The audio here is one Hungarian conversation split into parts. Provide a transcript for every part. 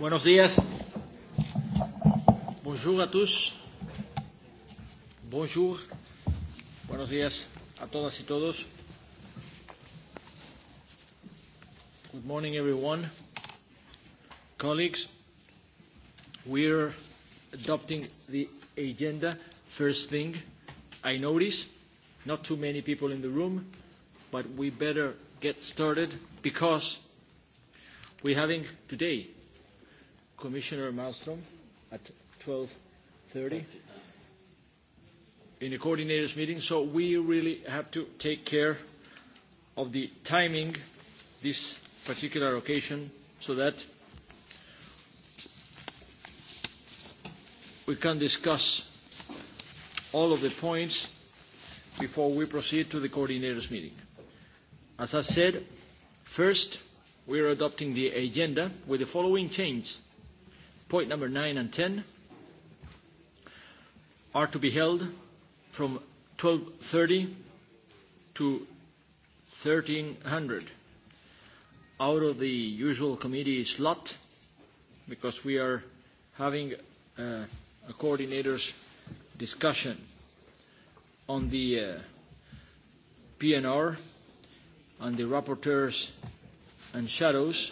Buenos días. Bonjour a tous. Bonjour. Buenos días a todas y todos. Good morning, everyone. Colleagues, we're adopting the agenda. First thing, I notice not too many people in the room, but we better get started because we're having today Commissioner Malmström at 12.30 in the coordinators meeting. So we really have to take care of the timing this particular occasion so that we can discuss all of the points before we proceed to the coordinators meeting. As I said, first, we are adopting the agenda with the following changes point number 9 and 10 are to be held from 12.30 to 1300 out of the usual committee slot because we are having uh, a coordinator's discussion on the uh, PNR and the rapporteurs and shadows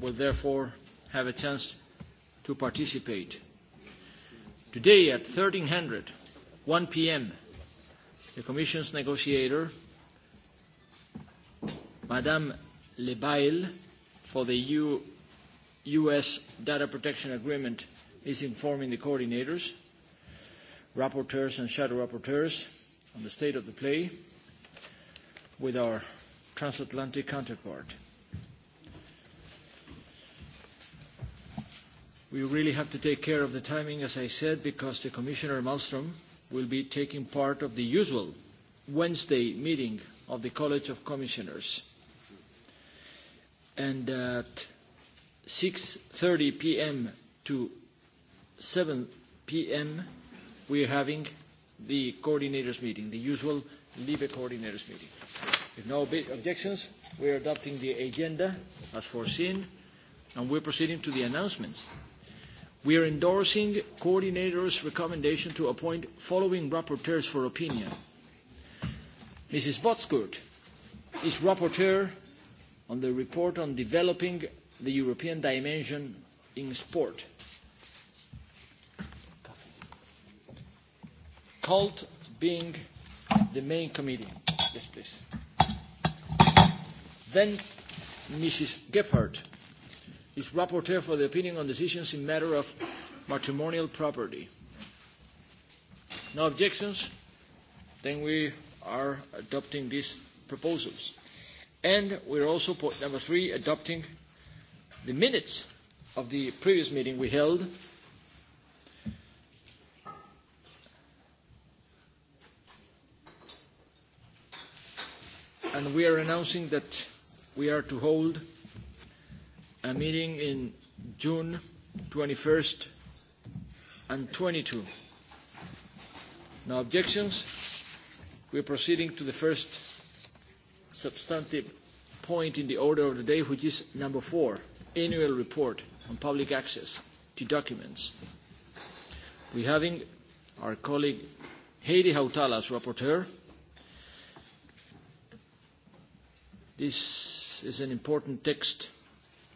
will therefore have a chance to participate. Today at 1300, 1 p.m., the Commission's negotiator, Madame Le Bail, for the EU U.S. Data Protection Agreement is informing the coordinators, rapporteurs and shadow rapporteurs on the state of the play with our transatlantic counterpart. We really have to take care of the timing, as I said, because the Commissioner Malmström will be taking part of the usual Wednesday meeting of the College of Commissioners. And at 6.30 p.m. to 7 p.m., we are having the coordinators meeting, the usual LIBE coordinators meeting. With no objections, we are adopting the agenda as foreseen, and we're proceeding to the announcements we are endorsing coordinators' recommendation to appoint following rapporteurs for opinion. Mrs. Botskurt is rapporteur on the report on developing the European dimension in sport. Cult being the main committee. Yes, please. Then Mrs. Gebhardt is rapporteur for the opinion on decisions in matter of matrimonial property. No objections? Then we are adopting these proposals. And we're also, point number three, adopting the minutes of the previous meeting we held. And we are announcing that we are to hold a meeting in June 21st and 22. No objections. We're proceeding to the first substantive point in the order of the day, which is number four, annual report on public access to documents. We're having our colleague Heidi Hautala as rapporteur. This is an important text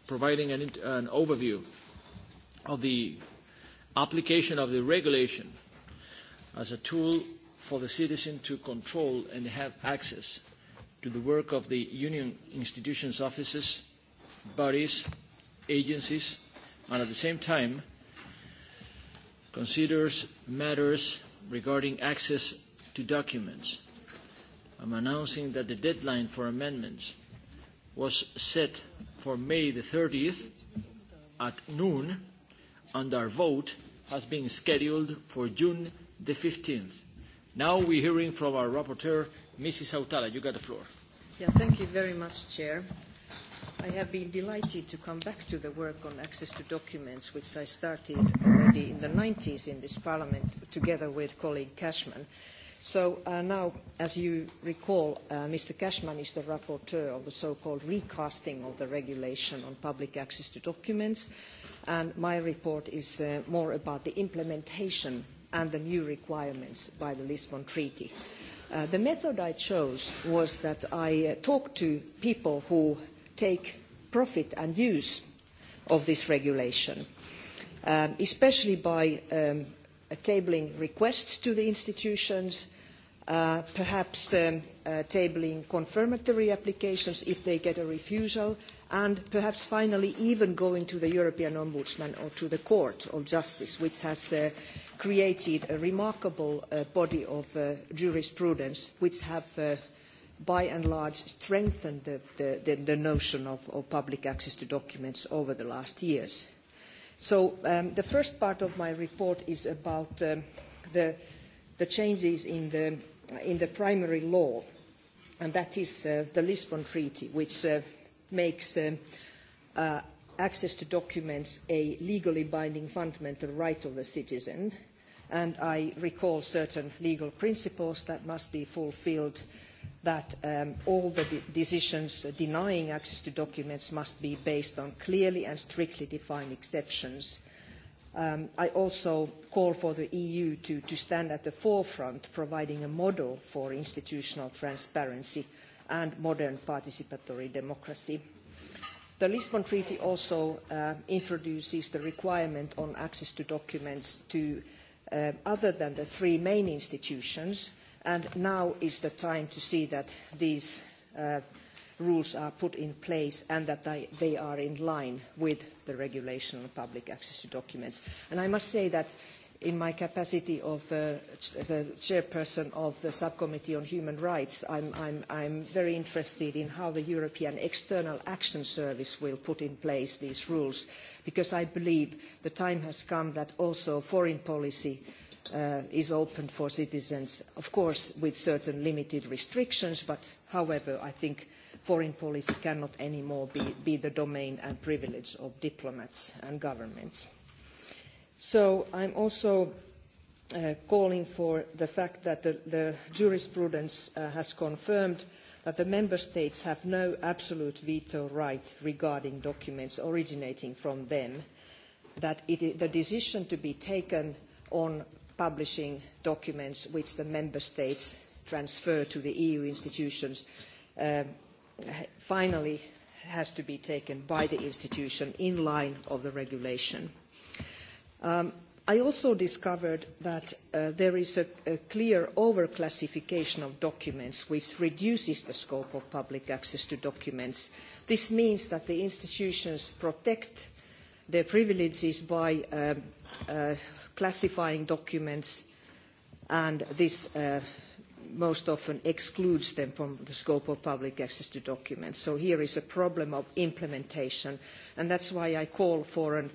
providing an, an overview of the application of the regulation as a tool for the citizen to control and have access to the work of the union institutions' offices, bodies, agencies, and at the same time considers matters regarding access to documents. I'm announcing that the deadline for amendments was set for May the 30th at noon, and our vote has been scheduled for June the 15th. Now we're hearing from our rapporteur, Mrs. Autala. You got the floor. Yeah, thank you very much, Chair. I have been delighted to come back to the work on access to documents, which I started already in the 90s in this Parliament, together with colleague Cashman. So uh, now, as you recall, uh, Mr. Cashman is the rapporteur of the so-called recasting of the regulation on public access to documents, and my report is uh, more about the implementation and the new requirements by the Lisbon Treaty. Uh, the method I chose was that I uh, talked to people who take profit and use of this regulation, um, especially by um, tabling requests to the institutions, uh, perhaps um, uh, tabling confirmatory applications if they get a refusal, and perhaps finally even going to the European Ombudsman or to the Court of Justice, which has uh, created a remarkable uh, body of uh, jurisprudence which have uh, by and large strengthened the, the, the notion of, of public access to documents over the last years. So um, the first part of my report is about um, the, the changes in the, in the primary law, and that is uh, the Lisbon Treaty, which uh, makes um, uh, access to documents a legally binding fundamental right of the citizen. And I recall certain legal principles that must be fulfilled uh, that um, all the de decisions denying access to documents must be based on clearly and strictly defined exceptions. Um, I also call for the EU to, to stand at the forefront, providing a model for institutional transparency and modern participatory democracy. The Lisbon Treaty also uh, introduces the requirement on access to documents to uh, other than the three main institutions, and now is the time to see that these uh, rules are put in place and that they are in line with the regulation on public access to documents. And I must say that in my capacity of the, uh, the chairperson of the subcommittee on human rights, I'm, I'm, I'm very interested in how the European External Action Service will put in place these rules, because I believe the time has come that also foreign policy uh, Uh, is open for citizens, of course with certain limited restrictions, but however, I think foreign policy cannot anymore be, be the domain and privilege of diplomats and governments. So I'm also uh, calling for the fact that the, the jurisprudence uh, has confirmed that the member states have no absolute veto right regarding documents originating from them, that it, the decision to be taken on publishing documents which the member states transfer to the EU institutions uh, finally has to be taken by the institution in line of the regulation. Um, I also discovered that uh, there is a, a clear overclassification of documents which reduces the scope of public access to documents. This means that the institutions protect their privileges by um, uh, uh, classifying documents, and this uh, most often excludes them from the scope of public access to documents. So here is a problem of implementation, and that's why I call for an,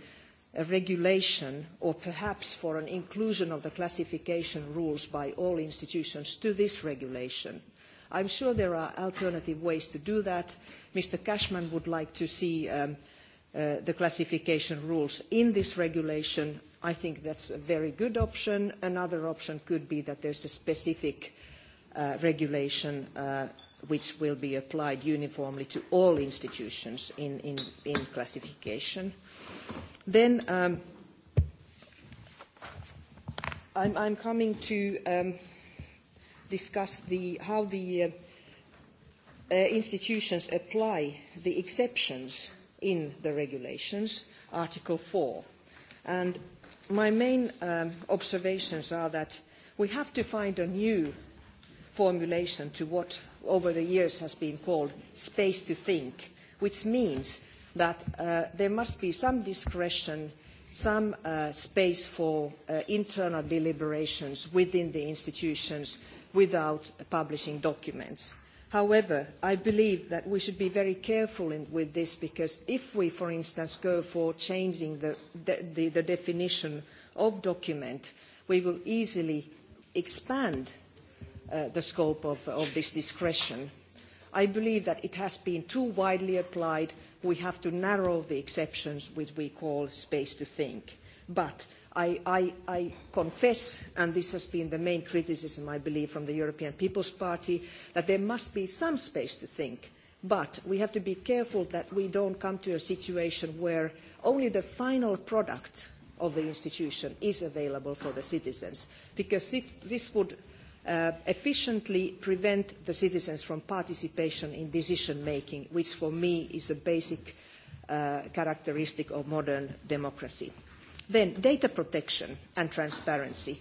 a regulation or perhaps for an inclusion of the classification rules by all institutions to this regulation. I'm sure there are alternative ways to do that. Mr. Cashman would like to see um, uh, the classification rules in this regulation. I think that's a very good option. Another option could be that there's a specific uh, regulation uh, which will be applied uniformly to all institutions in, in, in classification. Then um, I'm, I'm coming to um, discuss the, how the uh, uh, institutions apply the exceptions in the regulations, Article 4. And my main um, observations are that we have to find a new formulation to what over the years has been called space to think, which means that uh, there must be some discretion, some uh, space for uh, internal deliberations within the institutions without publishing documents However, I believe that we should be very careful in, with this because if we, for instance, go for changing the, the, the definition of document, we will easily expand uh, the scope of, of this discretion. I believe that it has been too widely applied. We have to narrow the exceptions which we call space to think. But I, I, I, confess, and this has been the main criticism, I believe, from the European People's Party, that there must be some space to think. But we have to be careful that we don't come to a situation where only the final product of the institution is available for the citizens, because it, this would Uh, efficiently prevent the citizens from participation in decision making, which for me is a basic uh, characteristic of modern democracy. Then data protection and transparency.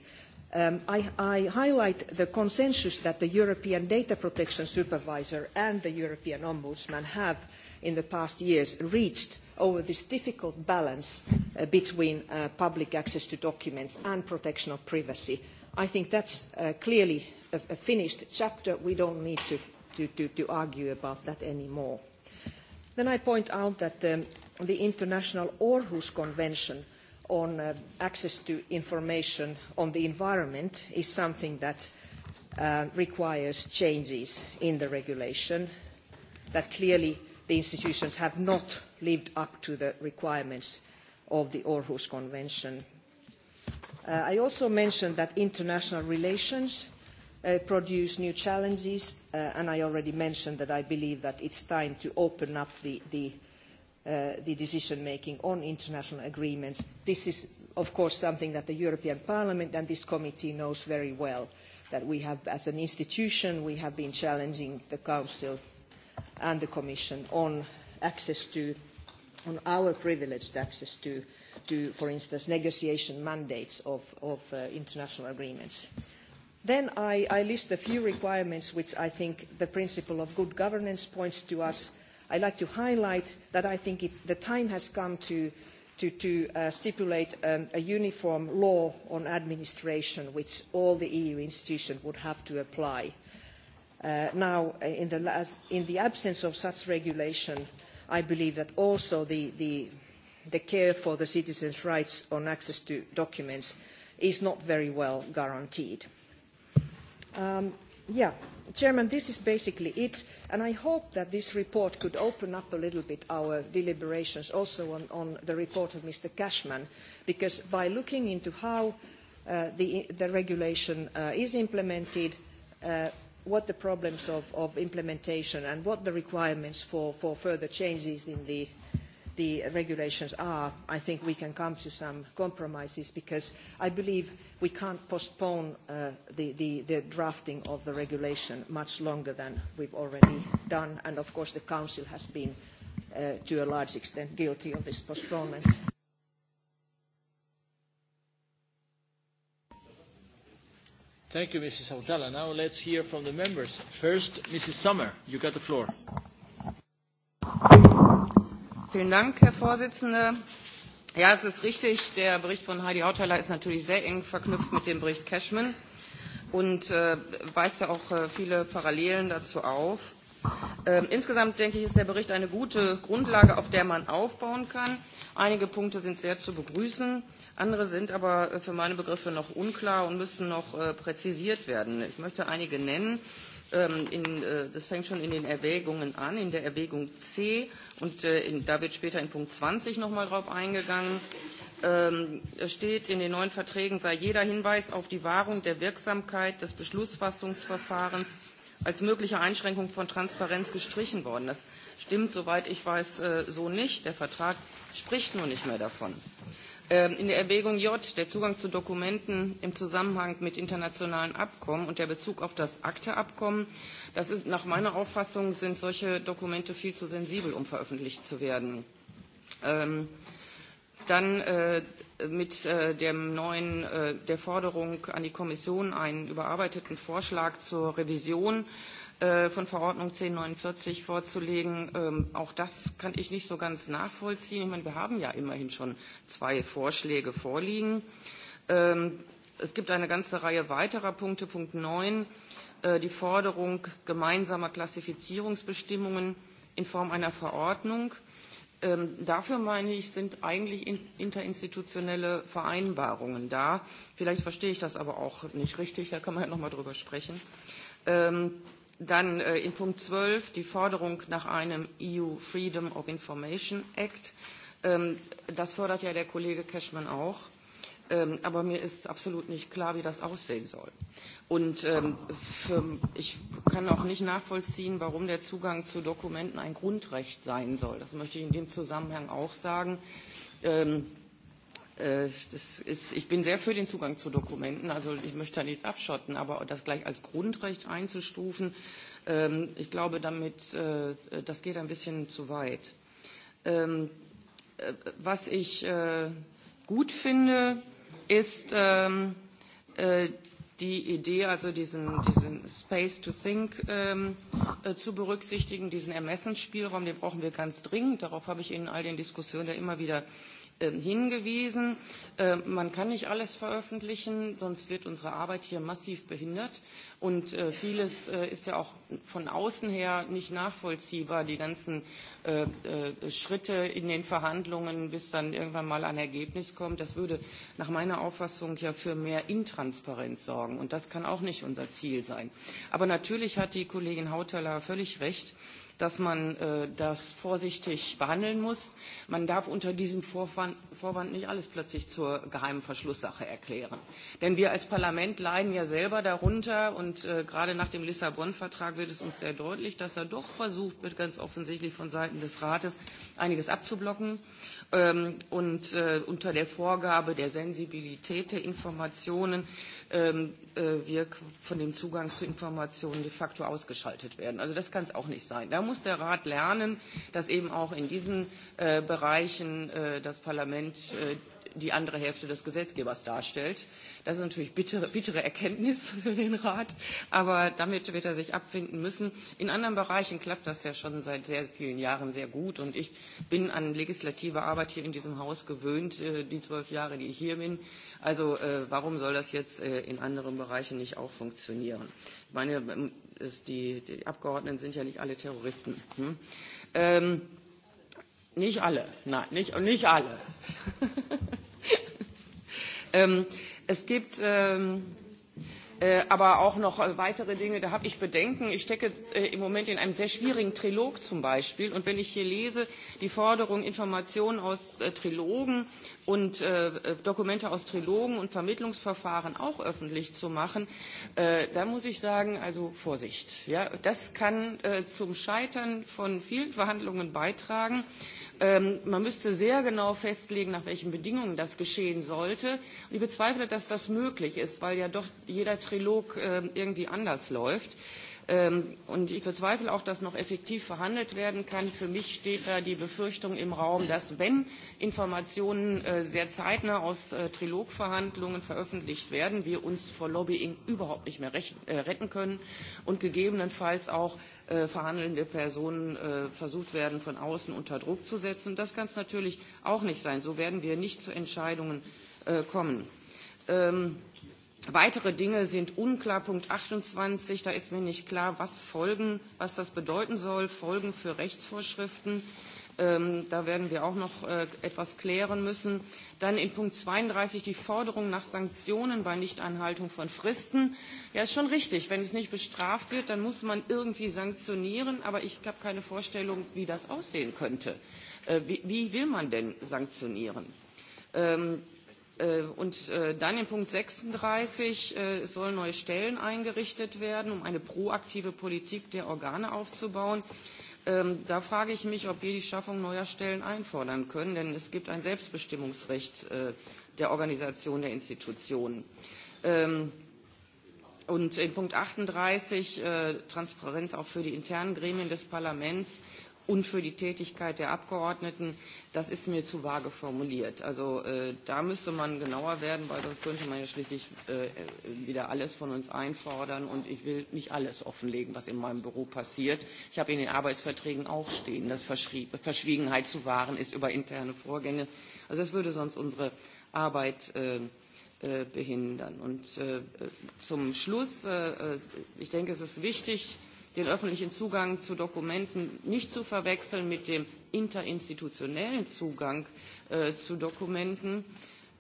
Um, I, I highlight the consensus that the European Data Protection Supervisor and the European Ombudsman have in the past years reached over this difficult balance uh, between uh, public access to documents and protection of privacy. I think that's uh, clearly a, a finished chapter. We don't need to, to, to, to argue about that anymore. Then I point out that um, the International Aarhus Convention – on uh, access to information on the environment is something that uh, requires changes in the regulation that clearly the institutions have not lived up to the requirements of the Aarhus Convention. Uh, I also mentioned that international relations Uh, produce new challenges, uh, and I already mentioned that I believe that it's time to open up the, the Uh, the decision making on international agreements. This is, of course, something that the European Parliament and this committee knows very well, that we have, as an institution, we have been challenging the Council and the Commission on access to, on our privileged access to, to for instance, negotiation mandates of, of uh, international agreements. Then I, I list a few requirements which I think the principle of good governance points to us I'd like to highlight that I think it's, the time has come to, to, to uh, stipulate um, a uniform law on administration, which all the EU institutions would have to apply. Uh, now, in the, last, in the, absence of such regulation, I believe that also the, the, the care for the citizens' rights on access to documents is not very well guaranteed. Um, yeah, Chairman, this is basically it. And I hope that this report could open up a little bit our deliberations also on, on the report of Mr. Cashman, because by looking into how uh, the, the, regulation uh, is implemented, uh, what the problems of, of, implementation and what the requirements for, for further changes in the the regulations are, I think we can come to some compromises because I believe we can't postpone uh, the, the, the, drafting of the regulation much longer than we've already done. And of course the Council has been uh, to a large extent guilty of this postponement. Thank you, Mrs. Hautala. Now let's hear from the members. First, Mrs. Summer, you got the floor. Vielen Dank, Herr Vorsitzender. Ja, es ist richtig, der Bericht von Heidi Hautala ist natürlich sehr eng verknüpft mit dem Bericht Cashman und äh, weist ja auch äh, viele Parallelen dazu auf. Ähm, insgesamt denke ich, ist der Bericht eine gute Grundlage, auf der man aufbauen kann. Einige Punkte sind sehr zu begrüßen, andere sind aber äh, für meine Begriffe noch unklar und müssen noch äh, präzisiert werden. Ich möchte einige nennen. Äh, Ähm, in, äh, das fängt schon in den Erwägungen an, in der Erwägung C. Und äh, in, da wird später in Punkt 20 nochmal drauf eingegangen. Ähm, steht in den neuen Verträgen, sei jeder Hinweis auf die Wahrung der Wirksamkeit des Beschlussfassungsverfahrens als mögliche Einschränkung von Transparenz gestrichen worden. Das stimmt, soweit ich weiß, äh, so nicht. Der Vertrag spricht nur nicht mehr davon. Ähm, in der Erwägung J, der Zugang zu Dokumenten im Zusammenhang mit internationalen Abkommen und der Bezug auf das ACTA-Abkommen, das ist nach meiner Auffassung sind solche Dokumente viel zu sensibel, um veröffentlicht zu werden. Ähm, dann äh, mit äh, dem neuen, äh, der Forderung an die Kommission einen überarbeiteten Vorschlag zur Revision äh, Äh, von Verordnung 1049 vorzulegen. Ähm, auch das kann ich nicht so ganz nachvollziehen. Ich meine, wir haben ja immerhin schon zwei Vorschläge vorliegen. Ähm, es gibt eine ganze Reihe weiterer Punkte. Punkt 9, äh, die Forderung gemeinsamer Klassifizierungsbestimmungen in Form einer Verordnung. Ähm, dafür, meine ich, sind eigentlich in, interinstitutionelle Vereinbarungen da. Vielleicht verstehe ich das aber auch nicht richtig, da kann man ja noch mal drüber sprechen. Ähm, Dann äh, in Punkt 12 die Forderung nach einem EU Freedom of Information Act. Ähm, das fordert ja der Kollege Cashman auch. Ähm, aber mir ist absolut nicht klar, wie das aussehen soll. Und ähm, für, ich kann auch nicht nachvollziehen, warum der Zugang zu Dokumenten ein Grundrecht sein soll. Das möchte ich in dem Zusammenhang auch sagen. Ähm, Ist, ich bin sehr für den Zugang zu Dokumenten, also ich möchte da nichts abschotten, aber das gleich als Grundrecht einzustufen, ähm, ich glaube, damit, äh, das geht ein bisschen zu weit. Ähm, äh, was ich äh, gut finde, ist ähm, die Idee, also diesen, diesen Space to Think zu berücksichtigen, diesen Ermessensspielraum, den brauchen wir ganz dringend. Darauf habe ich in all den Diskussionen ja immer wieder äh, Ähm, hingewiesen. Äh, man kann nicht alles veröffentlichen, sonst wird unsere Arbeit hier massiv behindert. Und äh, vieles äh, ist ja auch von außen her nicht nachvollziehbar, die ganzen Schritte in den Verhandlungen, bis dann irgendwann mal ein Ergebnis kommt. Das würde nach meiner Auffassung ja für mehr Intransparenz sorgen. Und das kann auch nicht unser Ziel sein. Aber natürlich hat die Kollegin Hauteler völlig recht dass man äh, das vorsichtig behandeln muss. Man darf unter diesem Vorwand, Vorwand nicht alles plötzlich zur geheimen Verschlusssache erklären. Denn wir als Parlament leiden ja selber darunter und äh, gerade nach dem Lissabon-Vertrag wird es uns sehr deutlich, dass da er doch versucht wird, ganz offensichtlich von Seiten des Rates einiges abzublocken ähm, und äh, unter der Vorgabe der Sensibilität der Informationen ähm, äh, wir von dem Zugang zu Informationen de facto ausgeschaltet werden. Also das kann es auch nicht sein. Da muss der Rat lernen, dass eben auch in diesen äh, Bereichen äh, das Parlament äh, die andere Hälfte des Gesetzgebers darstellt. Das ist natürlich bittere, bittere Erkenntnis für den Rat, aber damit wird er sich abfinden müssen. In anderen Bereichen klappt das ja schon seit sehr vielen Jahren sehr gut und ich bin an legislative Arbeit hier in diesem Haus gewöhnt, äh, die zwölf Jahre, die ich hier bin. Also äh, warum soll das jetzt äh, in anderen Bereichen nicht auch funktionieren? meine, ähm, ist, die, die Abgeordneten sind ja nicht alle Terroristen. Hm? Ähm, nicht alle, nein, nicht, nicht alle. ähm, es gibt ähm, Äh, aber auch noch weitere Dinge, da habe ich Bedenken. Ich stecke äh, im Moment in einem sehr schwierigen Trilog zum Beispiel. Und wenn ich hier lese, die Forderung Informationen aus äh, Trilogen und Dokumente aus Trilogen und Vermittlungsverfahren auch öffentlich zu machen, da muss ich sagen, also Vorsicht. Ja, das kann zum Scheitern von vielen Verhandlungen beitragen. Ähm, man müsste sehr genau festlegen, nach welchen Bedingungen das geschehen sollte. Und ich bezweifle, dass das möglich ist, weil ja doch jeder Trilog ähm, irgendwie anders läuft. Ähm, und ich bezweifle auch, dass noch effektiv verhandelt werden kann. Für mich steht da die Befürchtung im Raum, dass wenn Informationen äh, sehr zeitnah aus äh, Trilogverhandlungen veröffentlicht werden, wir uns vor Lobbying überhaupt nicht mehr äh, retten können und gegebenenfalls auch verhandelnde Personen versucht werden, von außen unter Druck zu setzen. Das kann es natürlich auch nicht sein. So werden wir nicht zu Entscheidungen kommen. Ähm, Weitere Dinge sind unklar. Punkt 28, da ist mir nicht klar, was Folgen, was das bedeuten soll, Folgen für Rechtsvorschriften. Ähm, da werden wir auch noch äh, etwas klären müssen. Dann in Punkt 32 die Forderung nach Sanktionen bei Nichteinhaltung von Fristen. Ja, ist schon richtig. Wenn es nicht bestraft wird, dann muss man irgendwie sanktionieren. Aber ich habe keine Vorstellung, wie das aussehen könnte. Äh, wie, wie will man denn sanktionieren? Ähm, Äh, und äh, dann in Punkt 36 äh, sollen neue Stellen eingerichtet werden, um eine proaktive Politik der Organe aufzubauen. Ähm, da frage ich mich, ob wir die Schaffung neuer Stellen einfordern können, denn es gibt ein Selbstbestimmungsrecht der Organisation der Institutionen. Ähm, und in Punkt 38, Transparenz auch für die internen Gremien des Parlaments, und für die Tätigkeit der Abgeordneten, das ist mir zu vage formuliert. Also äh, da müsste man genauer werden, weil sonst könnte man ja schließlich äh, wieder alles von uns einfordern und ich will nicht alles offenlegen, was in meinem Büro passiert. Ich habe in den Arbeitsverträgen auch stehen, dass Verschrie Verschwiegenheit zu wahren ist über interne Vorgänge. Also das würde sonst unsere Arbeit äh, äh behindern. Und äh, zum Schluss, äh, äh ich denke, es ist wichtig, den öffentlichen Zugang zu Dokumenten nicht zu verwechseln mit dem interinstitutionellen Zugang äh, zu Dokumenten.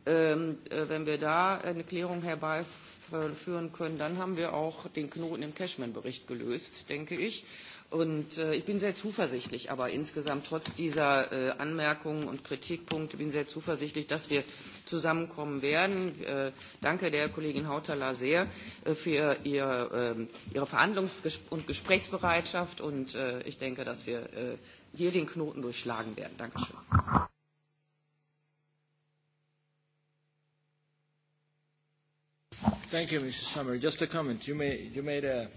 Ähm, äh, wenn wir da eine Klärung herbeiführen können, dann haben wir auch den Knoten im Cashman-Bericht gelöst, denke ich. Und äh, ich bin sehr zuversichtlich, aber insgesamt trotz dieser äh, Anmerkungen und Kritikpunkte bin sehr zuversichtlich, dass wir zusammenkommen werden. Äh, danke der Kollegin Hautala sehr äh, für ihr, äh, ihre Verhandlungs- und Gesprächsbereitschaft und äh, ich denke, dass wir äh, hier den Knoten durchschlagen werden. Dankeschön. Thank you, Mrs. Summer. Just a comment. You, may, you made a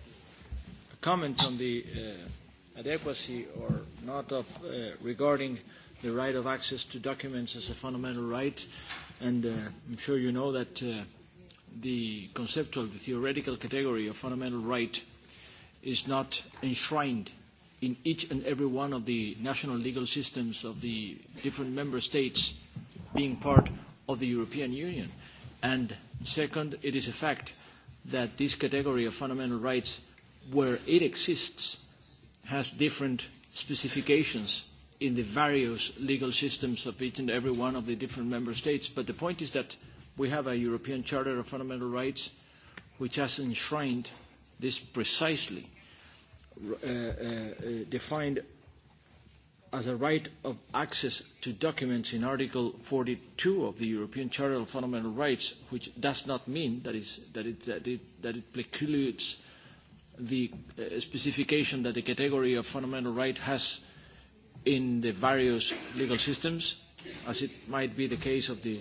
comment on the uh, adequacy or not of uh, regarding the right of access to documents as a fundamental right. And uh, I'm sure you know that uh, the conceptual, the theoretical category of fundamental right is not enshrined in each and every one of the national legal systems of the different member states being part of the European Union. And second, it is a fact that this category of fundamental rights where it exists, has different specifications in the various legal systems of each and every one of the different member states. But the point is that we have a European Charter of Fundamental Rights which has enshrined this precisely, uh, uh, uh defined as a right of access to documents in Article 42 of the European Charter of Fundamental Rights, which does not mean that, that, it, that, it, that it precludes uh, the uh, specification that the category of fundamental right has in the various legal systems, as it might be the case of the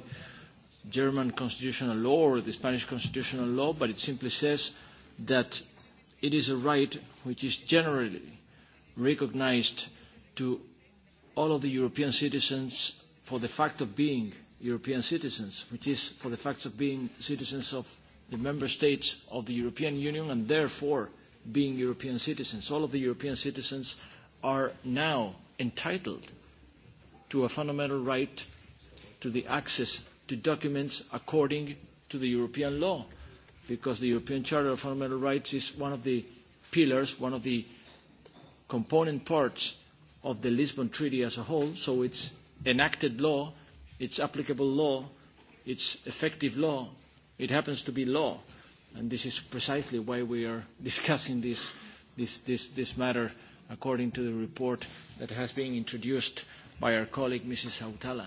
German constitutional law or the Spanish constitutional law, but it simply says that it is a right which is generally recognized to all of the European citizens for the fact of being European citizens, which is for the fact of being citizens of the member states of the European Union and therefore being European citizens. All of the European citizens are now entitled to a fundamental right to the access to documents according to the European law, because the European Charter of Fundamental Rights is one of the pillars, one of the component parts of the Lisbon Treaty as a whole, so it's enacted law, it's applicable law, it's effective law, it happens to be law. And this is precisely why we are discussing this, this, this, this matter according to the report that has been introduced by our colleague, Mrs. Autala.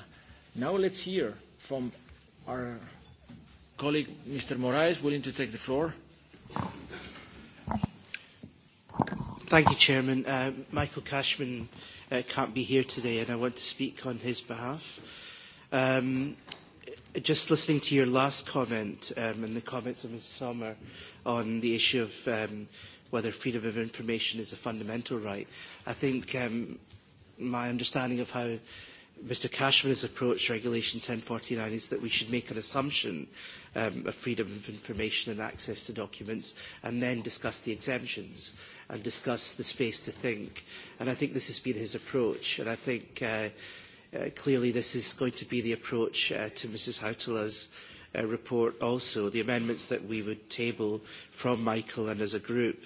Now let's hear from our colleague, Mr. Moraes, willing to take the floor. Thank you, Chairman. Uh, Michael Cashman uh, can't be here today, and I want to speak on his behalf. Um, just listening to your last comment um, and the comments of Ms. Sommer on the issue of um, whether freedom of information is a fundamental right, I think um, my understanding of how Mr. Cashman has approached Regulation 1049 is that we should make an assumption um, of freedom of information and access to documents and then discuss the exemptions and discuss the space to think. And I think this has been his approach. And I think uh, Uh, clearly, this is going to be the approach uh, to Mrs. Hautala's uh, report also. The amendments that we would table from Michael and as a group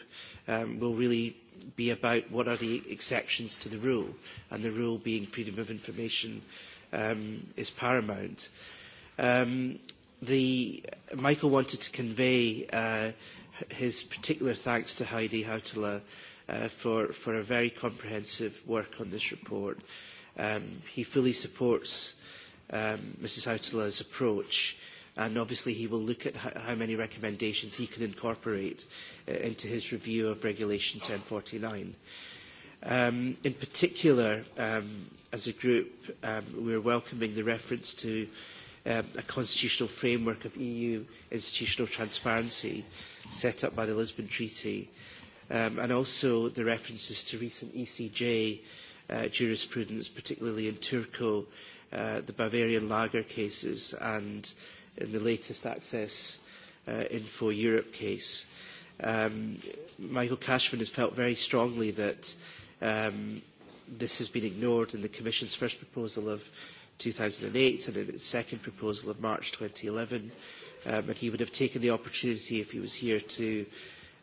um, will really be about what are the exceptions to the rule, and the rule being freedom of information um, is paramount. Um, the, Michael wanted to convey uh, his particular thanks to Heidi Hautala uh, for, for a very comprehensive work on this report. Um, he fully supports um, Mrs Hautala's approach and obviously he will look at how many recommendations he can incorporate uh, into his review of Regulation 1049. Um, in particular, um, as a group, um, we are welcoming the reference to um, a constitutional framework of EU institutional transparency set up by the Lisbon Treaty, um, and also the references to recent ECJ Uh, jurisprudence, particularly in Turco, uh, the Bavarian lager cases, and in the latest Access uh, Info Europe case. Um, Michael Cashman has felt very strongly that um, this has been ignored in the Commission's first proposal of 2008 and in its second proposal of March 2011. Um, and he would have taken the opportunity, if he was here, to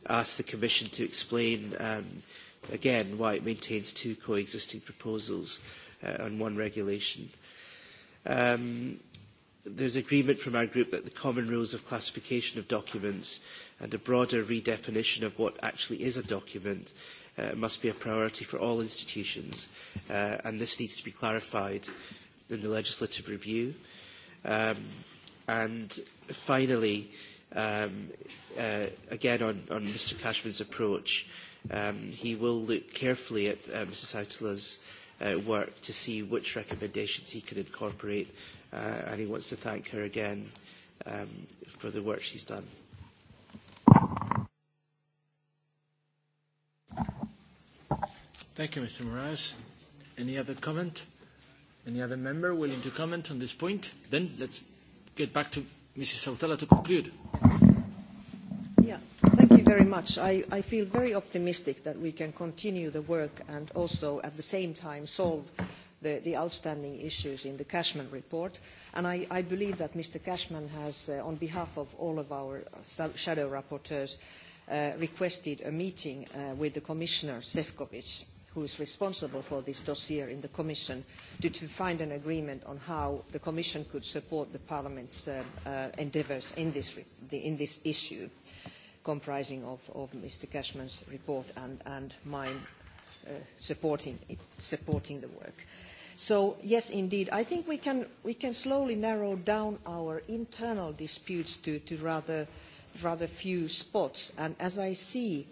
ask the Commission to explain um, again, why it maintains two coexisting proposals uh, on one regulation. Um, there's agreement from our group that the common rules of classification of documents and a broader redefinition of what actually is a document uh, must be a priority for all institutions, uh, and this needs to be clarified in the legislative review. Um, and finally, um, uh, again on, on Mr Cashman's approach, Um, he will look carefully at uh, Mrs Hautala's uh, work to see which recommendations he can incorporate, uh, and he wants to thank her again um, for the work she's done. Thank you, Mr Moraes. Any other comment? Any other member willing to comment on this point? Then let's get back to Mrs. Sautala to conclude. Yeah, very much. I, I feel very optimistic that we can continue the work and also at the same time solve the, the outstanding issues in the Cashman report. And I, I believe that Mr. Cashman has, uh, on behalf of all of our uh, shadow rapporteurs, uh, requested a meeting uh, with the Commissioner Sefcovic, who is responsible for this dossier in the Commission, to, to find an agreement on how the Commission could support the Parliament's uh, uh, endeavours in, in this, issue. Uh, comprising of, of Mr. Cashman's report and, and mine uh, supporting, it, supporting the work. So yes, indeed, I think we can, we can slowly narrow down our internal disputes to, to rather, rather few spots. And as I see,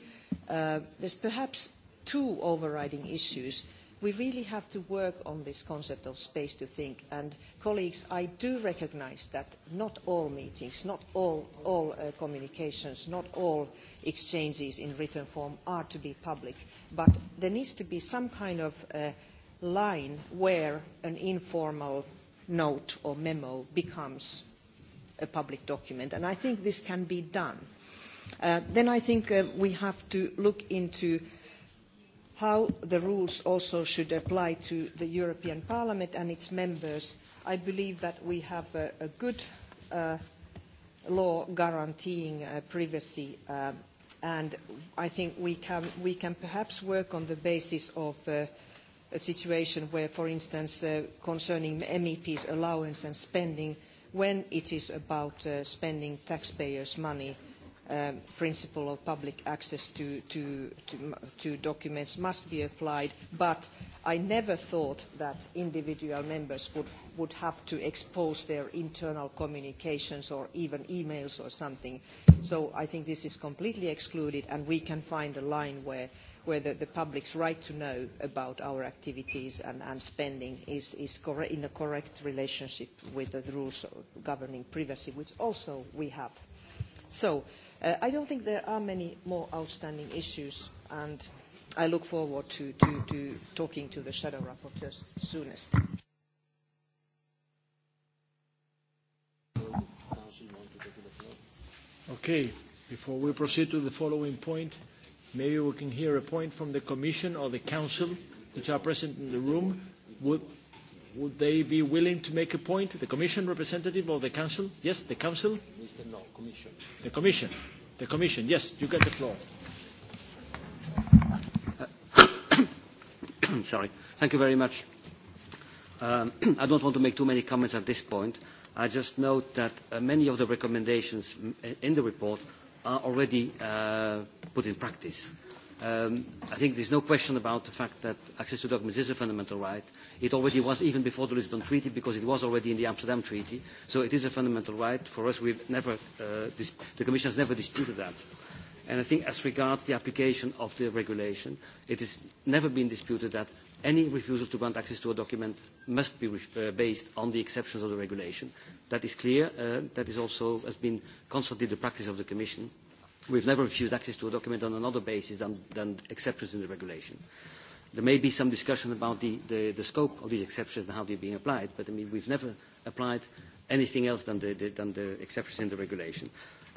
uh, there's perhaps two overriding issues we really have to work on this concept of space to think. And colleagues, I do recognise that not all meetings, not all, all uh, communications, not all exchanges in written form are to be public. But there needs to be some kind of uh, line where an informal note or memo becomes a public document. And I think this can be done. Uh, then I think uh, we have to look into how the rules also should apply to the European Parliament and its members, I believe that we have a, a good uh, law guaranteeing uh, privacy, uh, and I think we can, we can perhaps work on the basis of uh, a situation where, for instance, uh, concerning MEPs' allowance and spending, when it is about uh, spending taxpayers' money, Um, principle of public access to, to, to, to documents must be applied, but I never thought that individual members would, would have to expose their internal communications or even emails or something. So I think this is completely excluded and we can find a line where, where the, the public's right to know about our activities and, and spending is, is in a correct relationship with the rules governing privacy, which also we have. So Uh, I don't think there are many more outstanding issues, and I look forward to, to, to talking to the shadow rapporteurs soonest. Okay, before we proceed to the following point, maybe we can hear a point from the Commission or the Council, which are present in the room. Would, Would they be willing to make a point, the Commission representative or the Council? Yes, the Council? Mr. No, Commission. The Commission. The Commission, yes, you get the floor. Uh, sorry. Thank you very much. Um, I don't want to make too many comments at this point. I just note that uh, many of the recommendations mm, in the report are already uh, put in practice. Um, I think there's no question about the fact that access to documents is a fundamental right. It already was even before the Lisbon Treaty because it was already in the Amsterdam Treaty. So it is a fundamental right. For us, we've never, uh, dis- the Commission has never disputed that. And I think as regards the application of the regulation, it has never been disputed that any refusal to grant access to a document must be uh, based on the exceptions of the regulation. That is clear. Uh, that is also has been constantly the practice of the Commission we've never refused access to a document on another basis than, than exceptions in the regulation. There may be some discussion about the, the, the scope of these exceptions and how they're being applied, but I mean, we've never applied anything else than the, the, than the exceptions in the regulation.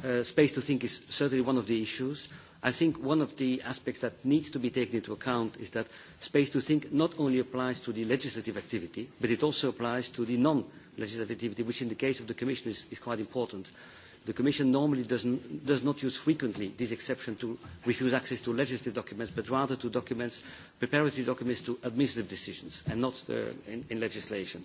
Uh, space to think is certainly one of the issues. I think one of the aspects that needs to be taken into account is that space to think not only applies to the legislative activity, but it also applies to the non-legislative activity, which in the case of the Commission is, is quite important. Uh, the Commission normally does, not use frequently this exception to refuse access to legislative documents, but rather to documents, preparatory documents to administrative decisions, and not the, uh, in, in legislation.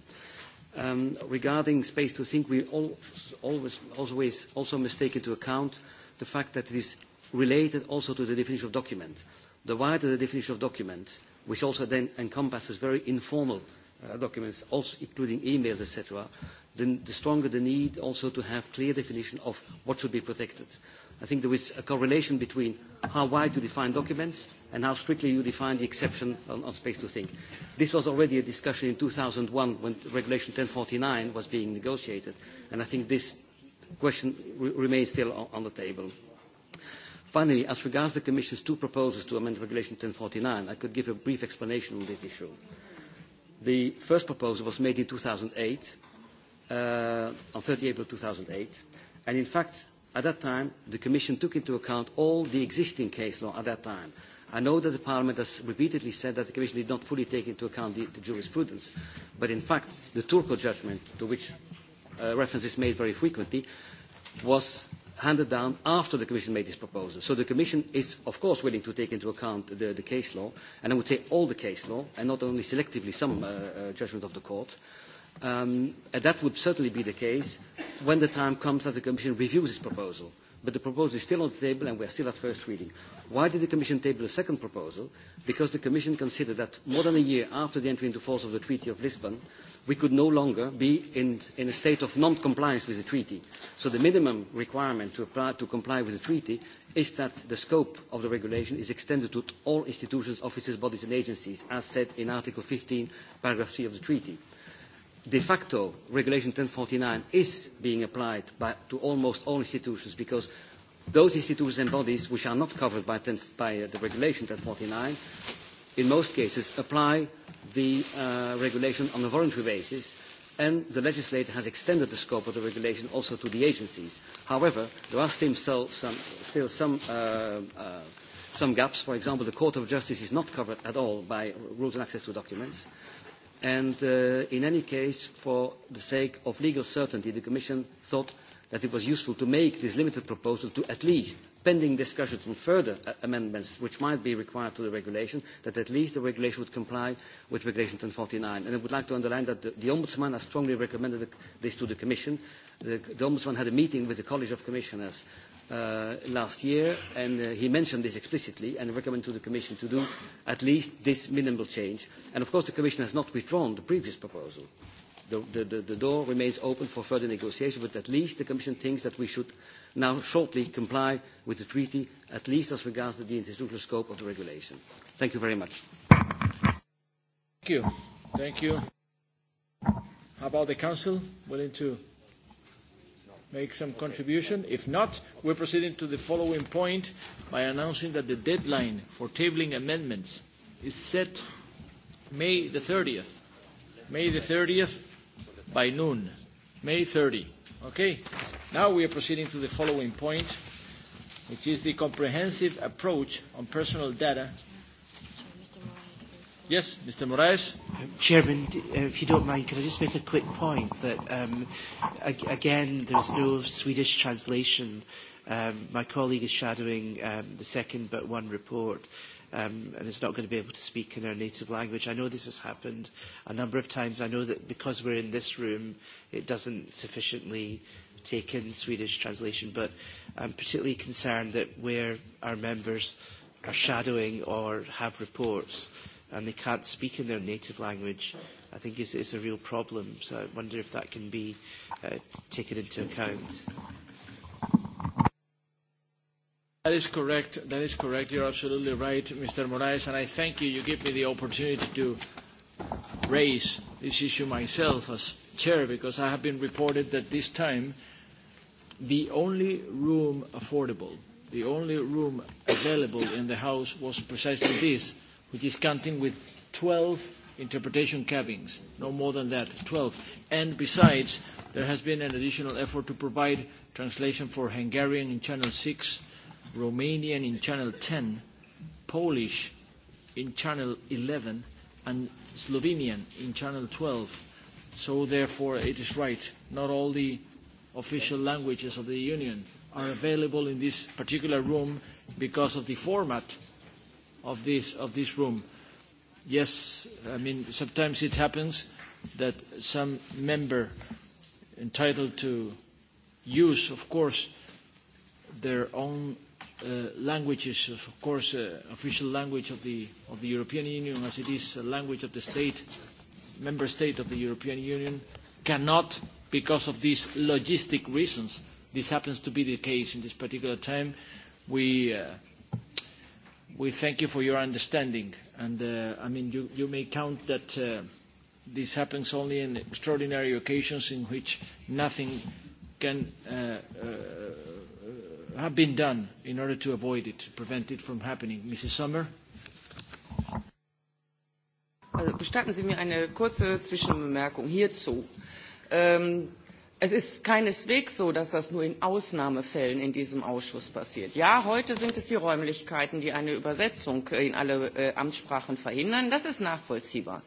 Um, regarding space to think, we all, always, always also must take into account the fact that it is related also to the definition of document. The wider the definition of document, which also then encompasses very informal uh, documents, also including emails, etc., then the stronger the need also to have clear definition of what should be protected. I think there is a correlation between how wide you define documents and how strictly you define the exception on, on space to think. This was already a discussion in 2001 when Regulation 1049 was being negotiated, and I think this question re remains still on, on the table. Finally, as regards the Commission's two proposals to amend Regulation 1049, I could give a brief explanation on this issue. The first proposal was made in 2008, uh, on 30 April 2008, and in fact, at that time, the Commission took into account all the existing case law at that time. I know that the Parliament has repeatedly said that the Commission did not fully take into account the, the jurisprudence, but in fact, the Turco judgment, to which uh, reference is made very frequently, was handed down after the Commission made its proposal. So the Commission is, of course, willing to take into account the, the case law, and I would say all the case law, and not only selectively some uh, uh, judgment of the court. Um, and that would certainly be the case when the time comes that the Commission reviews this proposal. But the proposal is still on the table and we are still at first reading. Why did the Commission table a second proposal? Because the Commission considered that more than a year after the entry into force of the Treaty of Lisbon, we could no longer be in, in a state of non-compliance with the treaty. So the minimum requirement to, apply, to comply with the treaty is that the scope of the regulation is extended to all institutions, offices, bodies and agencies, as said in Article 15, paragraph 3 of the treaty de facto Regulation 1049 is being applied by, to almost all institutions because those institutions and bodies which are not covered by, 10, by uh, the Regulation 1049 in most cases apply the uh, regulation on a voluntary basis and the legislator has extended the scope of the regulation also to the agencies. However, there are still some, still some, uh, uh, some gaps. For example, the Court of Justice is not covered at all by rules on access to documents. And uh, in any case, for the sake of legal certainty, the Commission thought that it was useful to make this limited proposal to at least, pending discussion on further uh, amendments which might be required to the regulation, that at least the regulation would comply with Regulation 1049. And I would like to underline that the, the Ombudsman has strongly recommended this to the Commission. The, the Ombudsman had a meeting with the College of Commissioners uh, last year, and uh, he mentioned this explicitly and recommended to the Commission to do at least this minimal change. And of course, the Commission has not withdrawn the previous proposal. The, the, the, the door remains open for further negotiation, but at least the Commission thinks that we should now shortly comply with the treaty, at least as regards the institutional scope of the regulation. Thank you very much. Thank you. Thank you. How about the Council? Willing to make some contribution? If not, we're proceeding to the following point by announcing that the deadline for tabling amendments is set May the 30th. May the 30th by noon. May 30. Okay. Now we are proceeding to the following point, which is the comprehensive approach on personal data Yes, Mr. Moraes. Um, Chairman, uh, if you don't mind, could I just make a quick point that, um, ag again, there's no Swedish translation. Um, my colleague is shadowing um, the second but one report um, and is not going to be able to speak in our native language. I know this has happened a number of times. I know that because we're in this room, it doesn't sufficiently take in Swedish translation, but I'm particularly concerned that where our members are shadowing or have reports, and they can't speak in their native language, I think is, is a real problem. So I wonder if that can be uh, taken into account. That is correct. That is correct. You're absolutely right, Mr. Moraes, and I thank you. You give me the opportunity to raise this issue myself as chair because I have been reported that this time the only room affordable, the only room available in the House was precisely this which is counting with 12 interpretation cabins, no more than that, 12. And besides, there has been an additional effort to provide translation for Hungarian in Channel 6, Romanian in Channel 10, Polish in Channel 11, and Slovenian in Channel 12. So therefore, it is right, not all the official languages of the Union are available in this particular room because of the format of this, of this room. Yes, I mean, sometimes it happens that some member entitled to use, of course, their own uh, languages, of course, uh, official language of the, of the European Union, as it is a language of the state, member state of the European Union, cannot, because of these logistic reasons, this happens to be the case in this particular time, we uh, we thank you for your understanding. And uh, I mean, you, you may count that uh, this happens only in extraordinary occasions in which nothing can uh, uh, have been done in order to avoid it, prevent it from happening. Mrs. Sommer? Also gestatten Sie mir eine kurze Zwischenbemerkung hierzu. Ähm es ist keineswegs so dass das nur in ausnahmefällen in diesem ausschuss passiert. ja heute sind es die räumlichkeiten die eine übersetzung in alle äh, amtssprachen verhindern das ist nachvollziehbar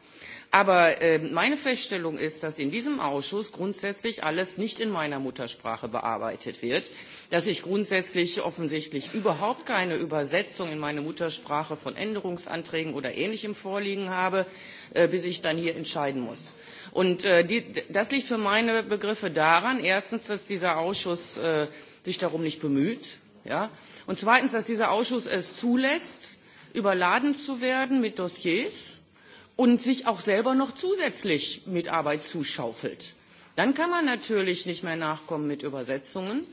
aber ähm, meine feststellung ist dass in diesem ausschuss grundsätzlich alles nicht in meiner muttersprache bearbeitet wird dass ich grundsätzlich offensichtlich überhaupt keine übersetzung in meine muttersprache von änderungsanträgen oder ähnlichem vorliegen habe äh, bis ich dann hier entscheiden muss. Und, äh, das liegt für meine begriffe daran erstens dass dieser ausschuss äh, sich darum nicht bemüht ja? und zweitens dass dieser ausschuss es zulässt überladen zu werden mit dossiers und sich auch selber noch zusätzlich mit Arbeit zuschaufelt. Dann kann man natürlich nicht mehr nachkommen mit Übersetzungen.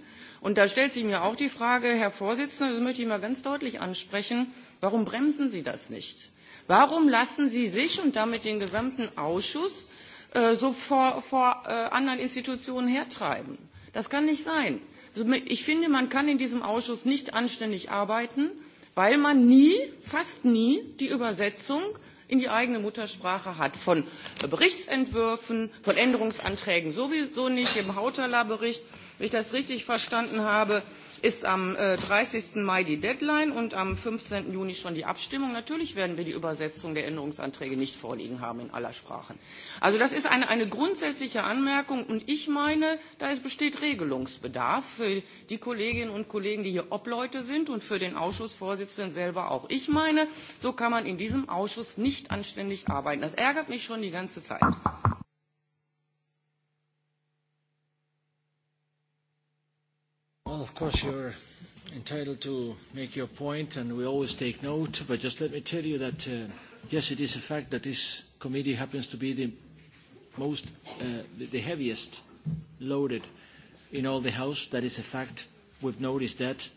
Und da stellt sich mir auch die Frage, Herr Vorsitzender, das möchte ich mal ganz deutlich ansprechen, warum bremsen Sie das nicht? Warum lassen Sie sich und damit den gesamten Ausschuss äh, so vor, vor äh, anderen Institutionen hertreiben? Das kann nicht sein. Also ich finde, man kann in diesem Ausschuss nicht anständig arbeiten, weil man nie, fast nie, die Übersetzung in die eigene Muttersprache hat. Von Berichtsentwürfen, von Änderungsanträgen sowieso nicht, dem Hautala-Bericht Wenn ich das richtig verstanden habe, ist am 30. Äh, Mai die Deadline und am 15. Juni schon die Abstimmung. Natürlich werden wir die Übersetzung der Änderungsanträge nicht vorliegen haben in aller Sprachen. Also das ist eine, eine grundsätzliche Anmerkung und ich meine, da es besteht Regelungsbedarf für die Kolleginnen und Kollegen, die hier Obleute sind und für den Ausschussvorsitzenden selber auch. Ich meine, so kann man in diesem Ausschuss nicht anständig arbeiten. Das ärgert mich schon die ganze Zeit. Well, of course, you're entitled to make your point, and we always take note. But just let me tell you that, uh, yes, it is a fact that this committee happens to be the most, uh, the heaviest loaded in all the House. That is a fact. We've noticed that.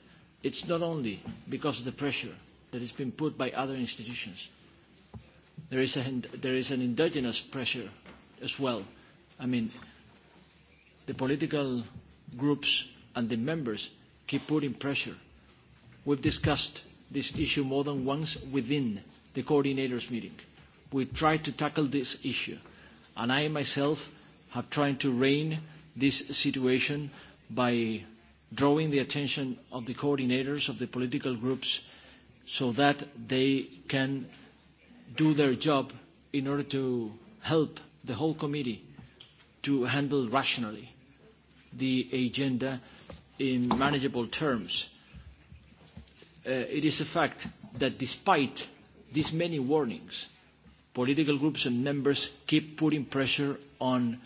It's not only because of the pressure that has been put by other institutions. There is, a, there is an endogenous pressure as well. I mean, the political groups and the members keep putting pressure. We've discussed this issue more than once within the coordinators' meeting. We tried to tackle this issue, and I myself have tried to rein this situation by drawing the attention of the coordinators of the political groups so that they can do their job in order to help the whole committee to handle rationally the agenda in manageable terms, uh, it is a fact that despite these many warnings, political groups and members keep putting pressure on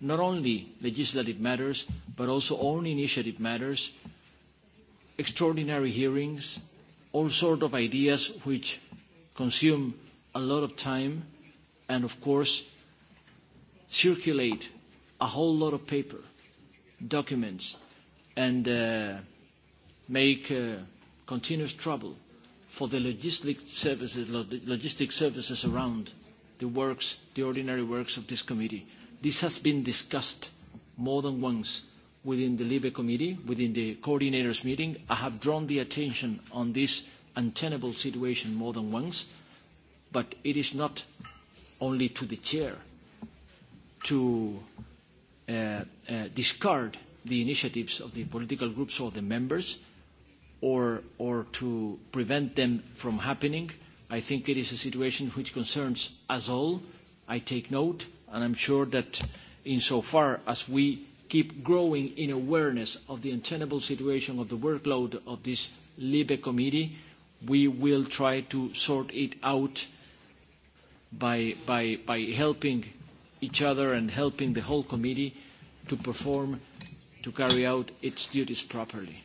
not only legislative matters, but also own initiative matters, extraordinary hearings, all sort of ideas which consume a lot of time and, of course, circulate a whole lot of paper, documents, and uh, make uh, continuous trouble for the logistic services, logistic services around the works, the ordinary works of this committee. This has been discussed more than once within the LIBE committee, within the coordinators meeting. I have drawn the attention on this untenable situation more than once, but it is not only to the chair to uh, uh, discard the initiatives of the political groups or the members or, or to prevent them from happening. I think it is a situation which concerns us all. I take note, and I'm sure that insofar as we keep growing in awareness of the untenable situation of the workload of this LIBE committee, we will try to sort it out by, by, by helping each other and helping the whole committee to perform to carry out its duties properly.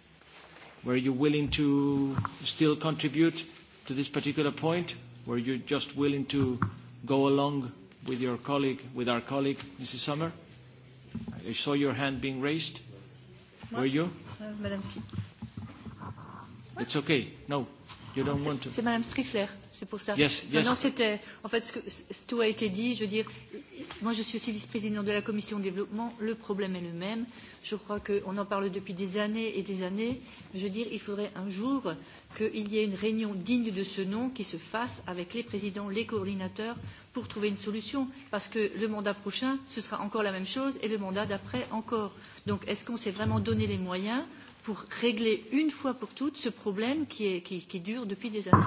Were you willing to still contribute to this particular point? Were you just willing to go along with your colleague, with our colleague, Mrs. Sommer? I saw your hand being raised. Were you? Uh, Madam C. It's okay. No. You C'est Madame Strifler, c'est pour ça. Yes, yes. Non, non c'était, en fait, ce que, tout a été dit. Je veux dire, moi, je suis aussi vice-présidente de la commission développement. Le problème est le même. Je crois qu'on en parle depuis des années et des années. Je veux dire, il faudrait un jour qu'il y ait une réunion digne de ce nom qui se fasse avec les présidents, les coordinateurs, pour trouver une solution. Parce que le mandat prochain, ce sera encore la même chose, et le mandat d'après encore. Donc, est-ce qu'on s'est vraiment donné les moyens? pour régler une fois pour toutes ce problème qui, est, qui, qui dure depuis des années.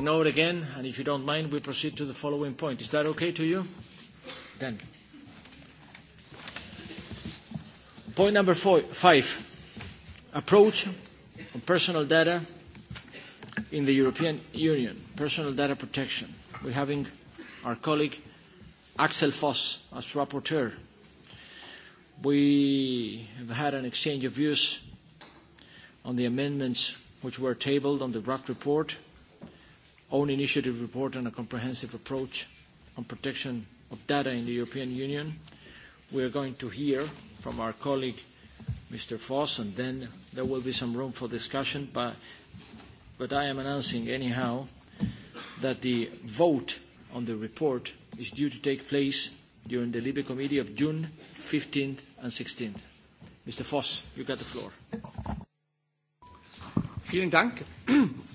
Now again, and if you don't mind, we proceed to the following point. Is that okay to you? Then. Point number four, five, approach on personal data in the European Union, personal data protection. We're having our colleague Axel Foss as rapporteur. We have had an exchange of views on the amendments which were tabled on the RAC report, own initiative report on a comprehensive approach on protection of data in the European Union. We are going to hear from our colleague, Mr. Foss, and then there will be some room for discussion, but, but I am announcing anyhow that the vote on the report is due to take place during the Libe Committee of June 15th and 16th. Mr. Voss, you got the floor. Vielen Dank.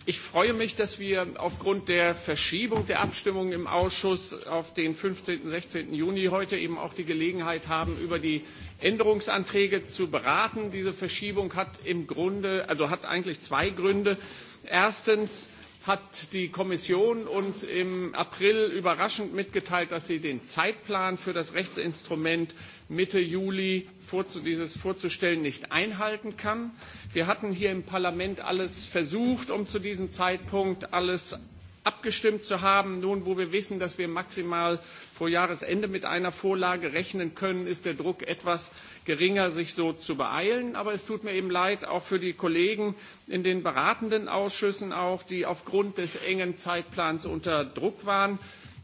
Ich freue mich, dass wir aufgrund der Verschiebung der Abstimmung im Ausschuss auf den 15. und 16. Juni heute eben auch die Gelegenheit haben, über die Änderungsanträge zu beraten. Diese Verschiebung hat im Grunde, also hat eigentlich zwei Gründe. Erstens, hat die Kommission uns im April überraschend mitgeteilt, dass sie den Zeitplan für das Rechtsinstrument Mitte Juli vorzu dieses vorzustellen nicht einhalten kann. Wir hatten hier im Parlament alles versucht, um zu diesem Zeitpunkt alles abgestimmt zu haben. Nun, wo wir wissen, dass wir maximal vor Jahresende mit einer Vorlage rechnen können, ist der Druck etwas geringer, sich so zu beeilen. Aber es tut mir eben leid, auch für die Kollegen in den beratenden Ausschüssen auch, die aufgrund des engen Zeitplans unter Druck waren.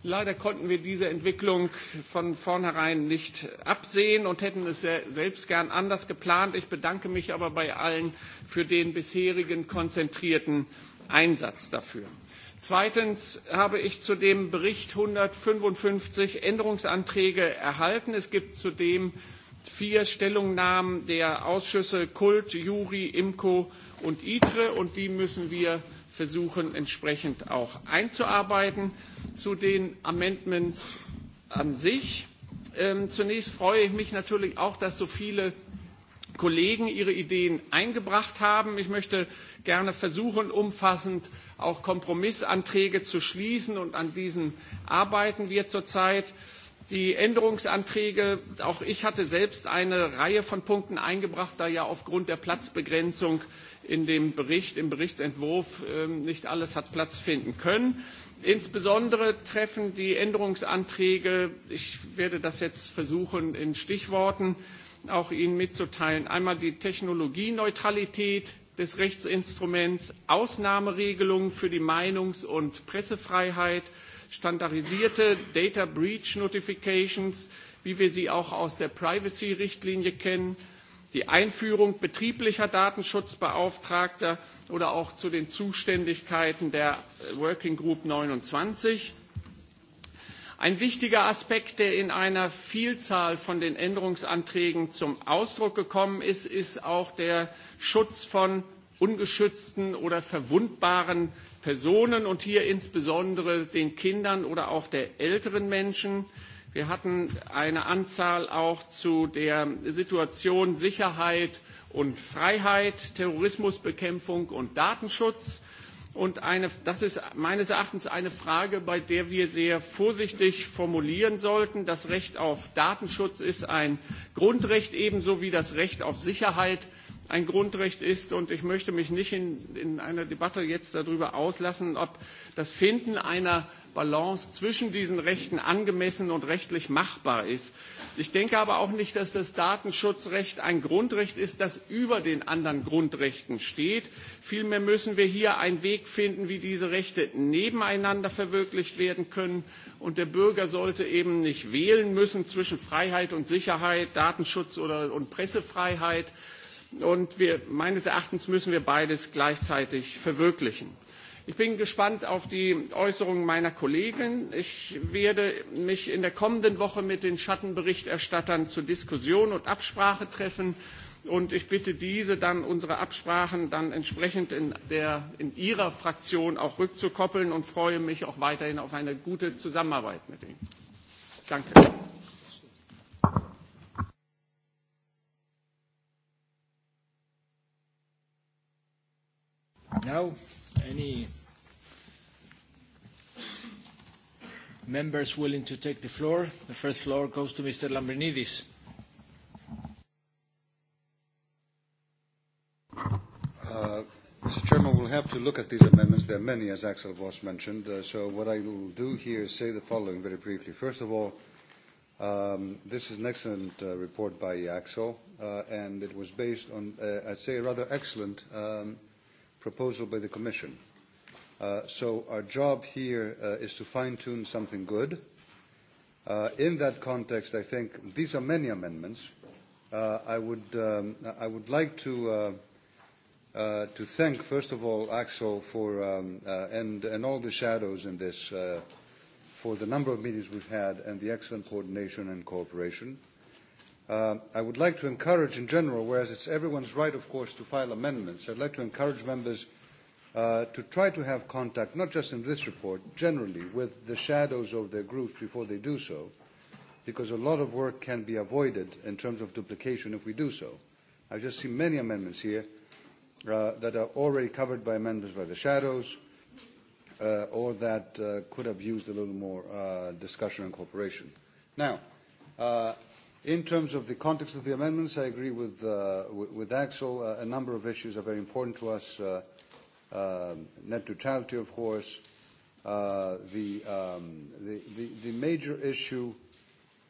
Leider konnten wir diese Entwicklung von vornherein nicht absehen und hätten es selbst gern anders geplant. Ich bedanke mich aber bei allen für den bisherigen konzentrierten Einsatz dafür. Zweitens habe ich zu dem Bericht 155 Änderungsanträge erhalten. Es gibt zudem vier Stellungnahmen der Ausschüsse Kult, Juri, Imco und ITRE und die müssen wir versuchen entsprechend auch einzuarbeiten. Zu den Amendments an sich. Ähm, zunächst freue ich mich natürlich auch, dass so viele Kollegen ihre Ideen eingebracht haben. Ich möchte gerne versuchen, umfassend auch Kompromissanträge zu schließen. Und an diesen arbeiten wir zurzeit. Die Änderungsanträge, auch ich hatte selbst eine Reihe von Punkten eingebracht, da ja aufgrund der Platzbegrenzung in dem Bericht, im Berichtsentwurf ähm, nicht alles hat Platz finden können. Insbesondere treffen die Änderungsanträge, ich werde das jetzt versuchen in Stichworten auch Ihnen mitzuteilen, einmal die Technologieneutralität, des Rechtsinstruments, Ausnahmeregelungen für die Meinungs- und Pressefreiheit, standardisierte Data Breach Notifications, wie wir sie auch aus der Privacy-Richtlinie kennen, die Einführung betrieblicher Datenschutzbeauftragter oder auch zu den Zuständigkeiten der Working Group 29 Ein wichtiger Aspekt, der in einer Vielzahl von den Änderungsanträgen zum Ausdruck gekommen ist, ist auch der Schutz von ungeschützten oder verwundbaren Personen und hier insbesondere den Kindern oder auch der älteren Menschen. Wir hatten eine Anzahl auch zu der Situation Sicherheit und Freiheit, Terrorismusbekämpfung und Datenschutz. Und eine, das ist meines Erachtens eine Frage, bei der wir sehr vorsichtig formulieren sollten. Das Recht auf Datenschutz ist ein Grundrecht, ebenso wie das Recht auf Sicherheit ein Grundrecht ist. Und ich möchte mich nicht in, in einer Debatte jetzt darüber auslassen, ob das Finden einer Balance zwischen diesen Rechten angemessen und rechtlich machbar ist. Ich denke aber auch nicht, dass das Datenschutzrecht ein Grundrecht ist, das über den anderen Grundrechten steht. Vielmehr müssen wir hier einen Weg finden, wie diese Rechte nebeneinander verwirklicht werden können. Und der Bürger sollte eben nicht wählen müssen zwischen Freiheit und Sicherheit, Datenschutz oder, und Pressefreiheit Und wir, meines Erachtens müssen wir beides gleichzeitig verwirklichen. Ich bin gespannt auf die Äußerungen meiner Kollegen. Ich werde mich in der kommenden Woche mit den Schattenberichterstattern zur Diskussion und Absprache treffen. Und ich bitte diese dann, unsere Absprachen dann entsprechend in, der, in Ihrer Fraktion auch rückzukoppeln und freue mich auch weiterhin auf eine gute Zusammenarbeit mit Ihnen. Danke. Now, any members willing to take the floor? The first floor goes to Mr. Lambrinidis. Uh, Mr. Chairman, we'll have to look at these amendments. There are many, as Axel Voss mentioned. Uh, so what I will do here is say the following very briefly. First of all, um, this is an excellent uh, report by Axel, uh, and it was based on, uh, I'd say, a rather excellent um, – proposal by the Commission. Uh, so our job here uh, is to fine-tune something good. Uh, in that context, I think these are many amendments. Uh, I, would, um, I would like to, uh, uh, to thank, first of all, Axel for, um, uh, and, and all the shadows in this uh, for the number of meetings we've had and the excellent coordination and cooperation. Uh, Uh, I would like to encourage in general, whereas it's everyone's right, of course, to file amendments, I'd like to encourage members uh, to try to have contact, not just in this report, generally, with the shadows of their groups before they do so, because a lot of work can be avoided in terms of duplication if we do so. I've just seen many amendments here uh, that are already covered by amendments by the shadows, Uh, or that uh, could have used a little more uh, discussion and cooperation. Now, uh, In terms of the context of the amendments, I agree with, uh, with Axel. Uh, a number of issues are very important to us. Uh, uh, net neutrality, of course. Uh, the, um, the, the, the major issue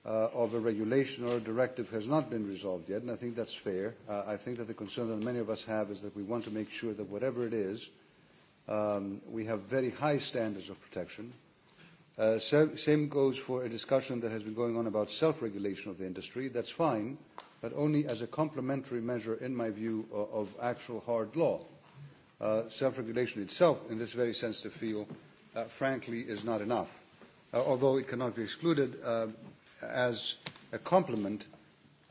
uh, of a regulation or a directive has not been resolved yet, and I think that's fair. Uh, I think that the concern that many of us have is that we want to make sure that whatever it is, um, we have very high standards of protection Uh, same goes for a discussion that has been going on about self-regulation of the industry. That's fine, but only as a complementary measure, in my view, of, of actual hard law. Uh, self-regulation itself, in this very sensitive field, uh, frankly, is not enough. Uh, although it cannot be excluded uh, as a complement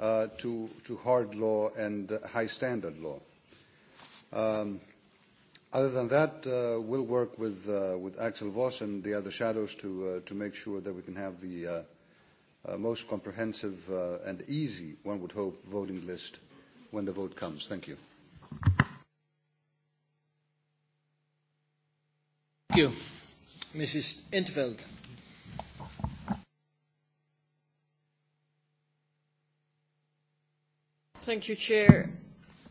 uh, to, to hard law and uh, high standard law. Um, Other than that, uh, we'll work with, uh, with Axel Voss and the other shadows to, uh, to make sure that we can have the uh, uh, most comprehensive uh, and easy, one would hope, voting list when the vote comes. Thank you. Thank you. Mrs. Intveld. Thank you, Chair.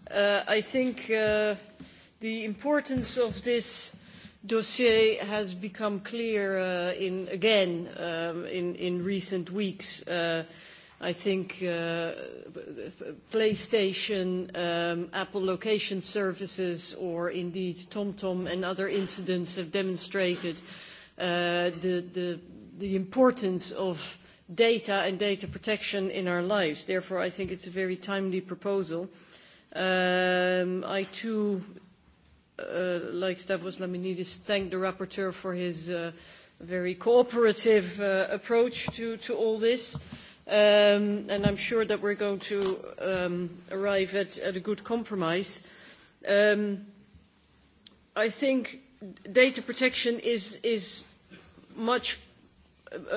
Uh, I think uh, the importance of this dossier has become clear uh, in, again um, in, in recent weeks. Uh, I think uh, PlayStation, um, Apple location services, or indeed TomTom and other incidents have demonstrated uh, the, the, the importance of data and data protection in our lives. Therefore, I think it's a very timely proposal. Um, I too Uh, like Stavros Laminidis, thank the rapporteur for his uh, very cooperative uh, approach to, to all this. Um, and I'm sure that we're going to um, arrive at, at a good compromise. Um, I think data protection is, is much,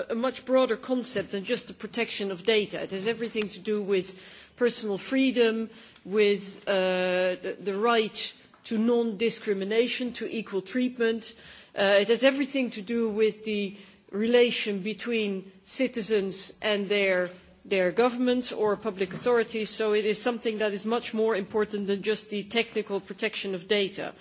a, much broader concept than just the protection of data. It has everything to do with personal freedom, with uh, the, the right to non-discrimination, to equal treatment. Uh, it has everything to do with the relation between citizens and their, their governments or public authorities, so it is something that is much more important than just the technical protection of data.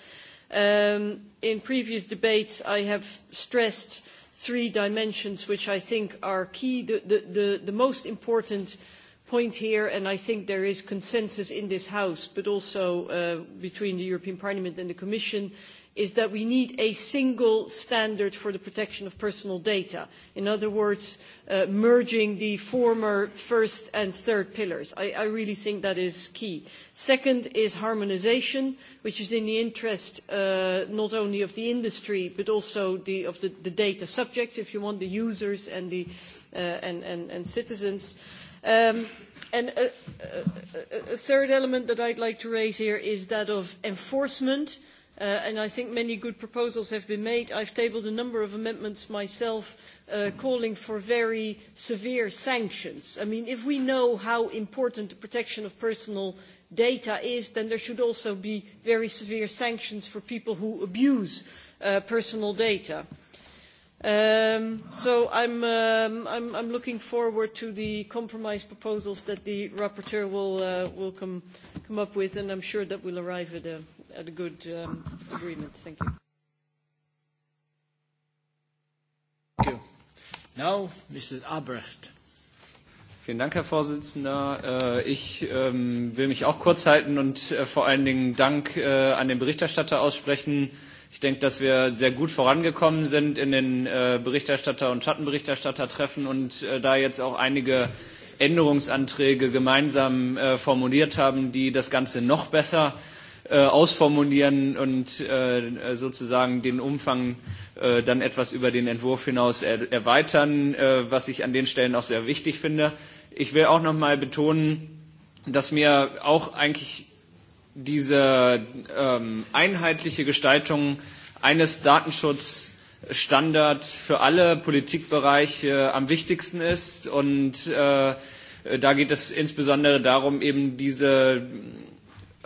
Um, in previous debates, I have stressed three dimensions which I think are key. The, the, the, the most important uh, point here, and I think there is consensus in this House, but also uh, between the European Parliament and the Commission, is that we need a single standard for the protection of personal data. In other words, uh, merging the former first and third pillars. I, I really think that is key. Second is harmonization, which is in the interest uh, not only of the industry, but also the, of the, the data subjects, if you want, the users and, the, uh, and, and, and citizens. Uh, Um, a, third element that I'd like to raise here is that of enforcement. Uh, and I think many good proposals have been made. I've tabled a number of amendments myself uh, calling for very severe sanctions. I mean, if we know how important the protection of personal data is, then there should also be very severe sanctions for people who abuse uh, personal data. Um, so i am um, looking forward to the compromise proposals that the rapporteur will, uh, come, up with, and i am sure that we will arrive at a, good um, agreement. Thank you. Vielen Dank, Herr Vorsitzender. Äh, ich ähm, will mich auch kurz halten und äh, vor allen Dingen Dank äh, an den Berichterstatter aussprechen. Ich denke, dass wir sehr gut vorangekommen sind in den Berichterstatter- und Schattenberichterstattertreffen und da jetzt auch einige Änderungsanträge gemeinsam formuliert haben, die das Ganze noch besser Äh, ausformulieren und äh, sozusagen den Umfang äh, dann etwas über den Entwurf hinaus er erweitern, äh, was ich an den Stellen auch sehr wichtig finde. Ich will auch noch mal betonen, dass mir auch eigentlich diese ähm, einheitliche Gestaltung eines Datenschutzstandards für alle Politikbereiche am wichtigsten ist. Und äh, da geht es insbesondere darum, eben diese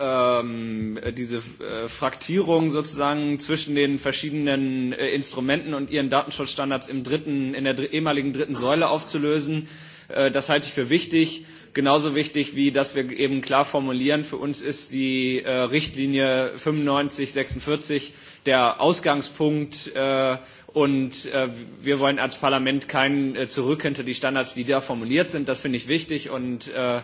ähm, diese äh, Fraktierung sozusagen zwischen den verschiedenen äh, Instrumenten und ihren Datenschutzstandards im dritten, in der dr ehemaligen dritten Säule aufzulösen. Äh, das halte ich für wichtig. Genauso wichtig wie, dass wir eben klar formulieren, für uns ist die äh, Richtlinie 9546 der Ausgangspunkt äh, und äh, wir wollen als Parlament kein äh, Zurück hinter die Standards, die da formuliert sind. Das finde ich wichtig und äh,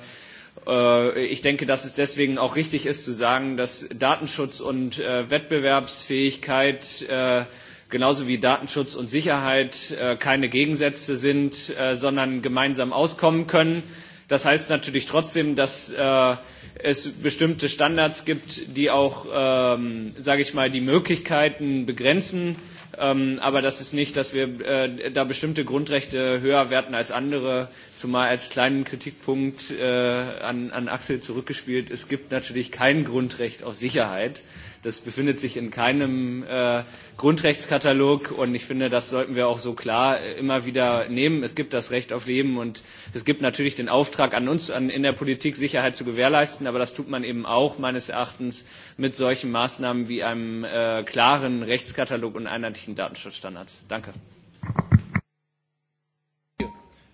Äh, ich denke, dass es deswegen auch richtig ist zu sagen, dass Datenschutz und äh, Wettbewerbsfähigkeit äh, genauso wie Datenschutz und Sicherheit keine Gegensätze sind, sondern gemeinsam auskommen können. Das heißt natürlich trotzdem, dass äh, es bestimmte Standards gibt, die auch, ähm, sage ich mal, die Möglichkeiten begrenzen, Ähm, aber das ist nicht, dass wir äh, da bestimmte Grundrechte höher werten als andere, zumal als kleinen Kritikpunkt äh, an, an Axel zurückgespielt, es gibt natürlich kein Grundrecht auf Sicherheit. Das befindet sich in keinem äh, Grundrechtskatalog und ich finde, das sollten wir auch so klar äh, immer wieder nehmen. Es gibt das Recht auf Leben und es gibt natürlich den Auftrag an uns an, in der Politik, Sicherheit zu gewährleisten, aber das tut man eben auch meines Erachtens mit solchen Maßnahmen wie einem äh, klaren Rechtskatalog und einheitlichen Datenschutzstandards. Danke.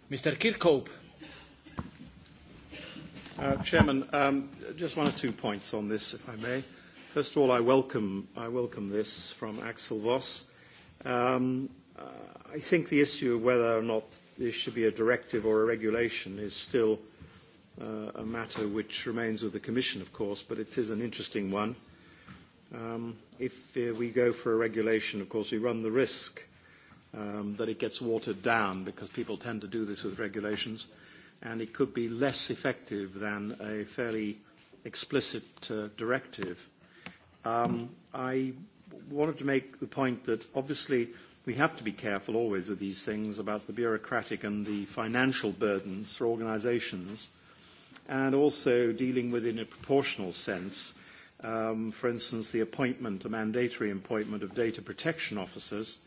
Mr. Kirkhope. Uh, Chairman, um, just one or two points on this, if I may. First of all, I welcome, I welcome this from Axel Voss. Um, uh, I think the issue of whether or not this should be a directive or a regulation is still uh, a matter which remains with the Commission, of course, but it is an interesting one. Um, if uh, we go for a regulation, of course, we run the risk um, that it gets watered down because people tend to do this with regulations, and it could be less effective than a fairly explicit uh, directive. Um, I wanted to make the point that obviously we have to be careful always with these things about the bureaucratic and the financial burdens for organisations, and also dealing with in a proportional sense, um, for instance, the appointment, a mandatory appointment of data protection officers.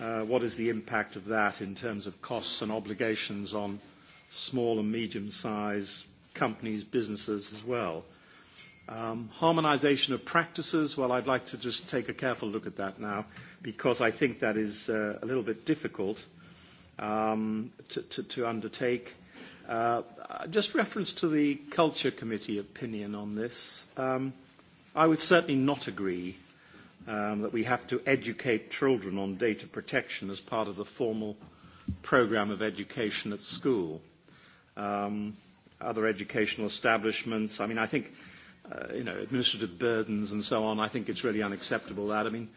Uh, what is the impact of that in terms of costs and obligations on small and medium-sized companies, businesses as well? Um, harmonization of practices, well, I'd like to just take a careful look at that now because I think that is uh, a little bit difficult um, to, to, to undertake. Uh, just reference to the Culture Committee opinion on this. Um, I would certainly not agree um, that we have to educate children on data protection as part of the formal program of education at school. Um, other educational establishments, I mean, I think uh, you know, administrative burdens and so on. I think it's really unacceptable that. I mean,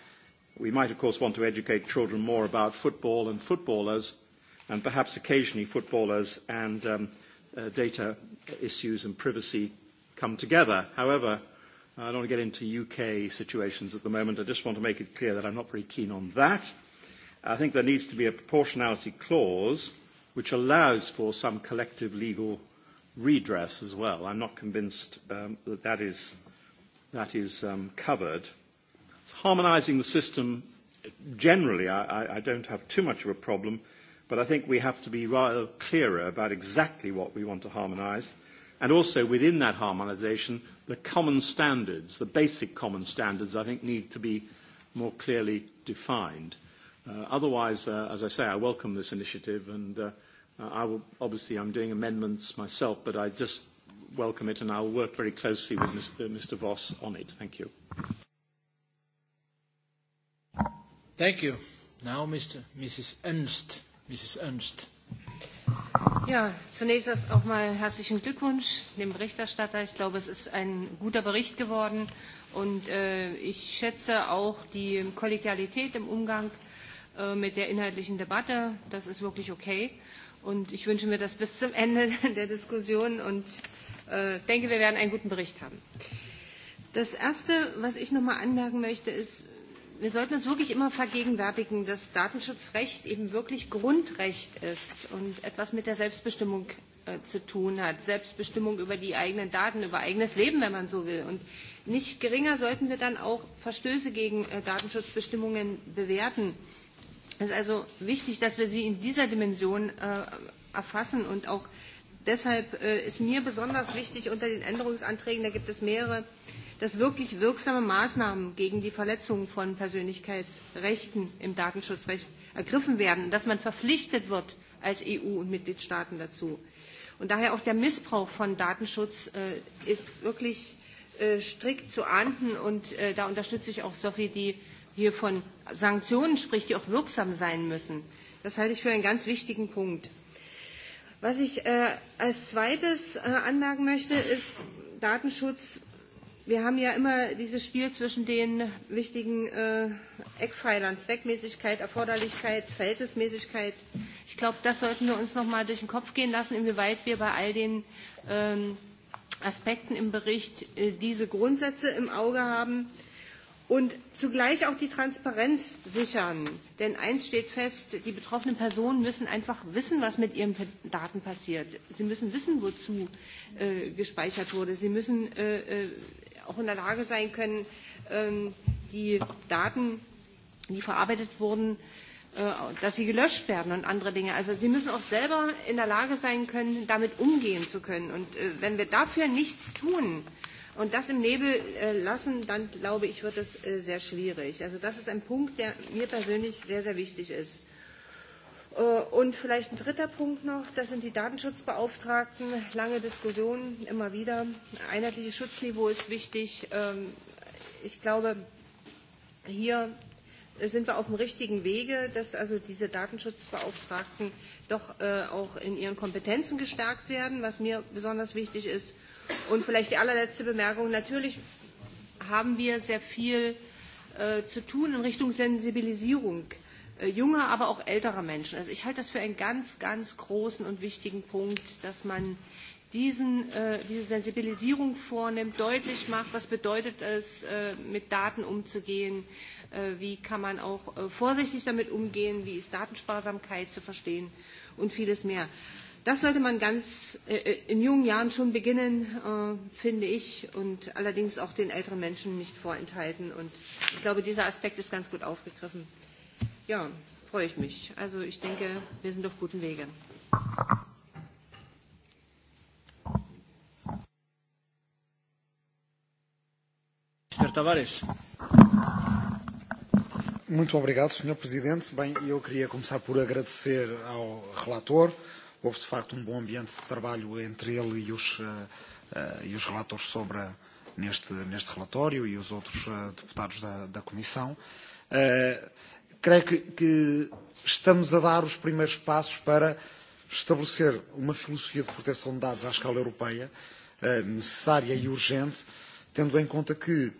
we might, of course, want to educate children more about football and footballers, and perhaps occasionally footballers and um, uh, data issues and privacy come together. However, I don't want to get into UK situations at the moment. I just want to make it clear that I'm not very keen on that. I think there needs to be a proportionality clause which allows for some collective legal redress as well. I'm not convinced um, that that is, that is um, covered. So harmonising the system generally, I, I I don't have too much of a problem, but I think we have to be rather clearer about exactly what we want to harmonise. And also within that harmonisation, the common standards, the basic common standards, I think need to be more clearly defined. Uh, otherwise, uh, as I say, I welcome this initiative and uh, Uh, I will, obviously, I'm doing amendments myself, but I just welcome it, and I'll work very closely with Mr. Uh, Mr. Voss on it. Thank you. Thank you. Now, Mr. Mrs. Ernst. Mrs. Ernst. Ja, zunächst erst auch mal herzlichen Glückwunsch dem Berichterstatter. Ich glaube, es ist ein guter Bericht geworden. Und äh, ich schätze auch die Kollegialität im Umgang Äh, mit der inhaltlichen Debatte. Das ist wirklich okay. Und ich wünsche mir das bis zum Ende der Diskussion und äh, denke, wir werden einen guten Bericht haben. Das Erste, was ich noch mal anmerken möchte, ist, wir sollten uns wirklich immer vergegenwärtigen, dass Datenschutzrecht eben wirklich Grundrecht ist und etwas mit der Selbstbestimmung äh, zu tun hat. Selbstbestimmung über die eigenen Daten, über eigenes Leben, wenn man so will. Und nicht geringer sollten wir dann auch Verstöße gegen äh, Datenschutzbestimmungen bewerten. Äh, Es ist also wichtig, dass wir sie in dieser Dimension äh, erfassen und auch deshalb äh, ist mir besonders wichtig unter den Änderungsanträgen, da gibt es mehrere, dass wirklich wirksame Maßnahmen gegen die Verletzung von Persönlichkeitsrechten im Datenschutzrecht ergriffen werden, dass man verpflichtet wird als EU und Mitgliedstaaten dazu. Und daher auch der Missbrauch von Datenschutz äh, ist wirklich äh, strikt zu ahnden und äh, da unterstütze ich auch Sophie, die äh, hier von Sanktionen spricht, die auch wirksam sein müssen. Das halte ich für einen ganz wichtigen Punkt. Was ich äh, als zweites äh, anmerken möchte, ist Datenschutz. Wir haben ja immer dieses Spiel zwischen den wichtigen äh, Eckpfeilern Zweckmäßigkeit, Erforderlichkeit, Verhältnismäßigkeit. Ich glaube, das sollten wir uns noch mal durch den Kopf gehen lassen, inwieweit wir bei all den ähm, Aspekten im Bericht äh, diese Grundsätze im Auge haben. Äh, und zugleich auch die Transparenz sichern. Denn eins steht fest, die betroffenen Personen müssen einfach wissen, was mit ihren Daten passiert. Sie müssen wissen, wozu äh, gespeichert wurde. Sie müssen äh, äh auch in der Lage sein können, äh, die Daten, die verarbeitet wurden, äh, dass sie gelöscht werden und andere Dinge. Also sie müssen auch selber in der Lage sein können, damit umgehen zu können. Und äh, wenn wir dafür nichts tun, äh, Und das im Nebel äh, lassen, dann glaube ich, wird es äh, sehr schwierig. Also das ist ein Punkt, der mir persönlich sehr, sehr wichtig ist. Äh, und vielleicht ein dritter Punkt noch, das sind die Datenschutzbeauftragten. Lange Diskussionen, immer wieder. Einheitliches Schutzniveau ist wichtig. Ähm, ich glaube, hier sind wir auf dem richtigen Wege, dass also diese Datenschutzbeauftragten doch auch in ihren Kompetenzen gestärkt werden, was mir besonders wichtig ist. Und vielleicht die allerletzte Bemerkung. Natürlich haben wir sehr viel äh, zu tun in Richtung Sensibilisierung äh, junger, aber auch älterer Menschen. Also ich halte das für einen ganz, ganz großen und wichtigen Punkt, dass man diesen, äh, diese Sensibilisierung vornimmt, deutlich macht, was bedeutet es, äh, mit Daten umzugehen, äh, wie kann man auch äh, vorsichtig damit umgehen, wie ist Datensparsamkeit zu verstehen und vieles mehr. Das sollte man ganz äh, äh, in jungen Jahren schon beginnen, äh, finde ich, und allerdings auch den älteren Menschen nicht vorenthalten. Und ich glaube, dieser Aspekt ist ganz gut aufgegriffen. Ja, freue ich mich. Also ich denke, wir sind auf gutem Wege. Mr. Tavares. Muito obrigado, Sr. Presidente. Bem, eu queria começar por agradecer ao relator houve de facto um bom ambiente de trabalho entre ele e os, eh, eh, e os relatores sobre a, eh, neste, neste relatório e os outros deputados da, da Comissão. Uh, creio que, que estamos a dar os primeiros passos para estabelecer uma filosofia de proteção de dados à escala europeia uh, necessária e urgente, tendo em conta que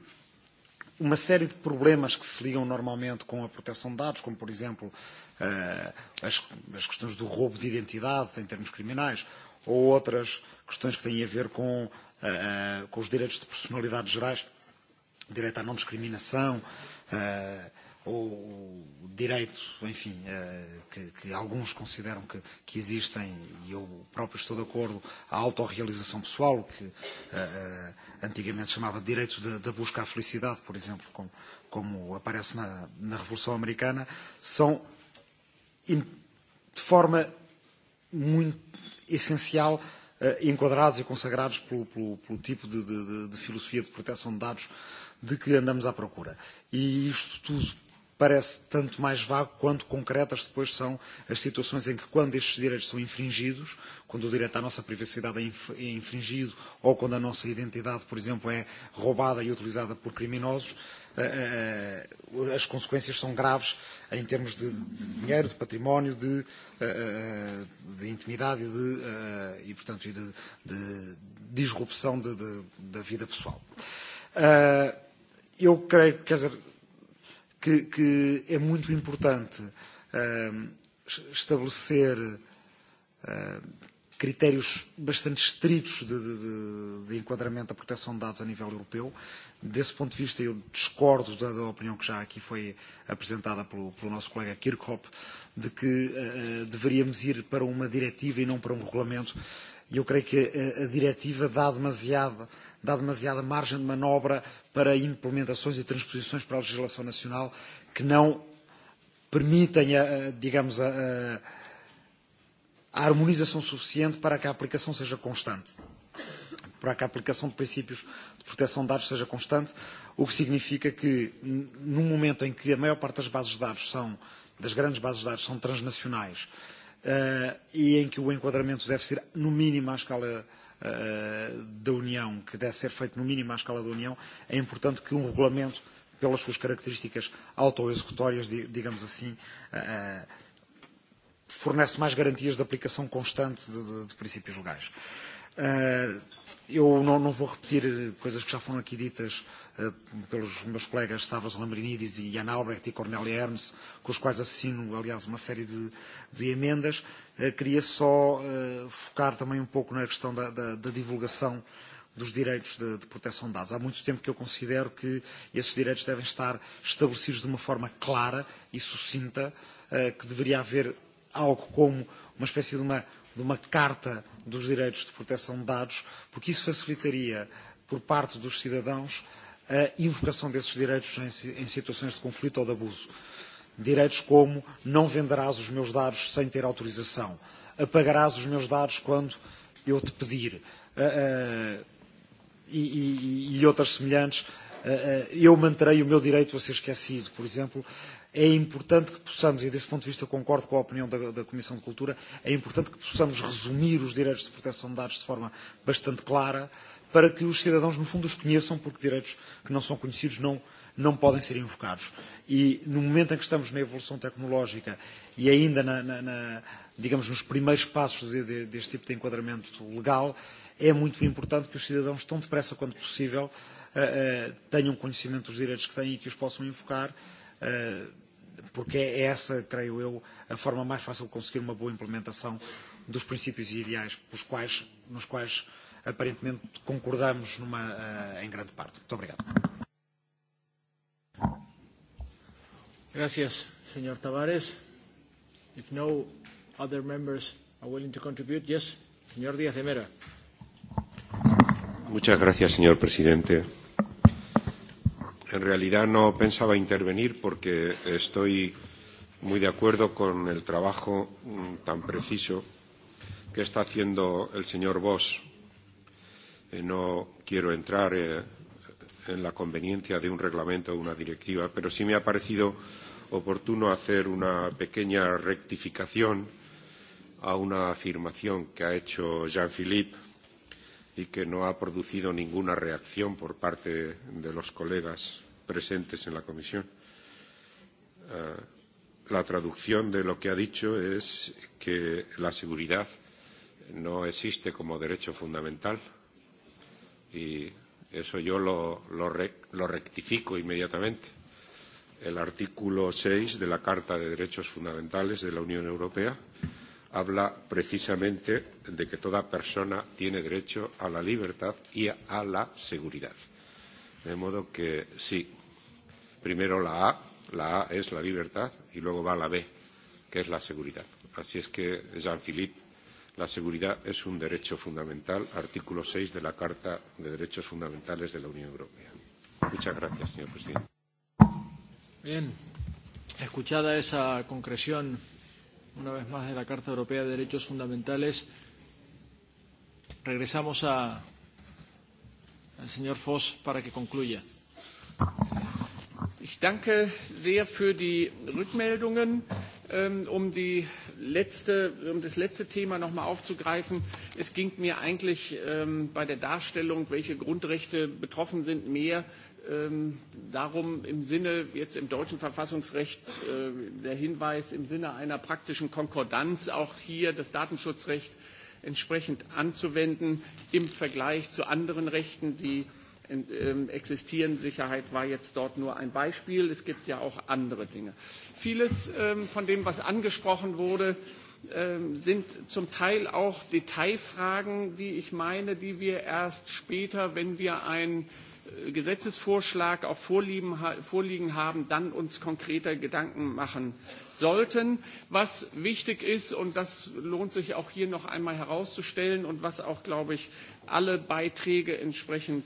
uma série de problemas que se ligam normalmente com a proteção de dados, como por exemplo Eh, as, as questões do roubo de identidade em termos criminais, ou outras questões que têm a ver com, uh, com os direitos de personalidade gerais, direito à não discriminação, uh, eh, ou direito, enfim, uh, que, que alguns consideram que, que existem, e eu próprio estou de acordo, a autorrealização pessoal, que uh, uh, antigamente chamava de direito da busca à felicidade, por exemplo, como, como aparece na, na Revolução Americana, são de forma muito essencial eh, enquadrados e consagrados pelo, pelo, pelo tipo de, de, de filosofia de proteção de dados de que andamos à procura. E isto tudo parece tanto mais vago quanto concretas depois são as situações em que, quando estes direitos são infringidos, quando o direito à nossa privacidade é infringido ou quando a nossa identidade, por exemplo, é roubada e utilizada por criminosos, eh, eh, eh, as consequências são graves em termos de, dinheiro, de património, de, de intimidade e, de, e portanto, e de, de disrupção de, de, da vida pessoal. Eu creio, quer dizer, que, que é muito importante uh, estabelecer uh, critérios bastante estritos de, de, de enquadramento da proteção de dados a nível europeu. Desse ponto de vista, eu discordo da, da opinião que já aqui foi apresentada pelo, pelo nosso colega Kirchhoff, de que uh, deveríamos ir para uma diretiva e não para um regulamento. E eu creio que a, a diretiva dá demasiada dá demasiada margem de manobra para implementações e transposições para a legislação nacional que não permitem, a, a, digamos, a, a harmonização suficiente para que a aplicação seja constante, para que a aplicação de princípios de proteção de dados seja constante, o que significa que, num momento em que a maior parte das bases de dados são, das grandes bases de dados são transnacionais, uh, e em que o enquadramento deve ser, no mínimo, à escala uh, Eh, da União, que deve ser feito no mínimo à escala da União, é importante que um regulamento, pelas suas características autoexecutórias, digamos assim, uh, fornece mais garantias de aplicação constante de, de, de princípios legais. Eh, eu não, não vou repetir coisas que já foram aqui ditas uh, Eh, pelos meus colegas Savas Lambrinidis e Ian Albrecht e Cornélia Hermes, com os quais assino, aliás, uma série de, de emendas. Eh, queria só eh, focar também um pouco na questão da, da, da divulgação dos direitos de, de proteção de dados. Há muito tempo que eu considero que esses direitos devem estar estabelecidos de uma forma clara e sucinta, que deveria haver algo como uma espécie de uma, de uma carta dos direitos de proteção de dados, porque isso facilitaria por parte dos cidadãos uh, a invocação desses direitos em, em situações de conflito ou de abuso. Direitos como não venderás os meus dados sem ter autorização, apagarás os meus dados quando eu te pedir, uh, uh, e, e, e outras semelhantes, uh, uh, eu manterei o meu direito a ser esquecido, por exemplo. É importante que possamos, e desse ponto de vista concordo com a opinião da, da Comissão de Cultura, é importante que possamos resumir os direitos de proteção de dados de forma bastante clara, uh, para que os cidadãos, no fundo, os conheçam, porque direitos que não são conhecidos não, não podem ser invocados. E no momento em que estamos na evolução tecnológica e ainda, na, na, na, digamos, nos primeiros passos de, de, deste tipo de enquadramento legal, é muito importante que os cidadãos, tão depressa quanto possível, uh, uh, tenham conhecimento dos direitos que têm e que os possam invocar. Uh, porque é essa, creio eu, a forma mais fácil de conseguir uma boa implementação dos princípios e ideais pelos quais, nos quais aparentemente concordamos numa, uh, em grande parte. Muito obrigado. Gracias, señor Tavares. If no other members are willing to contribute, yes, señor Díaz de Mera. Muchas gracias, señor presidente. En realidad no pensaba intervenir porque estoy muy de acuerdo con el trabajo mm, tan preciso que está haciendo el señor Bosch Eh, no quiero entrar eh, en la conveniencia de un reglamento o una directiva, pero sí me ha parecido oportuno hacer una pequeña rectificación a una afirmación que ha hecho Jean-Philippe y que no ha producido ninguna reacción por parte de los colegas presentes en la comisión. Eh, la traducción de lo que ha dicho es que la seguridad no existe como derecho fundamental y eso yo lo, lo, re, lo rectifico inmediatamente. El artículo 6 de la Carta de Derechos Fundamentales de la Unión Europea habla precisamente de que toda persona tiene derecho a la libertad y a la seguridad. De modo que sí, primero la A, la A es la libertad y luego va la B, que es la seguridad. Así es que, Jean-Philippe, La seguridad es un derecho fundamental, artículo 6 de la Carta de Derechos Fundamentales de la Unión Europea. Muchas gracias, señor presidente. Bien, escuchada esa concreción, una vez más, de la Carta Europea de Derechos Fundamentales, regresamos a, al señor Voss para que concluya. Ich danke sehr für die Rückmeldungen. Ähm, um, die letzte, um das letzte Thema nochmal aufzugreifen. Es ging mir eigentlich ähm, bei der Darstellung, welche Grundrechte betroffen sind, mehr ähm, darum im Sinne, jetzt im deutschen Verfassungsrecht äh, der Hinweis im Sinne einer praktischen Konkordanz auch hier das Datenschutzrecht entsprechend anzuwenden im Vergleich zu anderen Rechten, die äh, Ähm, existieren. Sicherheit war jetzt dort nur ein Beispiel. Es gibt ja auch andere Dinge. Vieles ähm, von dem, was angesprochen wurde, ähm, sind zum Teil auch Detailfragen, die ich meine, die wir erst später, wenn wir ein Gesetzesvorschlag auch vorliegen, haben, dann uns konkreter Gedanken machen sollten. Was wichtig ist, und das lohnt sich auch hier noch einmal herauszustellen und was auch, glaube ich, alle Beiträge entsprechend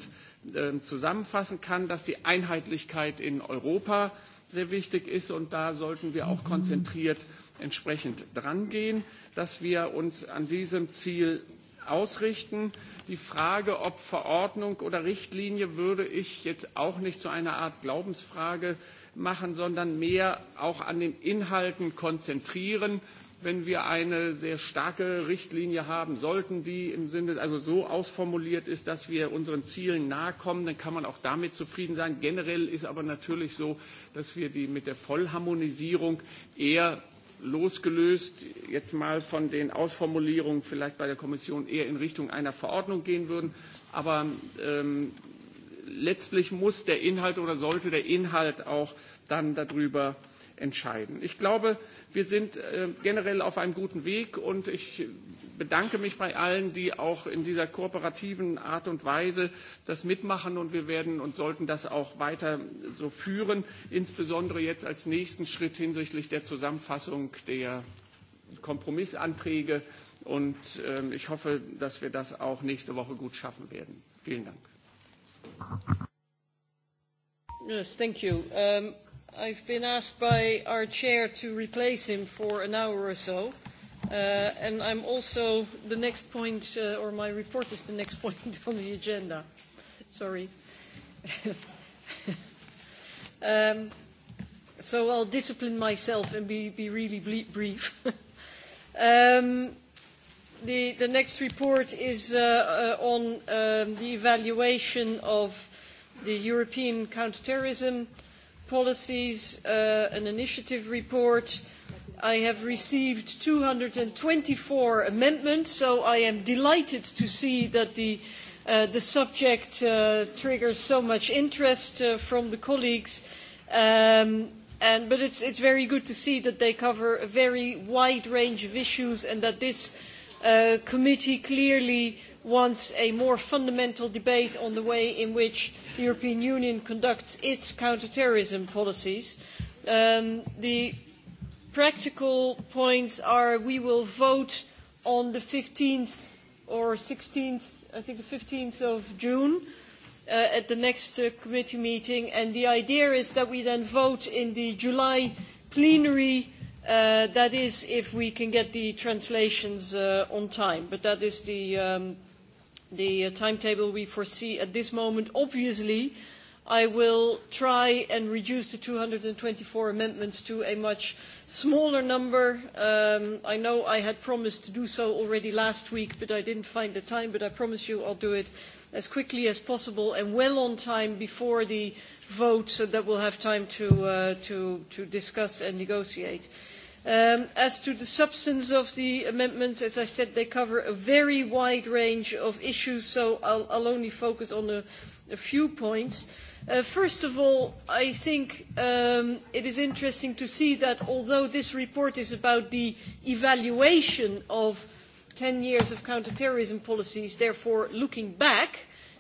ähm, zusammenfassen kann, dass die Einheitlichkeit in Europa sehr wichtig ist und da sollten wir auch konzentriert entsprechend drangehen, dass wir uns an diesem Ziel ausrichten. Die Frage, ob Verordnung oder Richtlinie, würde ich jetzt auch nicht zu einer Art Glaubensfrage machen, sondern mehr auch an den Inhalten konzentrieren. Wenn wir eine sehr starke Richtlinie haben sollten, die im Sinne also so ausformuliert ist, dass wir unseren Zielen nahe kommen, dann kann man auch damit zufrieden sein. Generell ist aber natürlich so, dass wir die mit der Vollharmonisierung eher losgelöst jetzt mal von den Ausformulierungen vielleicht bei der Kommission eher in Richtung einer Verordnung gehen würden. Aber ähm, letztlich muss der Inhalt oder sollte der Inhalt auch dann darüber entscheiden. Ich glaube, wir sind äh, generell auf einem guten Weg und ich bedanke mich bei allen, die auch in dieser kooperativen Art und Weise das mitmachen und wir werden und sollten das auch weiter so führen, insbesondere jetzt als nächsten Schritt hinsichtlich der Zusammenfassung der Kompromissanträge und ähm, ich hoffe, dass wir das auch nächste Woche gut schaffen werden. Vielen Dank. Yes, thank you. Um, I've been asked by our chair to replace him for an hour or so. Uh, and I'm also the next point, uh, or my report is the next point on the agenda. Sorry. um, so I'll discipline myself and be, be really brief. um, the, the next report is uh, uh, on um, the evaluation of the European counterterrorism terrorism policies uh, an initiative report. I have received 224 amendments, so I am delighted to see that the, uh, the subject uh, triggers so much interest uh, from the colleagues. Um, and, but it's, it's very good to see that they cover a very wide range of issues and that this uh, committee clearly wants a more fundamental debate on the way in which the European Union conducts its counterterrorism policies. Um, the practical points are we will vote on the 15th or 16th, I think the 15th of June uh, at the next uh, committee meeting. And the idea is that we then vote in the July plenary uh, that is if we can get the translations uh, on time, but that is the um, the uh, timetable we foresee at this moment. Obviously, I will try and reduce the 224 amendments to a much smaller number. Um, I know I had promised to do so already last week, but I didn't find the time, but I promise you I'll do it as quickly as possible and well on time before the vote so that we'll have time to, uh, to, to discuss and negotiate. Uh, Um, as to the substance of the amendments, as I said, they cover a very wide range of issues, so I'll, I'll only focus on a, a few points. Uh, first of all, I think um, it is interesting to see that although this report is about the evaluation of 10 years of counterterrorism policies, therefore looking back,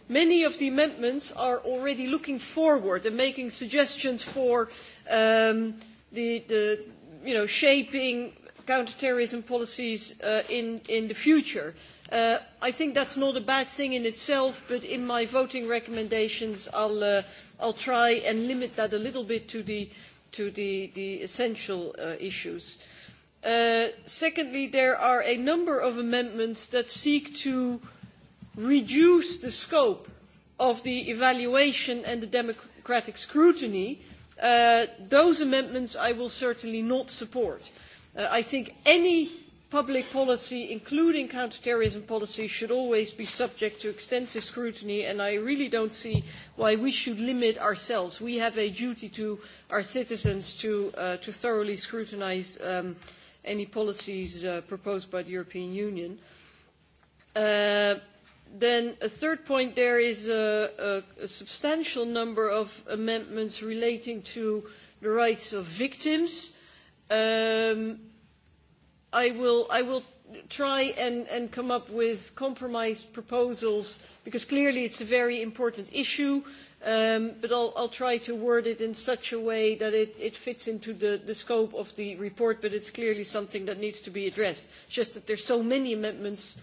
many of the amendments are already looking forward and making suggestions for um, the, the you know, shaping counterterrorism policies uh, in, in the future. Uh, I think that's not a bad thing in itself, but in my voting recommendations, I'll, uh, I'll try and limit that a little bit to the, to the, the essential uh, issues. Uh, secondly, there are a number of amendments that seek to reduce the scope of the evaluation and the democratic scrutiny Uh, those amendments I will certainly not support. Uh, I think any public policy, including counterterrorism policy, should always be subject to extensive scrutiny, and I really don't see why we should limit ourselves. We have a duty to our citizens to, uh, to thoroughly scrutinise um, any policies uh, proposed by the European Union. Then a third point, there is a, a, a substantial number of amendments relating to the rights of victims. Um, I will, I will try and, and come up with compromise proposals because clearly it's a very important issue, um, but I'll, I'll try to word it in such a way that it, it fits into the, the scope of the report, but it's clearly something that needs to be addressed. It's just that there's so many amendments uh,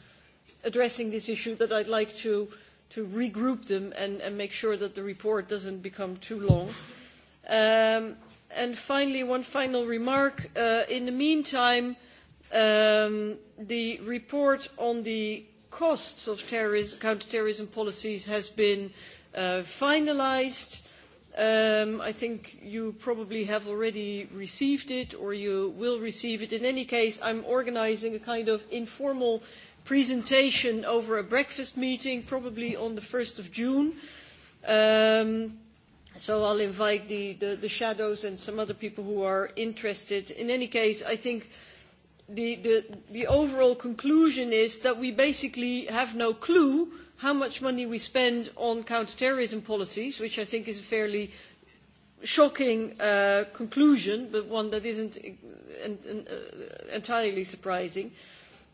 addressing this issue that I'd like to, to regroup them and, and make sure that the report doesn't become too long. Um, and finally, one final remark. Uh, in the meantime, um, the report on the costs of terrorism, counterterrorism policies has been uh, finalized. Um, I think you probably have already received it or you will receive it. In any case, I'm organizing a kind of informal presentation over a breakfast meeting, probably on the 1st of June. Um, so I'll invite the, the, the shadows and some other people who are interested. In any case, I think the, the, the overall conclusion is that we basically have no clue how much money we spend on counterterrorism policies, which I think is a fairly shocking uh, conclusion, but one that isn't e-, en en uh, entirely surprising,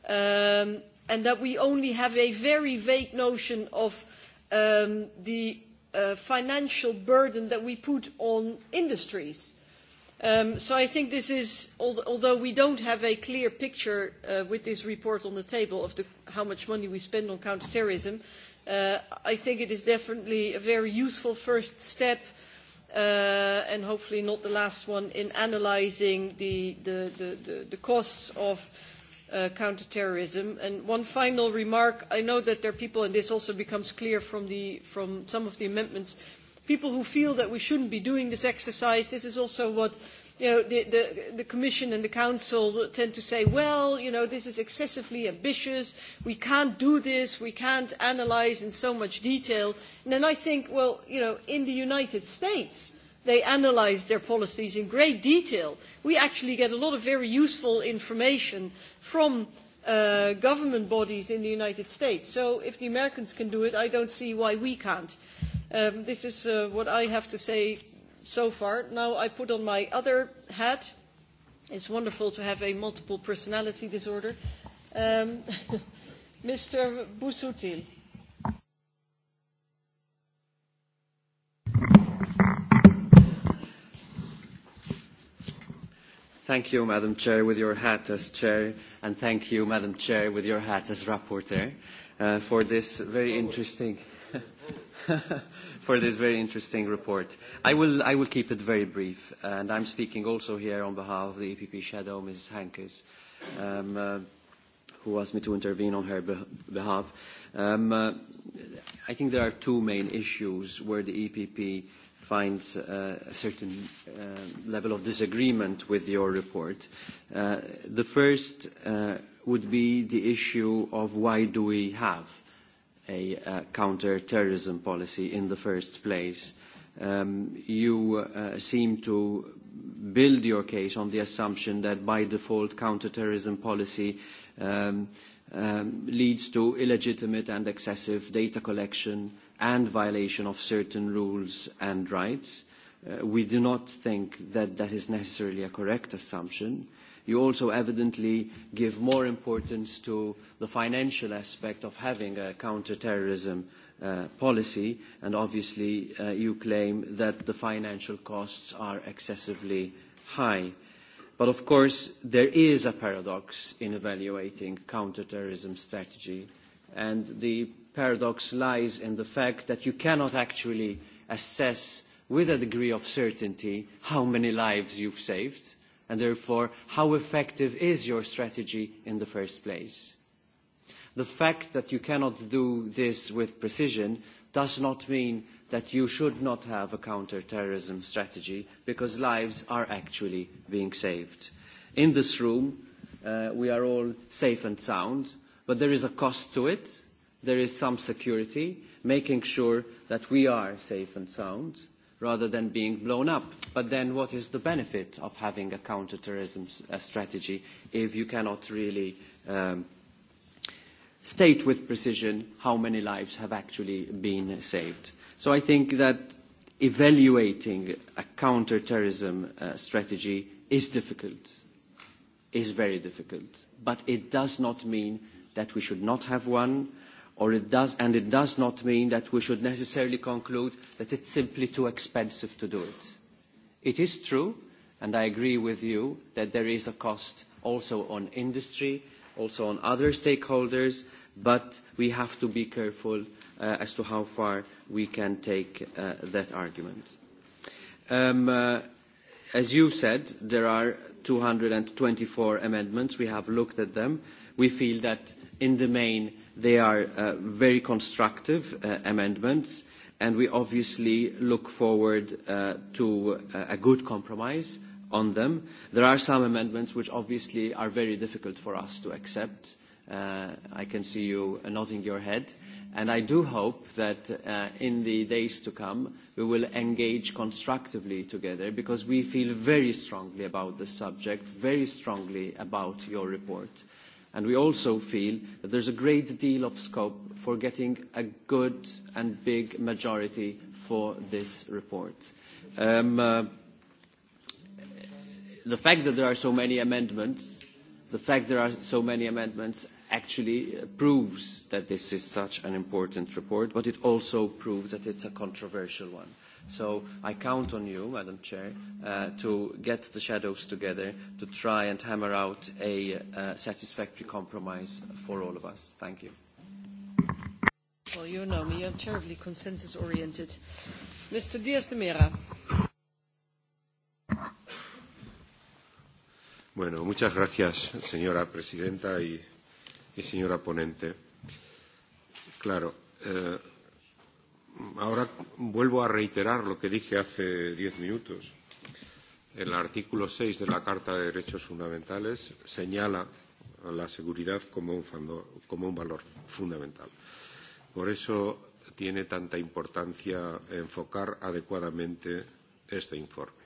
um, and that we only have a very vague notion of um, the uh, financial burden that we put on industries. Um, so I think this is, although we don't have a clear picture uh, with this report on the table of the, how much money we spend on counterterrorism, uh, I think it is definitely a very useful first step uh, and hopefully not the last one in analysing the, the, the, the, the costs of uh, counterterrorism. And one final remark, I know that there are people, and this also becomes clear from, the, from some of the amendments, uh, people who feel that we shouldn't be doing this exercise, this is also what you know, the, the, the Commission and the Council tend to say, well, you know, this is excessively ambitious, we can't do this, we can't analyse in so much detail. And then I think, well, you know, in the United States, they analyse their policies in great detail. We actually get a lot of very useful information from uh, government bodies in the United States. So if the Americans can do it, I don't see why we can't. Uh, Um, this is uh, what I have to say so far. Now I put on my other hat. It's wonderful to have a multiple personality disorder. Um, Mr. Busuttil. Thank you, Madam Chair, with your hat as Chair, and thank you, Madam Chair, with your hat as Rapporteur, uh, for this very interesting. for this very interesting report. I will, I will keep it very brief, and I'm speaking also here on behalf of the EPP shadow, Mrs. Hankes, um, uh, who asked me to intervene on her be behalf. Um, uh, I think there are two main issues where the EPP finds uh, a certain uh, level of disagreement with your report. Uh, the first uh, would be the issue of why do we have uh, a uh, counter-terrorism policy in the first place. Um, you uh, seem to build your case on the assumption that by default counter-terrorism policy um, um, leads to illegitimate and excessive data collection and violation of certain rules and rights. Uh, we do not think that that is necessarily a correct assumption. Uh, you also evidently give more importance to the financial aspect of having a counter-terrorism uh, policy, and obviously uh, you claim that the financial costs are excessively high. But of course, there is a paradox in evaluating counterterrorism strategy, and the paradox lies in the fact that you cannot actually assess with a degree of certainty how many lives you've saved and therefore how effective is your strategy in the first place. The fact that you cannot do this with precision does not mean that you should not have a counter-terrorism strategy because lives are actually being saved. In this room, uh, we are all safe and sound, but there is a cost to it. There is some security, making sure that we are safe and sound rather than being blown up. But then what is the benefit of having a counterterrorism uh, strategy if you cannot really um, state with precision how many lives have actually been saved? So I think that evaluating a counterterrorism uh, strategy is difficult, is very difficult. But it does not mean that we should not have one or it does, and it does not mean that we should necessarily conclude that it's simply too expensive to do it. It is true, and I agree with you, that there is a cost also on industry, also on other stakeholders, but we have to be careful uh, as to how far we can take uh, that argument. Um, uh, as you said, there are 224 amendments. We have looked at them we feel that in the main they are uh, very constructive uh, amendments and we obviously look forward uh, to uh, a good compromise on them. There are some amendments which obviously are very difficult for us to accept. Uh, I can see you nodding your head. And I do hope that uh, in the days to come, we will engage constructively together because we feel very strongly about this subject, very strongly about your report. And we also feel that there's a great deal of scope for getting a good and big majority for this report. Um, uh, the fact that there are so many amendments, the fact there are so many amendments actually uh, proves that this is such an important report, but it also proves that it's a controversial one. So I count on you, Madam Chair, uh, to get the shadows together to try and hammer out a uh, satisfactory compromise for all of us. Thank you. Well, you know me. I'm terribly consensus-oriented. Mr. Diaz de Mera. Bueno, muchas gracias, señora presidenta y, y señora ponente. Claro, eh, ahora vuelvo a reiterar lo que dije hace diez minutos. El artículo 6 de la Carta de Derechos Fundamentales señala a la seguridad como un, fando, como un valor fundamental. Por eso tiene tanta importancia enfocar adecuadamente este informe.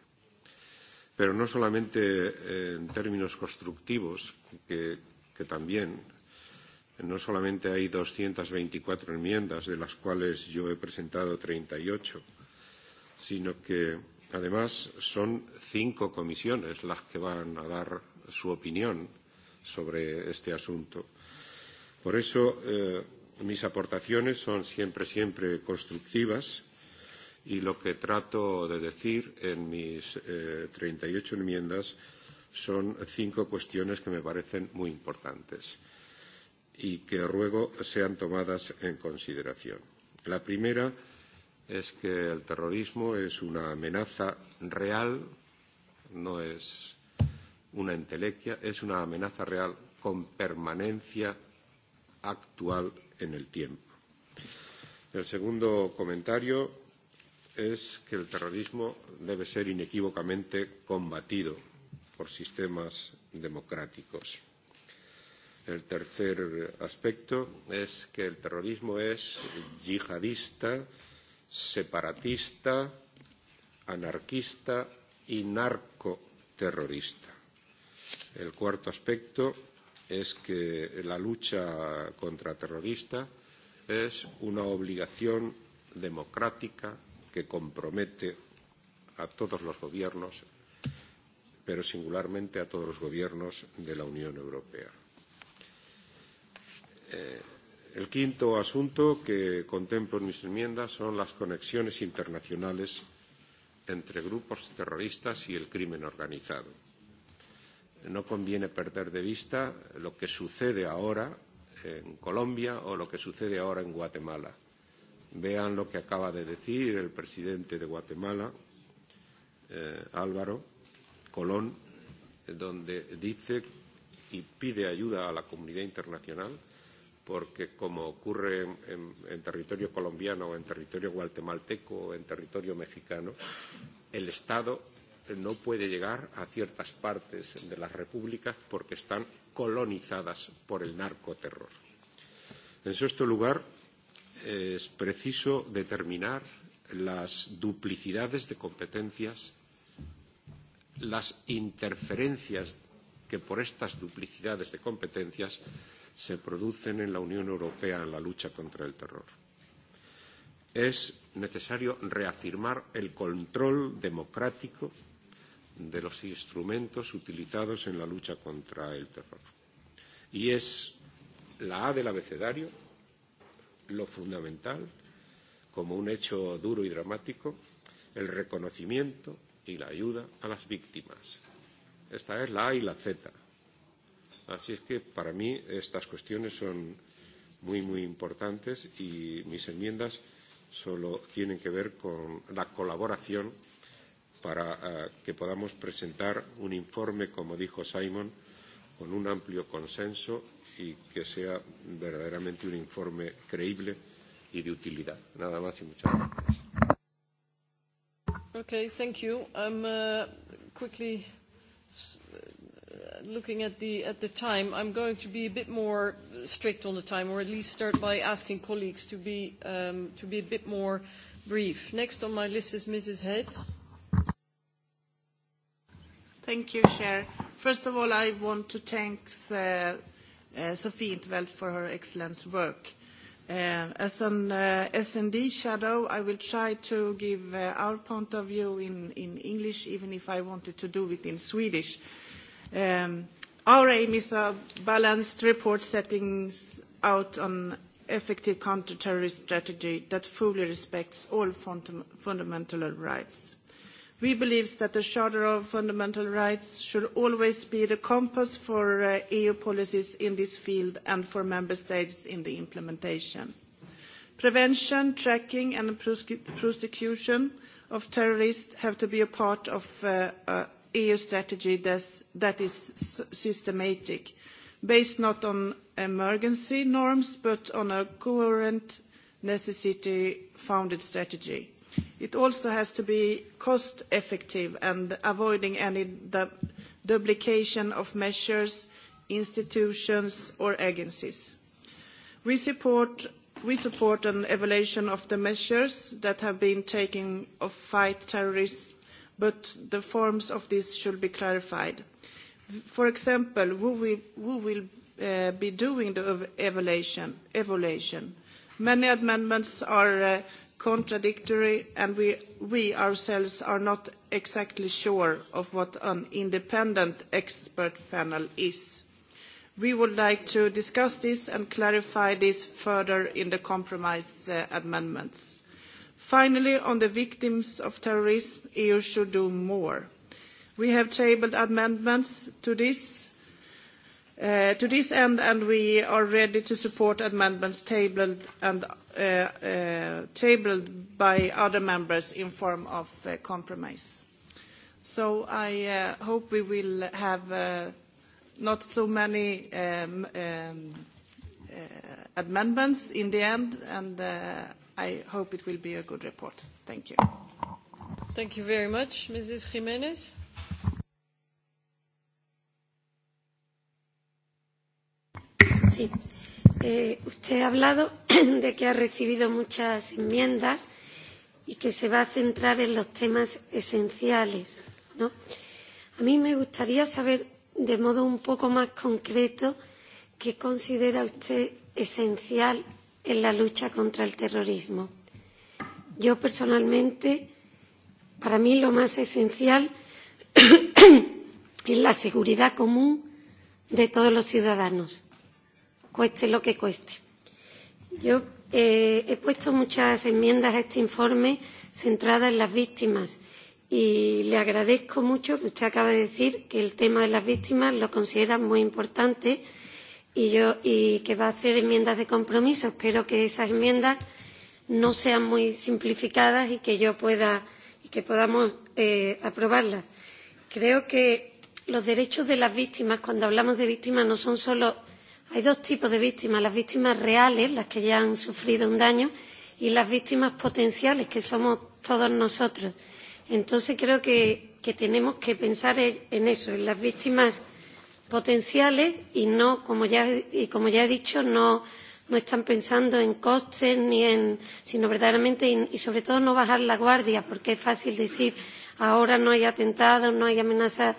Pero no solamente en términos constructivos, que, que también No solamente hay 224 enmiendas, de las cuales yo he presentado 38, sino que además son cinco comisiones las que van a dar su opinión sobre este asunto. Por eso, eh, mis aportaciones son siempre, siempre constructivas y lo que trato de decir en mis eh, 38 enmiendas son cinco cuestiones que me parecen muy importantes y que ruego sean tomadas en consideración. La primera es que el terrorismo es una amenaza real, no es una entelequia, es una amenaza real con permanencia actual en el tiempo. El segundo comentario es que el terrorismo debe ser inequívocamente combatido por sistemas democráticos. El tercer aspecto es que el terrorismo es yihadista, separatista, anarquista y narcoterrorista. El cuarto aspecto es que la lucha contra terrorista es una obligación democrática que compromete a todos los gobiernos, pero singularmente a todos los gobiernos de la Unión Europea. Eh, el quinto asunto que contemplo en mis enmiendas son las conexiones internacionales entre grupos terroristas y el crimen organizado. No conviene perder de vista lo que sucede ahora en Colombia o lo que sucede ahora en Guatemala. Vean lo que acaba de decir el presidente de Guatemala, eh, Álvaro Colón, donde dice y pide ayuda a la comunidad internacional porque como ocurre en, en, en territorio colombiano o en territorio guatemalteco o en territorio mexicano, el Estado no puede llegar a ciertas partes de las repúblicas porque están colonizadas por el narcoterror. En sexto lugar, es preciso determinar las duplicidades de competencias, las interferencias que por estas duplicidades de competencias se producen en la Unión Europea en la lucha contra el terror. Es necesario reafirmar el control democrático de los instrumentos utilizados en la lucha contra el terror. Y es la A del abecedario, lo fundamental, como un hecho duro y dramático, el reconocimiento y la ayuda a las víctimas. Esta es la A y la Z Así es que para mí estas cuestiones son muy, muy importantes y mis enmiendas solo tienen que ver con la colaboración para uh, que podamos presentar un informe, como dijo Simon, con un amplio consenso y que sea verdaderamente un informe creíble y de utilidad. Nada más y muchas gracias. Okay, thank you. I'm um, uh, quickly looking at the, at the time, I'm going to be a bit more strict on the time, or at least start by asking colleagues to be, um, to be a bit more brief. Next on my list is Mrs. Head. Thank you, Chair. First of all, I want to thank uh, uh, Sophie Intveld for her excellent work. Uh, as an uh, S&D shadow, I will try to give uh, our point of view in, in English, even if I wanted to do it in Swedish. Um, our aim is a balanced report setting out an effective counter-terrorist strategy that fully respects all fund fundamental rights. We believe that the Charter of Fundamental Rights should always be the compass for uh, EU policies in this field and for Member States in the implementation. Prevention, tracking and prosecution of terrorists have to be a part of uh, uh, EU strategy that is systematic, based not on emergency norms, but on a coherent necessity-founded strategy. It also has to be cost-effective and avoiding any duplication of measures, institutions, or agencies. We support, we support an evaluation of the measures that have been taken to fight terrorism but the forms of this should be clarified. For example, who will, who will uh, be doing the evaluation? evaluation? Many amendments are uh, contradictory, and we, we ourselves are not exactly sure of what an independent expert panel is. We would like to discuss this and clarify this further in the compromise uh, amendments. Finally, on the victims of terrorism, EU should do more. We have tabled amendments uh, to this, end, and we are ready to support amendments tabled, uh, uh, by other members in form of compromise. So I hope we will have not so many um, um, amendments in the end, and I hope it will be a good report. Thank you. Thank you very much, Mrs. Jimenez. Sí. Eh, usted ha hablado de que ha recibido muchas enmiendas y que se va a centrar en los temas esenciales. ¿no? A mí me gustaría saber, de modo un poco más concreto, qué considera usted esencial en la lucha contra el terrorismo. Yo personalmente, para mí lo más esencial es la seguridad común de todos los ciudadanos, cueste lo que cueste. Yo eh, he puesto muchas enmiendas a este informe centradas en las víctimas y le agradezco mucho que usted acaba de decir que el tema de las víctimas lo considera muy importante y, yo, y que va a hacer enmiendas de compromiso. Espero que esas enmiendas no sean muy simplificadas y que yo pueda y que podamos eh, aprobarlas. Creo que los derechos de las víctimas, cuando hablamos de víctimas, no son solo hay dos tipos de víctimas las víctimas reales, las que ya han sufrido un daño, y las víctimas potenciales, que somos todos nosotros. Entonces creo que, que tenemos que pensar en eso, en las víctimas potenciales y no, como ya, y como ya he dicho, no, no están pensando en costes ni en, sino verdaderamente y, y sobre todo no bajar la guardia, porque es fácil decir ahora no hay atentados, no hay amenazas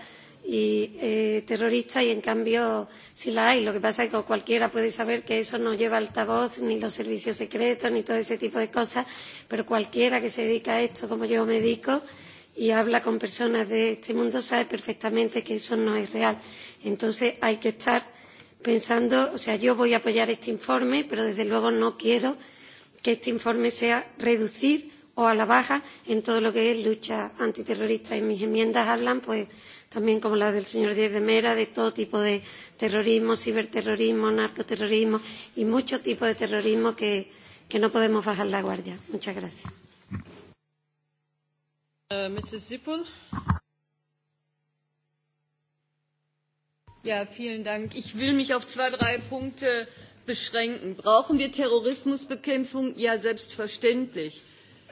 y, eh, terroristas y en cambio sí la hay. Lo que pasa es que cualquiera puede saber que eso no lleva altavoz ni los servicios secretos ni todo ese tipo de cosas, pero cualquiera que se dedica a esto, como yo me dedico, eh, y habla con personas de este mundo sabe perfectamente que eso no es real. Entonces hay que estar pensando, o sea, yo voy a apoyar este informe, pero desde luego no quiero que este informe sea reducir o a la baja en todo lo que es lucha antiterrorista. Y mis enmiendas hablan, pues, también como la del señor Díaz de Mera, de todo tipo de terrorismo, ciberterrorismo, narcoterrorismo y muchos tipos de terrorismo que, que no podemos bajar la guardia. Muchas gracias. Uh, Mrs. Ja, vielen Dank. Ich will mich auf zwei, drei Punkte beschränken. Brauchen wir Terrorismusbekämpfung? Ja, selbstverständlich.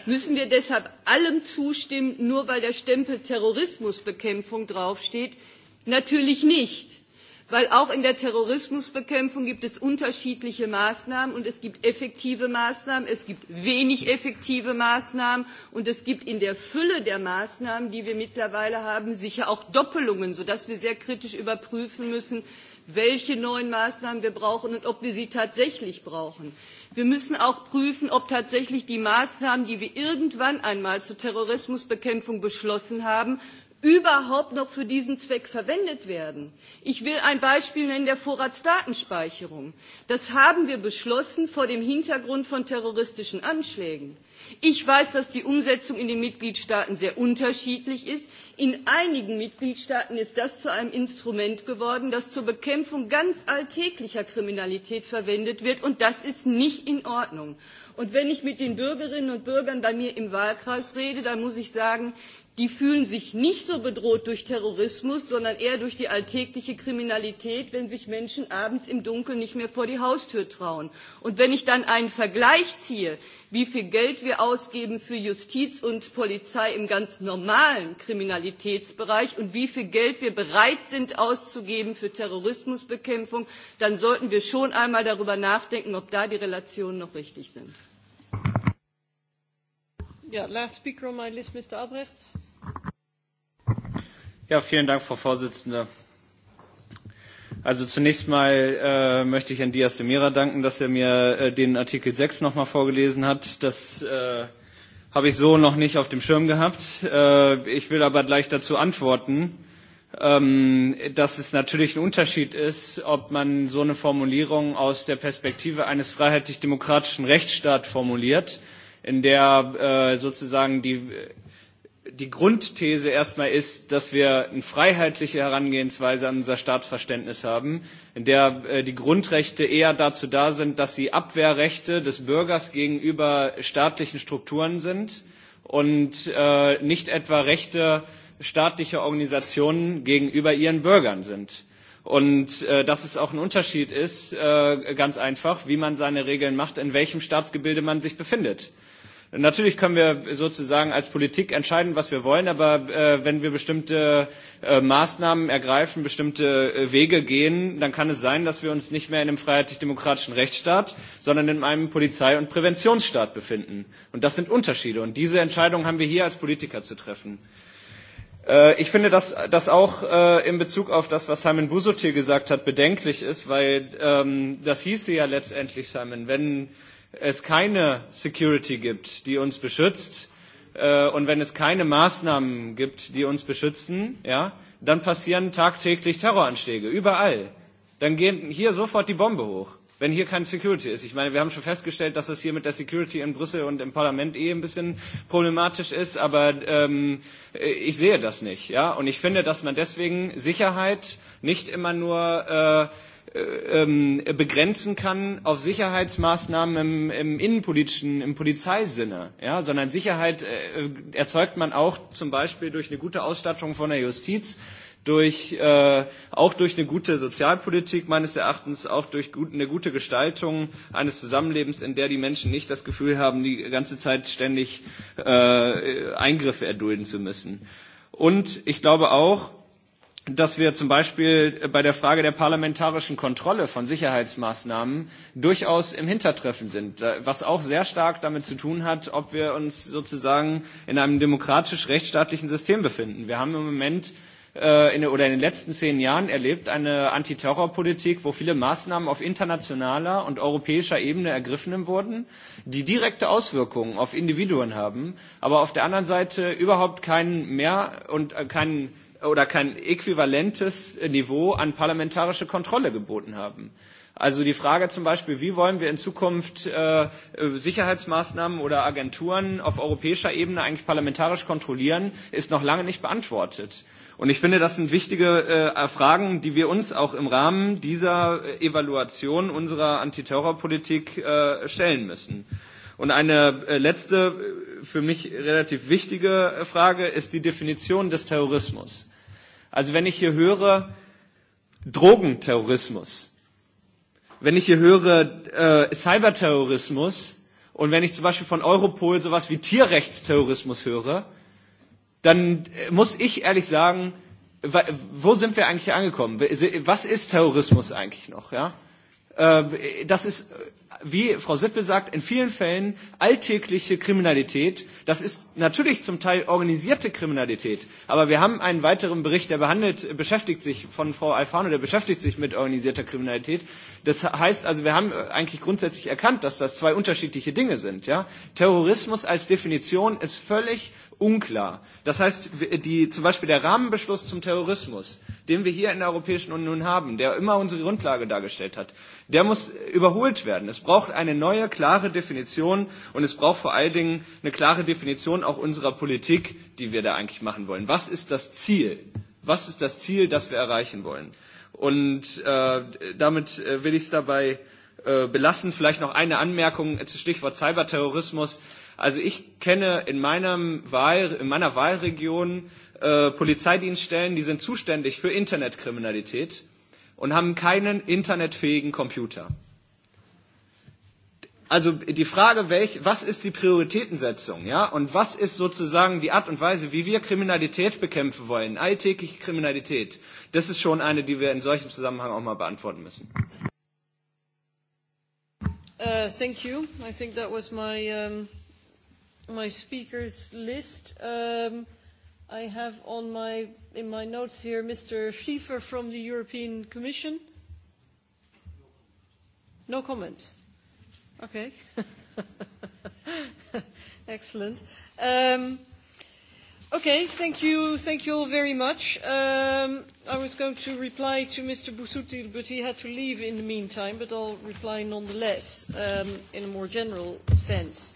Müssen wir deshalb allem zustimmen, nur weil der Stempel Terrorismusbekämpfung draufsteht? Natürlich nicht weil auch in der terrorismusbekämpfung gibt es unterschiedliche maßnahmen und es gibt effektive maßnahmen es gibt wenig effektive maßnahmen und es gibt in der fülle der maßnahmen die wir mittlerweile haben sicher auch doppelungen sodass wir sehr kritisch überprüfen müssen welche neuen Maßnahmen wir brauchen und ob wir sie tatsächlich brauchen. Wir müssen auch prüfen, ob tatsächlich die Maßnahmen, die wir irgendwann einmal zur Terrorismusbekämpfung beschlossen haben, überhaupt noch für diesen Zweck verwendet werden. Ich will ein Beispiel nennen der Vorratsdatenspeicherung. Das haben wir beschlossen vor dem Hintergrund von terroristischen Anschlägen. Ich weiß, dass die Umsetzung in den Mitgliedstaaten sehr unterschiedlich ist. In einigen Mitgliedstaaten ist das zu einem Instrument geworden, das zur Bekämpfung ganz alltäglicher Kriminalität verwendet wird, und das ist nicht in Ordnung. Und wenn ich mit den Bürgerinnen und Bürgern bei mir im Wahlkreis rede, dann muss ich sagen, die fühlen sich nicht so bedroht durch Terrorismus, sondern eher durch die alltägliche Kriminalität, wenn sich Menschen abends im Dunkeln nicht mehr vor die Haustür trauen. Und wenn ich dann einen Vergleich ziehe, wie viel Geld wir ausgeben für Justiz und Polizei im ganz normalen Kriminalitätsbereich und wie viel Geld wir bereit sind auszugeben für Terrorismusbekämpfung, dann sollten wir schon einmal darüber nachdenken, ob da die Relationen noch richtig sind. Ja, last speaker on my list, Mr. Albrecht. Ja, vielen Dank, Frau Vorsitzende. Also zunächst mal äh, möchte ich Herrn Diaz de Mera danken, dass er mir äh, den Artikel 6 nochmal vorgelesen hat. Das äh, habe ich so noch nicht auf dem Schirm gehabt. Äh, ich will aber gleich dazu antworten, ähm, dass es natürlich ein Unterschied ist, ob man so eine Formulierung aus der Perspektive eines freiheitlich-demokratischen Rechtsstaats formuliert, in der äh, sozusagen die die Grundthese erstmal ist, dass wir eine freiheitliche Herangehensweise an unser Staatsverständnis haben, in der äh, die Grundrechte eher dazu da sind, dass sie Abwehrrechte des Bürgers gegenüber staatlichen Strukturen sind und äh, nicht etwa Rechte staatlicher Organisationen gegenüber ihren Bürgern sind. Und äh, dass es auch ein Unterschied ist, äh, ganz einfach, wie man seine Regeln macht, in welchem Staatsgebilde man sich befindet. Natürlich können wir sozusagen als Politik entscheiden, was wir wollen, aber äh, wenn wir bestimmte äh, Maßnahmen ergreifen, bestimmte äh, Wege gehen, dann kann es sein, dass wir uns nicht mehr in einem freiheitlich-demokratischen Rechtsstaat, sondern in einem Polizei- und Präventionsstaat befinden. Und das sind Unterschiede. Und diese Entscheidung haben wir hier als Politiker zu treffen. Äh, ich finde, dass das auch äh, in Bezug auf das, was Simon Busuttil gesagt hat, bedenklich ist, weil ähm, das hieße ja letztendlich, Simon, wenn es keine Security gibt, die uns beschützt, äh, und wenn es keine Maßnahmen gibt, die uns beschützen, ja, dann passieren tagtäglich Terroranschläge überall. Dann gehen hier sofort die Bombe hoch, wenn hier kein Security ist. Ich meine, wir haben schon festgestellt, dass es hier mit der Security in Brüssel und im Parlament eh ein bisschen problematisch ist, aber ähm, äh, ich sehe das nicht. Ja? Und ich finde, dass man deswegen Sicherheit nicht immer nur äh, Äh, ähm, begrenzen kann auf Sicherheitsmaßnahmen im, im innenpolitischen, im Polizeisinne, ja, sondern Sicherheit äh, erzeugt man auch zum Beispiel durch eine gute Ausstattung von der Justiz, durch, äh, auch durch eine gute Sozialpolitik meines Erachtens, auch durch gut, eine gute Gestaltung eines Zusammenlebens, in der die Menschen nicht das Gefühl haben, die ganze Zeit ständig äh, Eingriffe erdulden zu müssen. Und ich glaube auch, dass wir zum Beispiel äh, bei der Frage der parlamentarischen Kontrolle von Sicherheitsmaßnahmen durchaus im Hintertreffen sind, äh, was auch sehr stark damit zu tun hat, ob wir uns sozusagen in einem demokratisch-rechtsstaatlichen System befinden. Wir haben im Moment äh, in, oder in den letzten zehn Jahren erlebt eine Antiterrorpolitik, wo viele Maßnahmen auf internationaler und europäischer Ebene ergriffen wurden, die direkte Auswirkungen auf Individuen haben, aber auf der anderen Seite überhaupt keinen mehr und äh, keinen oder kein äquivalentes Niveau an parlamentarische Kontrolle geboten haben. Also die Frage zum Beispiel, wie wollen wir in Zukunft äh, Sicherheitsmaßnahmen oder Agenturen auf europäischer Ebene eigentlich parlamentarisch kontrollieren, ist noch lange nicht beantwortet. Und ich finde, das sind wichtige äh, Fragen, die wir uns auch im Rahmen dieser Evaluation unserer Antiterrorpolitik äh, stellen müssen. Und eine äh, letzte, äh, für mich relativ wichtige Frage ist die Definition des Terrorismus. Also wenn ich hier höre Drogenterrorismus, wenn ich hier höre äh, Cyberterrorismus und wenn ich zum Beispiel von Europol sowas wie Tierrechtsterrorismus höre, dann muss ich ehrlich sagen, wo sind wir eigentlich angekommen? Was ist Terrorismus eigentlich noch? Ja? Äh, das ist wie Frau Sippel sagt, in vielen Fällen alltägliche Kriminalität. Das ist natürlich zum Teil organisierte Kriminalität. Aber wir haben einen weiteren Bericht, der behandelt, beschäftigt sich von Frau Alfano, der beschäftigt sich mit organisierter Kriminalität. Das heißt also, wir haben eigentlich grundsätzlich erkannt, dass das zwei unterschiedliche Dinge sind. Ja? Terrorismus als Definition ist völlig unklar. Das heißt, die, zum Beispiel der Rahmenbeschluss zum Terrorismus, den wir hier in der Europäischen Union haben, der immer unsere Grundlage dargestellt hat, der muss überholt werden. Es braucht eine neue, klare Definition und es braucht vor allen Dingen eine klare Definition auch unserer Politik, die wir da eigentlich machen wollen. Was ist das Ziel? Was ist das Ziel, das wir erreichen wollen? Und äh, damit äh, will ich es dabei äh, belassen. Vielleicht noch eine Anmerkung zu Stichwort Cyberterrorismus. Also ich kenne in, meinem Wahl, in meiner Wahlregion äh, Polizeidienststellen, die sind zuständig für Internetkriminalität und haben keinen internetfähigen Computer also die Frage, welch, was ist die Prioritätensetzung, ja? Und was ist sozusagen die Art und Weise, wie wir Kriminalität bekämpfen wollen, alltägliche Kriminalität? Das ist schon eine, die wir in solchem Zusammenhang auch mal beantworten müssen. Uh, thank you. I think that was my um, my speakers list. Um, I have on my in my notes here Mr. Schiefer from the European Commission. No comments. Okay. Excellent. Um, okay, thank you. Thank you all very much. Um, I was going to reply to Mr. Busuti, but he had to leave in the meantime, but I'll reply nonetheless um, in a more general sense.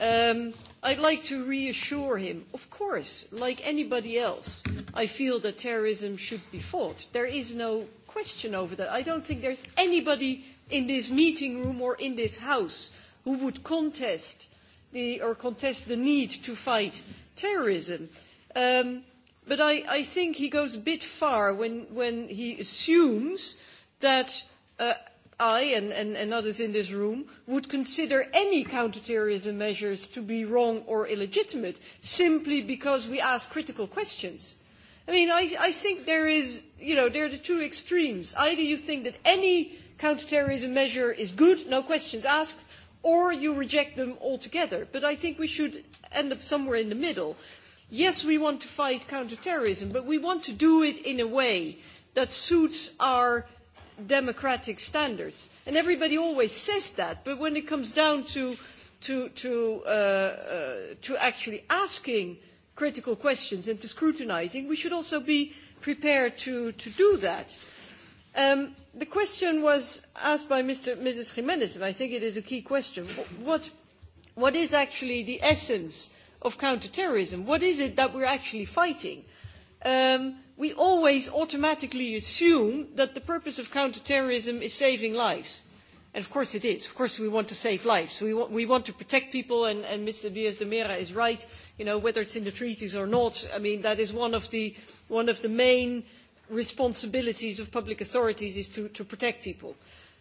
Um, I'd like to reassure him, of course, like anybody else, I feel that terrorism should be fought. There is no question over that. I don't think there's anybody in this meeting room or in this house who would contest the, or contest the need to fight terrorism. Um, but I, I think he goes a bit far when, when he assumes that uh, I and, and, and others in this room would consider any counterterrorism measures to be wrong or illegitimate simply because we ask critical questions. I mean, I, I think there is, you know, there are the two extremes. Either you think that any counterterrorism measure is good, no questions asked, or you reject them altogether. But I think we should end up somewhere in the middle. Yes, we want to fight counterterrorism, but we want to do it in a way that suits our democratic standards. And everybody always says that, but when it comes down to, to, to, uh, uh, to actually asking critical questions and to scrutinizing, we should also be prepared to, to do that. Uh, Um, the question was asked by Mr. Mrs. Jimenez, and I think it is a key question. What, what is actually the essence of counterterrorism? What is it that we're actually fighting? Um, we always automatically assume that the purpose of counterterrorism is saving lives. And of course it is. Of course we want to save lives. We want, we want to protect people, and, and Mr. Diaz de Mera is right, you know, whether it's in the treaties or not. I mean, that is one of the, one of the main responsibilities of public authorities is to, to protect people.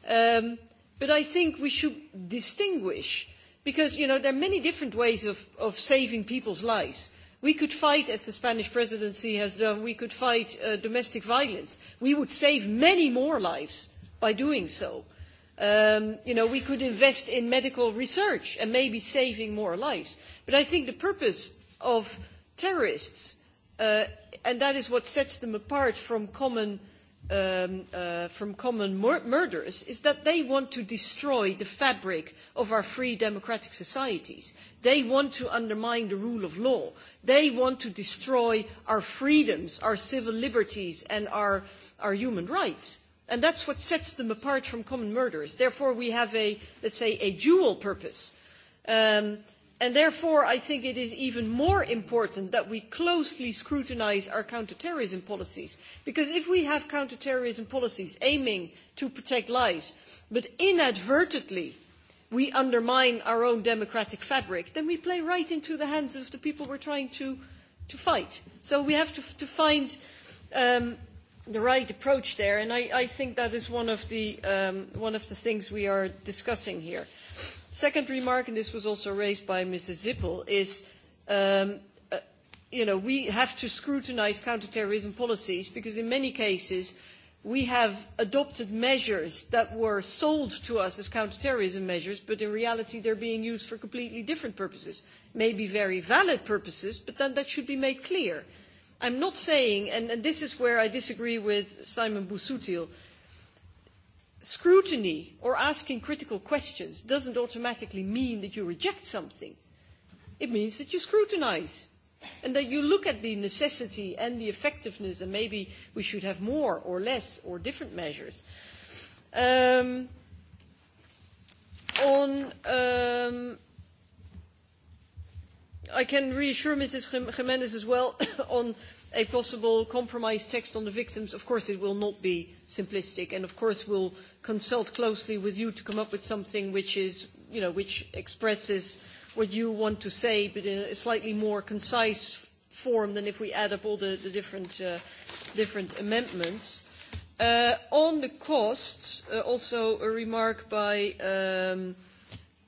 Um, but I think we should distinguish because you know there are many different ways of, of saving people's lives. We could fight, as the Spanish presidency has done, we could fight uh, domestic violence. We would save many more lives by doing so. Um, you know, we could invest in medical research and maybe saving more lives. But I think the purpose of terrorists uh, and that is what sets them apart from common, um, uh, from common mur murderers, is that they want to destroy the fabric of our free democratic societies. They want to undermine the rule of law. They want to destroy our freedoms, our civil liberties, and our, our human rights. And that's what sets them apart from common murderers. Therefore, we have a, let's say, a dual purpose. Um, And therefore, I think it is even more important that we closely scrutinise our counter-terrorism policies. Because if we have counter-terrorism policies aiming to protect lives, but inadvertently we undermine our own democratic fabric, then we play right into the hands of the people we are trying to, to fight. So we have to, to find um, the right approach there, and I, I think that is one of the, um, one of the things we are discussing here. Second remark, and this was also raised by Mrs. Zippel, is that um, uh, we have to scrutinise counter terrorism policies because in many cases we have adopted measures that were sold to us as counter terrorism measures, but in reality they are being used for completely different purposes. Maybe very valid purposes, but then that should be made clear. i am not saying, and, and this is where I disagree with Simon Busuttil, scrutiny or asking critical questions doesn't automatically mean that you reject something. It means that you scrutinize and that you look at the necessity and the effectiveness and maybe we should have more or less or different measures. Um, on um, I can reassure Mrs. Jiménez as well on a possible compromise text on the victims. Of course, it will not be simplistic, and of course, we'll consult closely with you to come up with something which is, you know, which expresses what you want to say, but in a slightly more concise form than if we add up all the, the different, uh, different amendments. Uh, on the costs, uh, also a remark by, um,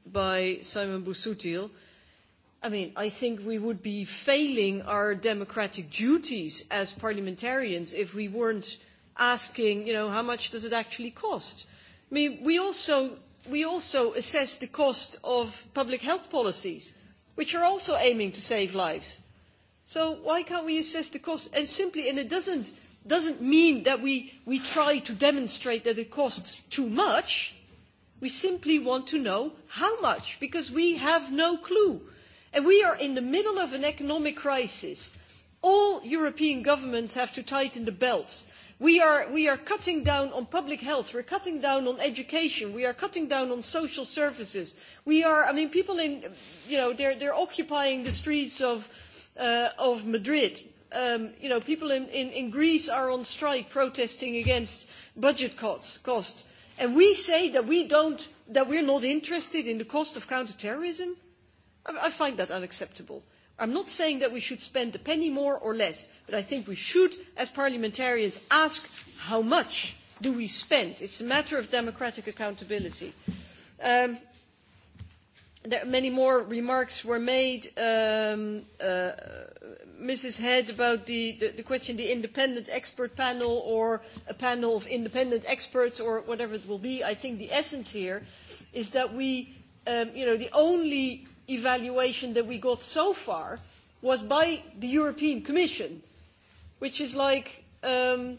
by Simon Busuttil. Uh, I mean, I think we would be failing our democratic duties as parliamentarians if we weren't asking, you know, how much does it actually cost? I mean, we also, we also assess the cost of public health policies, which are also aiming to save lives. So why can't we assess the cost? And simply, and it doesn't, doesn't mean that we, we try to demonstrate that it costs too much. We simply want to know how much, because we have no clue And we are in the middle of an economic crisis. All European governments have to tighten the belts. We are, cutting down on public health. we are cutting down on education. We are cutting down on social services. people are, occupying the streets of, uh, Madrid. Um, people in, Greece are on strike protesting against budget cuts And we say that we are not interested in the cost of counter terrorism I, find that unacceptable. I'm not saying that we should spend a penny more or less, but I think we should, as parliamentarians, ask how much do we spend? It's a matter of democratic accountability. Um, there, many more remarks were made. Um, uh, Mrs. Head about the, the, the question, the independent expert panel or a panel of independent experts or whatever it will be. I think the essence here is that we, um, you know, the only evaluation that we got so far was by the European Commission, which is like, um,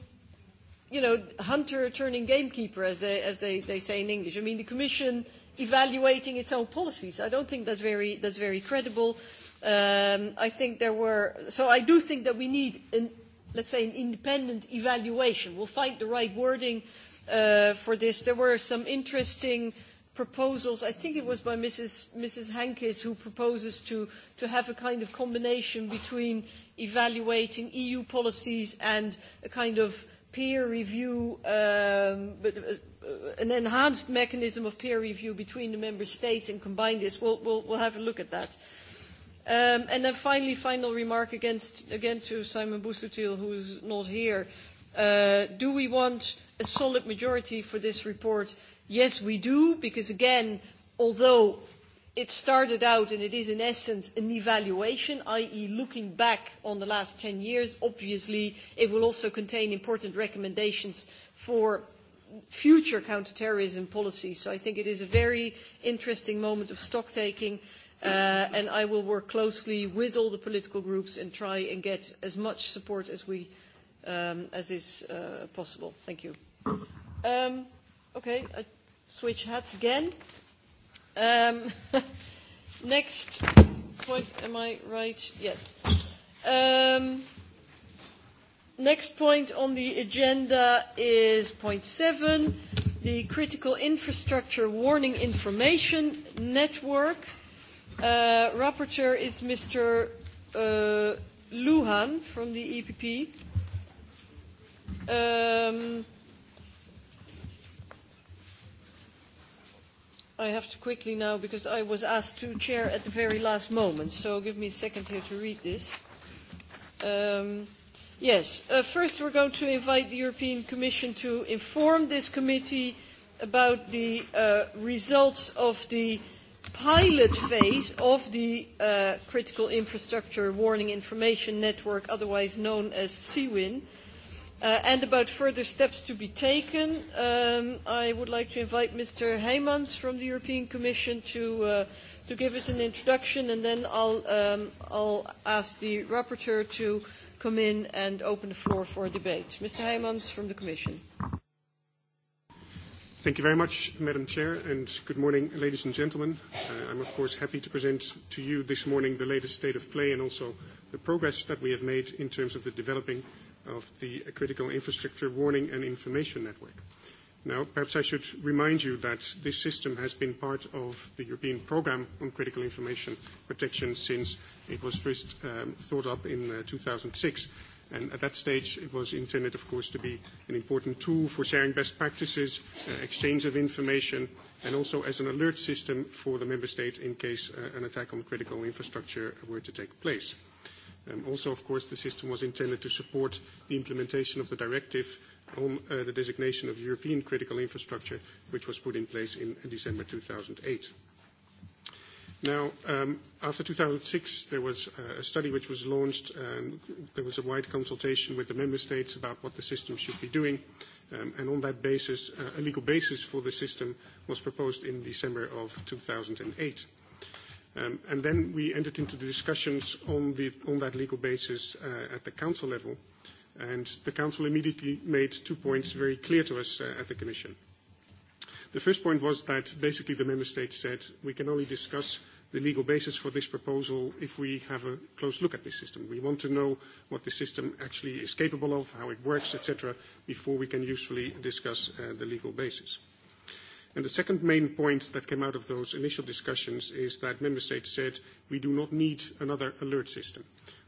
you know, hunter turning gamekeeper, as, they, as they, they say in English. I mean, the Commission evaluating its own policies. I don't think that's very, that's very credible. Um, I think there were, so I do think that we need, an, let's say, an independent evaluation. We'll find the right wording uh, for this. There were some interesting proposals, I think it was by Mrs. Mrs. Hankis who proposes to, to have a kind of combination between evaluating EU policies and a kind of peer review, um, but, uh, uh, an enhanced mechanism of peer review between the member states and combine this. We'll, we'll, we'll have a look at that. Um, and then finally, final remark against, again to Simon Busuttil, is not here. Uh, do we want a solid majority for this report? Uh, Yes, we do, because again, although it started out and it is in essence an evaluation, i.e. looking back on the last 10 years, obviously it will also contain important recommendations for future counterterrorism policy. So I think it is a very interesting moment of stock taking. Uh, and I will work closely with all the political groups and try and get as much support as, we, um, as is uh, possible. Thank you. Um, okay, I switch hats again. Um, next point, am I right? Yes. Um, next point on the agenda is point seven, the critical infrastructure warning information network. Uh, rapporteur is Mr. Uh, Luhan from the EPP. Um, I have to quickly now, because I was asked to chair at the very last moment, so give me a second here to read this. Um, yes, uh, first we're going to invite the European Commission to inform this committee about the uh, results of the pilot phase of the uh, Critical Infrastructure Warning Information Network, otherwise known as CWIN, Uh, and about further steps to be taken, um, I would like to invite Mr. Heymans from the European Commission to, uh, to give us an introduction, and then I'll, um, I'll ask the rapporteur to come in and open the floor for a debate. Mr. Heymans from the Commission. Thank you very much, Madam Chair, and good morning, ladies and gentlemen. Uh, I'm, of course, happy to present to you this morning the latest state of play and also the progress that we have made in terms of the developing of the Critical Infrastructure Warning and Information Network. Now, perhaps I should remind you that this system has been part of the European Programme on Critical Information Protection since it was first um, thought up in uh, 2006. And at that stage, it was intended, of course, to be an important tool for sharing best practices, uh, exchange of information, and also as an alert system for the member state in case uh, an attack on critical infrastructure were to take place. Um, also, of course, the system was intended to support the implementation of the directive on uh, the designation of European critical infrastructure, which was put in place in uh, December 2008. Now, um, after 2006, there was uh, a study which was launched. and there was a wide consultation with the member states about what the system should be doing. Um, and on that basis, uh, a legal basis for the system was proposed in December of 2008. Um, and then we entered into the discussions on, the, on that legal basis uh, at the council level. And the council immediately made two points very clear to us uh, at the commission. The first point was that basically the member states said we can only discuss the legal basis for this proposal if we have a close look at this system. We want to know what the system actually is capable of, how it works, etc., before we can usefully discuss uh, the legal basis. And the second main point that came out of those initial discussions is that member states said we do not need another alert system.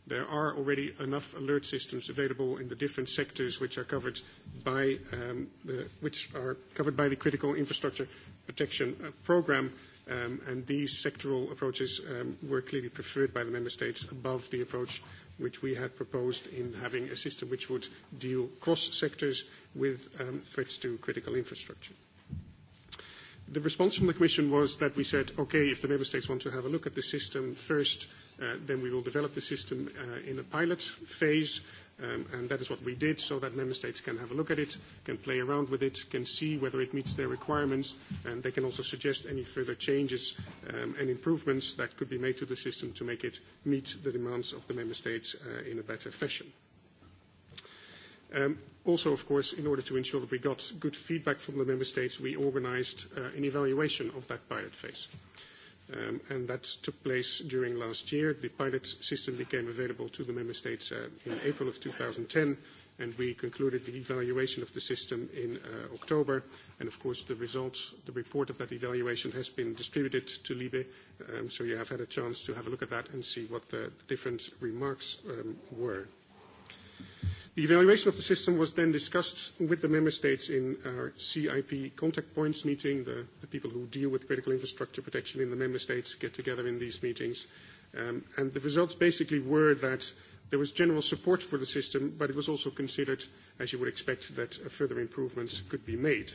There are already enough alert systems available in the different sectors which are covered by, um, the, which are covered by the critical infrastructure protection uh, program, um, and these sectoral approaches um, were clearly preferred by the member states above the approach which we had proposed in having a system which would deal cross sectors with um, threats to critical infrastructure the response from the Commission was that we said, okay, if the Member States want to have a look at the system first, uh, then we will develop the system uh, in a pilot phase. Um, and that is what we did so that member states can have a look at it, can play around with it, can see whether it meets their requirements, and they can also suggest any further changes um, and improvements that could be made to the system to make it meet the demands of the member states uh, in a better fashion. Um, also, of course, in order to ensure that we got good feedback from the member states, we organized uh, an evaluation of that pilot phase. Um, and that took place during last year. The pilot system became available to the member states uh, in April of 2010, and we concluded the evaluation of the system in uh, October. And of course, the results, the report of that evaluation has been distributed to Libe, um, so you have had a chance to have a look at that and see what the different remarks um, were. The evaluation of the system was then discussed with the member states in our CIP contact points meeting. The, the people who deal with critical infrastructure protection in the member states get together in these meetings. Um, and the results basically were that there was general support for the system, but it was also considered, as you would expect, that further improvements could be made.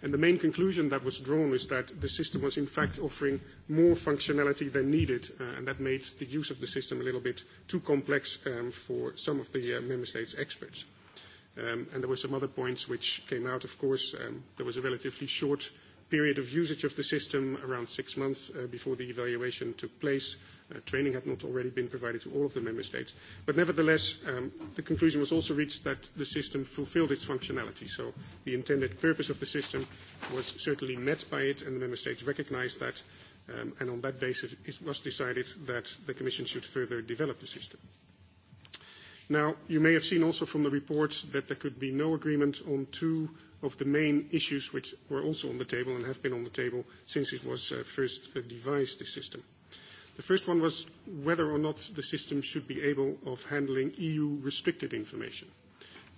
And the main conclusion that was drawn is that the system was in fact offering more functionality than needed, uh, and that made the use of the system a little bit too complex um, for some of the uh, member states' experts. Um, and there were some other points which came out, of course. Um, there was a relatively short period of usage of the system, around six months uh, before the evaluation took place. Uh, training had not already been provided to all of the member states. But nevertheless, um, the conclusion was also reached that the system fulfilled its functionality. So the intended purpose of the system was certainly met by it, and the member states recognized that. Um, and on that basis, it was decided that the Commission should further develop the system. Now, you may have seen also from the report that there could be no agreement on two of the main issues which were also on the table and have been on the table since it was uh, first uh, devised, the system. The first one was whether or not the system should be able of handling EU restricted information.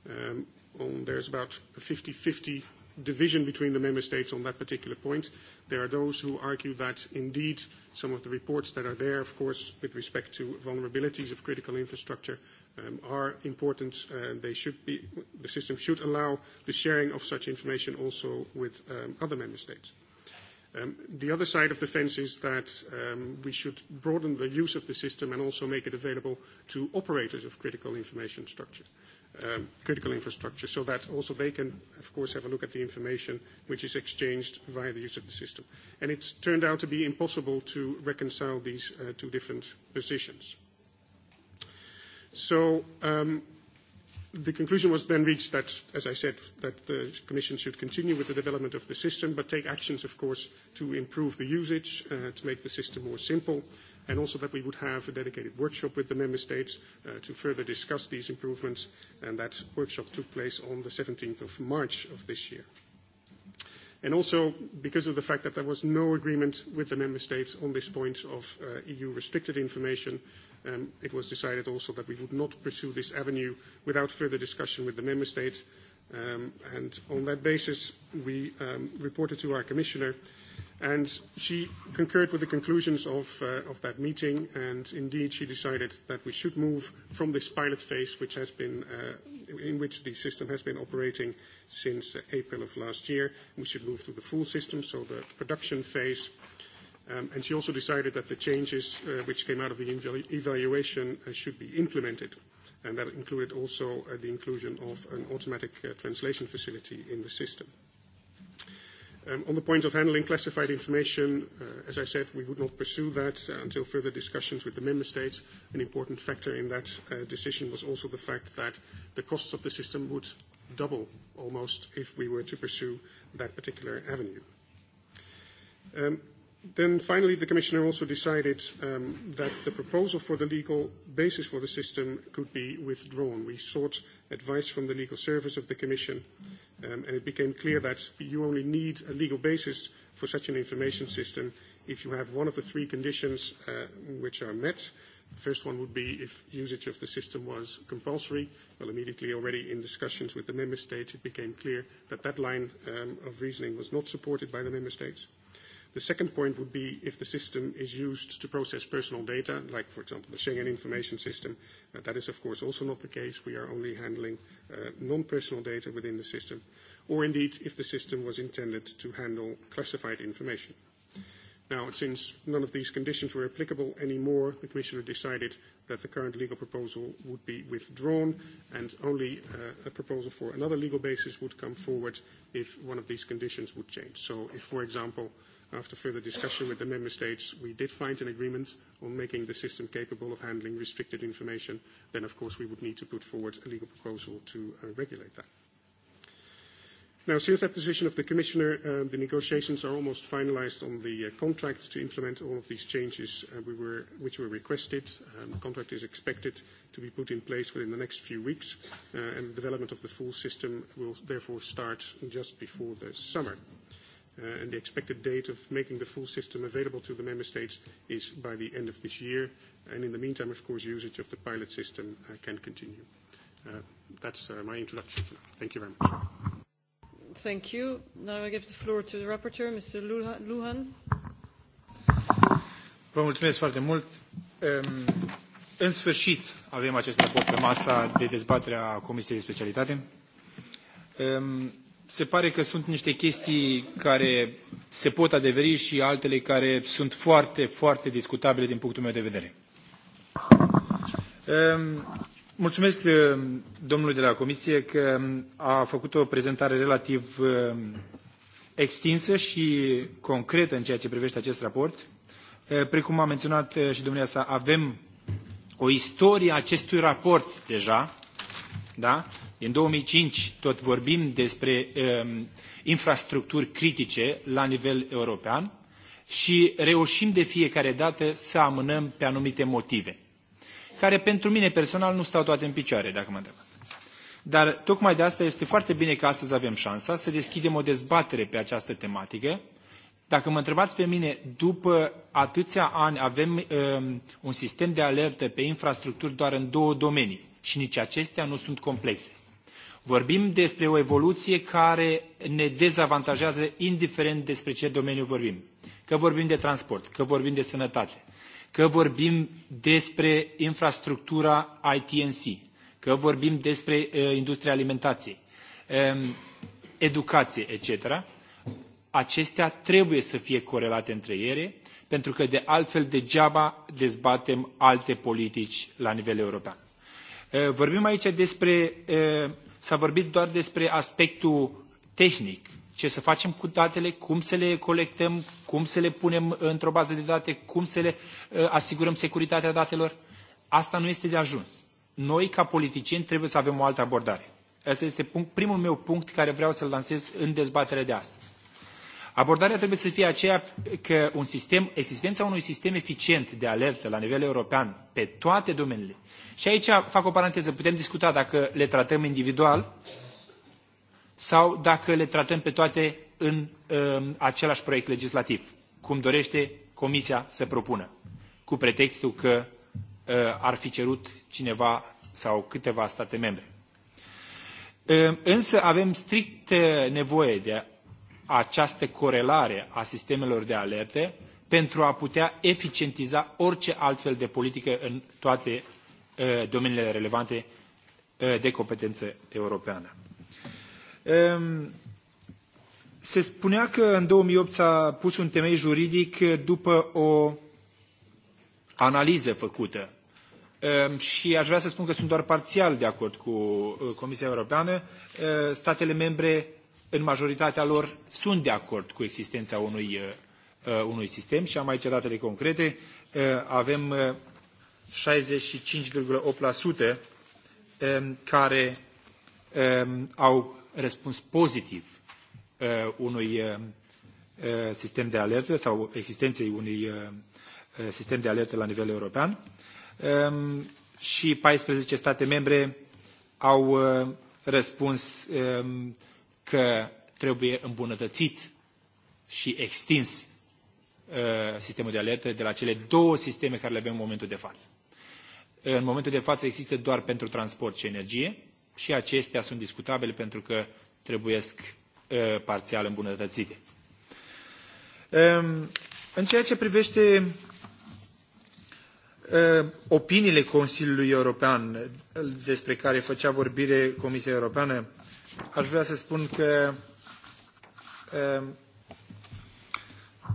Um, on, there's about a 50-50 division between the member states on that particular point. There are those who argue that indeed some of the reports that are there, of course, with respect to vulnerabilities of critical infrastructure, um, are important. Uh, they should be, the system should allow the sharing of such information also with um, other member states. Um, the other side of the fence is that um, we should broaden the use of the system and also make it available to operators of critical information structure. Uh, um, critical infrastructure so that also they can, of course, have a look at the information which is exchanged via the use of the system. And it's turned out to be impossible to reconcile these uh, two different positions. So um, the conclusion was then reached that, as I said, that the Commission should continue with the development of the system, but take actions, of course, to improve the usage, uh, to make the system more simple, uh, and also that we would have a dedicated workshop with the member states uh, to further discuss these improvements, and that workshop took place on the 17th of March of this year. And also, because of the fact that there was no agreement with the member states on this point of uh, EU restricted information, um, it was decided also that we would not pursue this avenue without further discussion with the member states. Um, and on that basis, we um, reported to our commissioner And she concurred with the conclusions of, uh, of that meeting, and indeed she decided that we should move from this pilot phase, which has been, uh, in which the system has been operating since April of last year, we should move to the full system, so the production phase. Um, and she also decided that the changes uh, which came out of the evaluation uh, should be implemented. And that included also uh, the inclusion of an automatic uh, translation facility in the system. Um, on the point of handling classified information, uh, as I said, we would not pursue that uh, until further discussions with the member states. An important factor in that uh, decision was also the fact that the costs of the system would double almost if we were to pursue that particular avenue. Um, then finally, the Commissioner also decided um, that the proposal for the legal basis for the system could be withdrawn. We sought advice from the legal service of the Commission, um, and it became clear that you only need a legal basis for such an information system if you have one of the three conditions uh, which are met. The first one would be if usage of the system was compulsory. Well, immediately already in discussions with the member states, it became clear that that line um, of reasoning was not supported by the member states. The second point would be if the system is used to process personal data, like, for example, the Schengen Information System. Uh, that is, of course, also not the case. We are only handling uh, non-personal data within the system. Or indeed, if the system was intended to handle classified information. Now, since none of these conditions were applicable anymore, the Commissioner decided that the current legal proposal would be withdrawn and only uh, a proposal for another legal basis would come forward if one of these conditions would change. So if, for example, uh, After further discussion with the member states, we did find an agreement on making the system capable of handling restricted information. Then, of course, we would need to put forward a legal proposal to uh, regulate that. Now, since that position of the Commissioner, uh, the negotiations are almost finalized on the uh, contract to implement all of these changes uh, we were, which were requested. Um, the contract is expected to be put in place within the next few weeks, uh, and the development of the full system will therefore start just before the summer. Uh, and the expected date of making the full system available to the member states is by the end of this year. And in the meantime, of course, usage of the pilot system uh, can continue. Uh, that's uh, my introduction for now. Thank you very much. Thank you. Now I give the floor to the rapporteur, Mr. Luhan. Vă mulțumesc foarte mult. În sfârșit avem acest raport pe masa de dezbatere a Comisiei de Specialitate se pare că sunt niște chestii care se pot adeveri și altele care sunt foarte, foarte discutabile din punctul meu de vedere. Ehm, mulțumesc ehm, domnului de la Comisie că ehm, a făcut o prezentare relativ extinsă și concretă în ceea ce privește acest raport. E, precum a menționat e, și domnia sa, avem o istorie a acestui raport deja, da? Din 2005 tot vorbim despre um, infrastructuri critice la nivel european și reușim de fiecare dată să amânăm pe anumite motive, care pentru mine personal nu stau toate în picioare, dacă mă întrebați. Dar tocmai de asta este foarte bine că astăzi avem șansa să deschidem o dezbatere pe această tematică. Dacă mă întrebați pe mine, după atâția ani avem um, un sistem de alertă pe infrastructuri doar în două domenii și nici acestea nu sunt complexe. Vorbim despre o evoluție care ne dezavantajează indiferent despre ce domeniu vorbim. Că vorbim de transport, că vorbim de sănătate, că vorbim despre infrastructura ITNC, că vorbim despre uh, industria alimentației, uh, educație, etc. Acestea trebuie să fie corelate între ele, pentru că de altfel degeaba dezbatem alte politici la nivel european. Uh, vorbim aici despre uh, s-a vorbit doar despre aspectul tehnic, ce să facem cu datele, cum să le colectăm, cum să le punem într-o bază de date, cum să le uh, asigurăm securitatea datelor. Asta nu este de ajuns. Noi, ca politicieni, trebuie să avem o altă abordare. Asta este punct, primul meu punct care vreau să-l lansez în dezbaterea de astăzi. Abordarea trebuie să fie aceea că un sistem, existența unui sistem eficient de alertă la nivel european pe toate domeniile. Și aici fac o paranteză, putem discuta dacă le tratăm individual sau dacă le tratăm pe toate în um, același proiect legislativ, cum dorește Comisia să propună, cu pretextul că uh, ar fi cerut cineva sau câteva state membre. Uh, însă avem strict nevoie de această corelare a sistemelor de alerte pentru a putea eficientiza orice altfel de politică în toate uh, domeniile relevante uh, de competență europeană. Um, se spunea că în 2008 s-a pus un temei juridic după o analiză făcută um, și aș vrea să spun că sunt doar parțial de acord cu uh, Comisia Europeană. Statele membre în majoritatea lor sunt de acord cu existența unui, uh, uh, unui sistem și am aici datele concrete. Uh, avem 65,8% um, care um, au răspuns pozitiv unui sistem de alertă sau existenței unui sistem de alertă la nivel european um, și 14 state membre au răspuns că trebuie îmbunătățit și extins uh, sistemul de alertă de la cele două sisteme care le avem în momentul de față. În momentul de față există doar pentru transport și energie și acestea sunt discutabile pentru că trebuiesc uh, parțial îmbunătățite. În ceea ce privește opiniile Consiliului European despre care făcea vorbire Comisia Europeană, aș vrea să spun că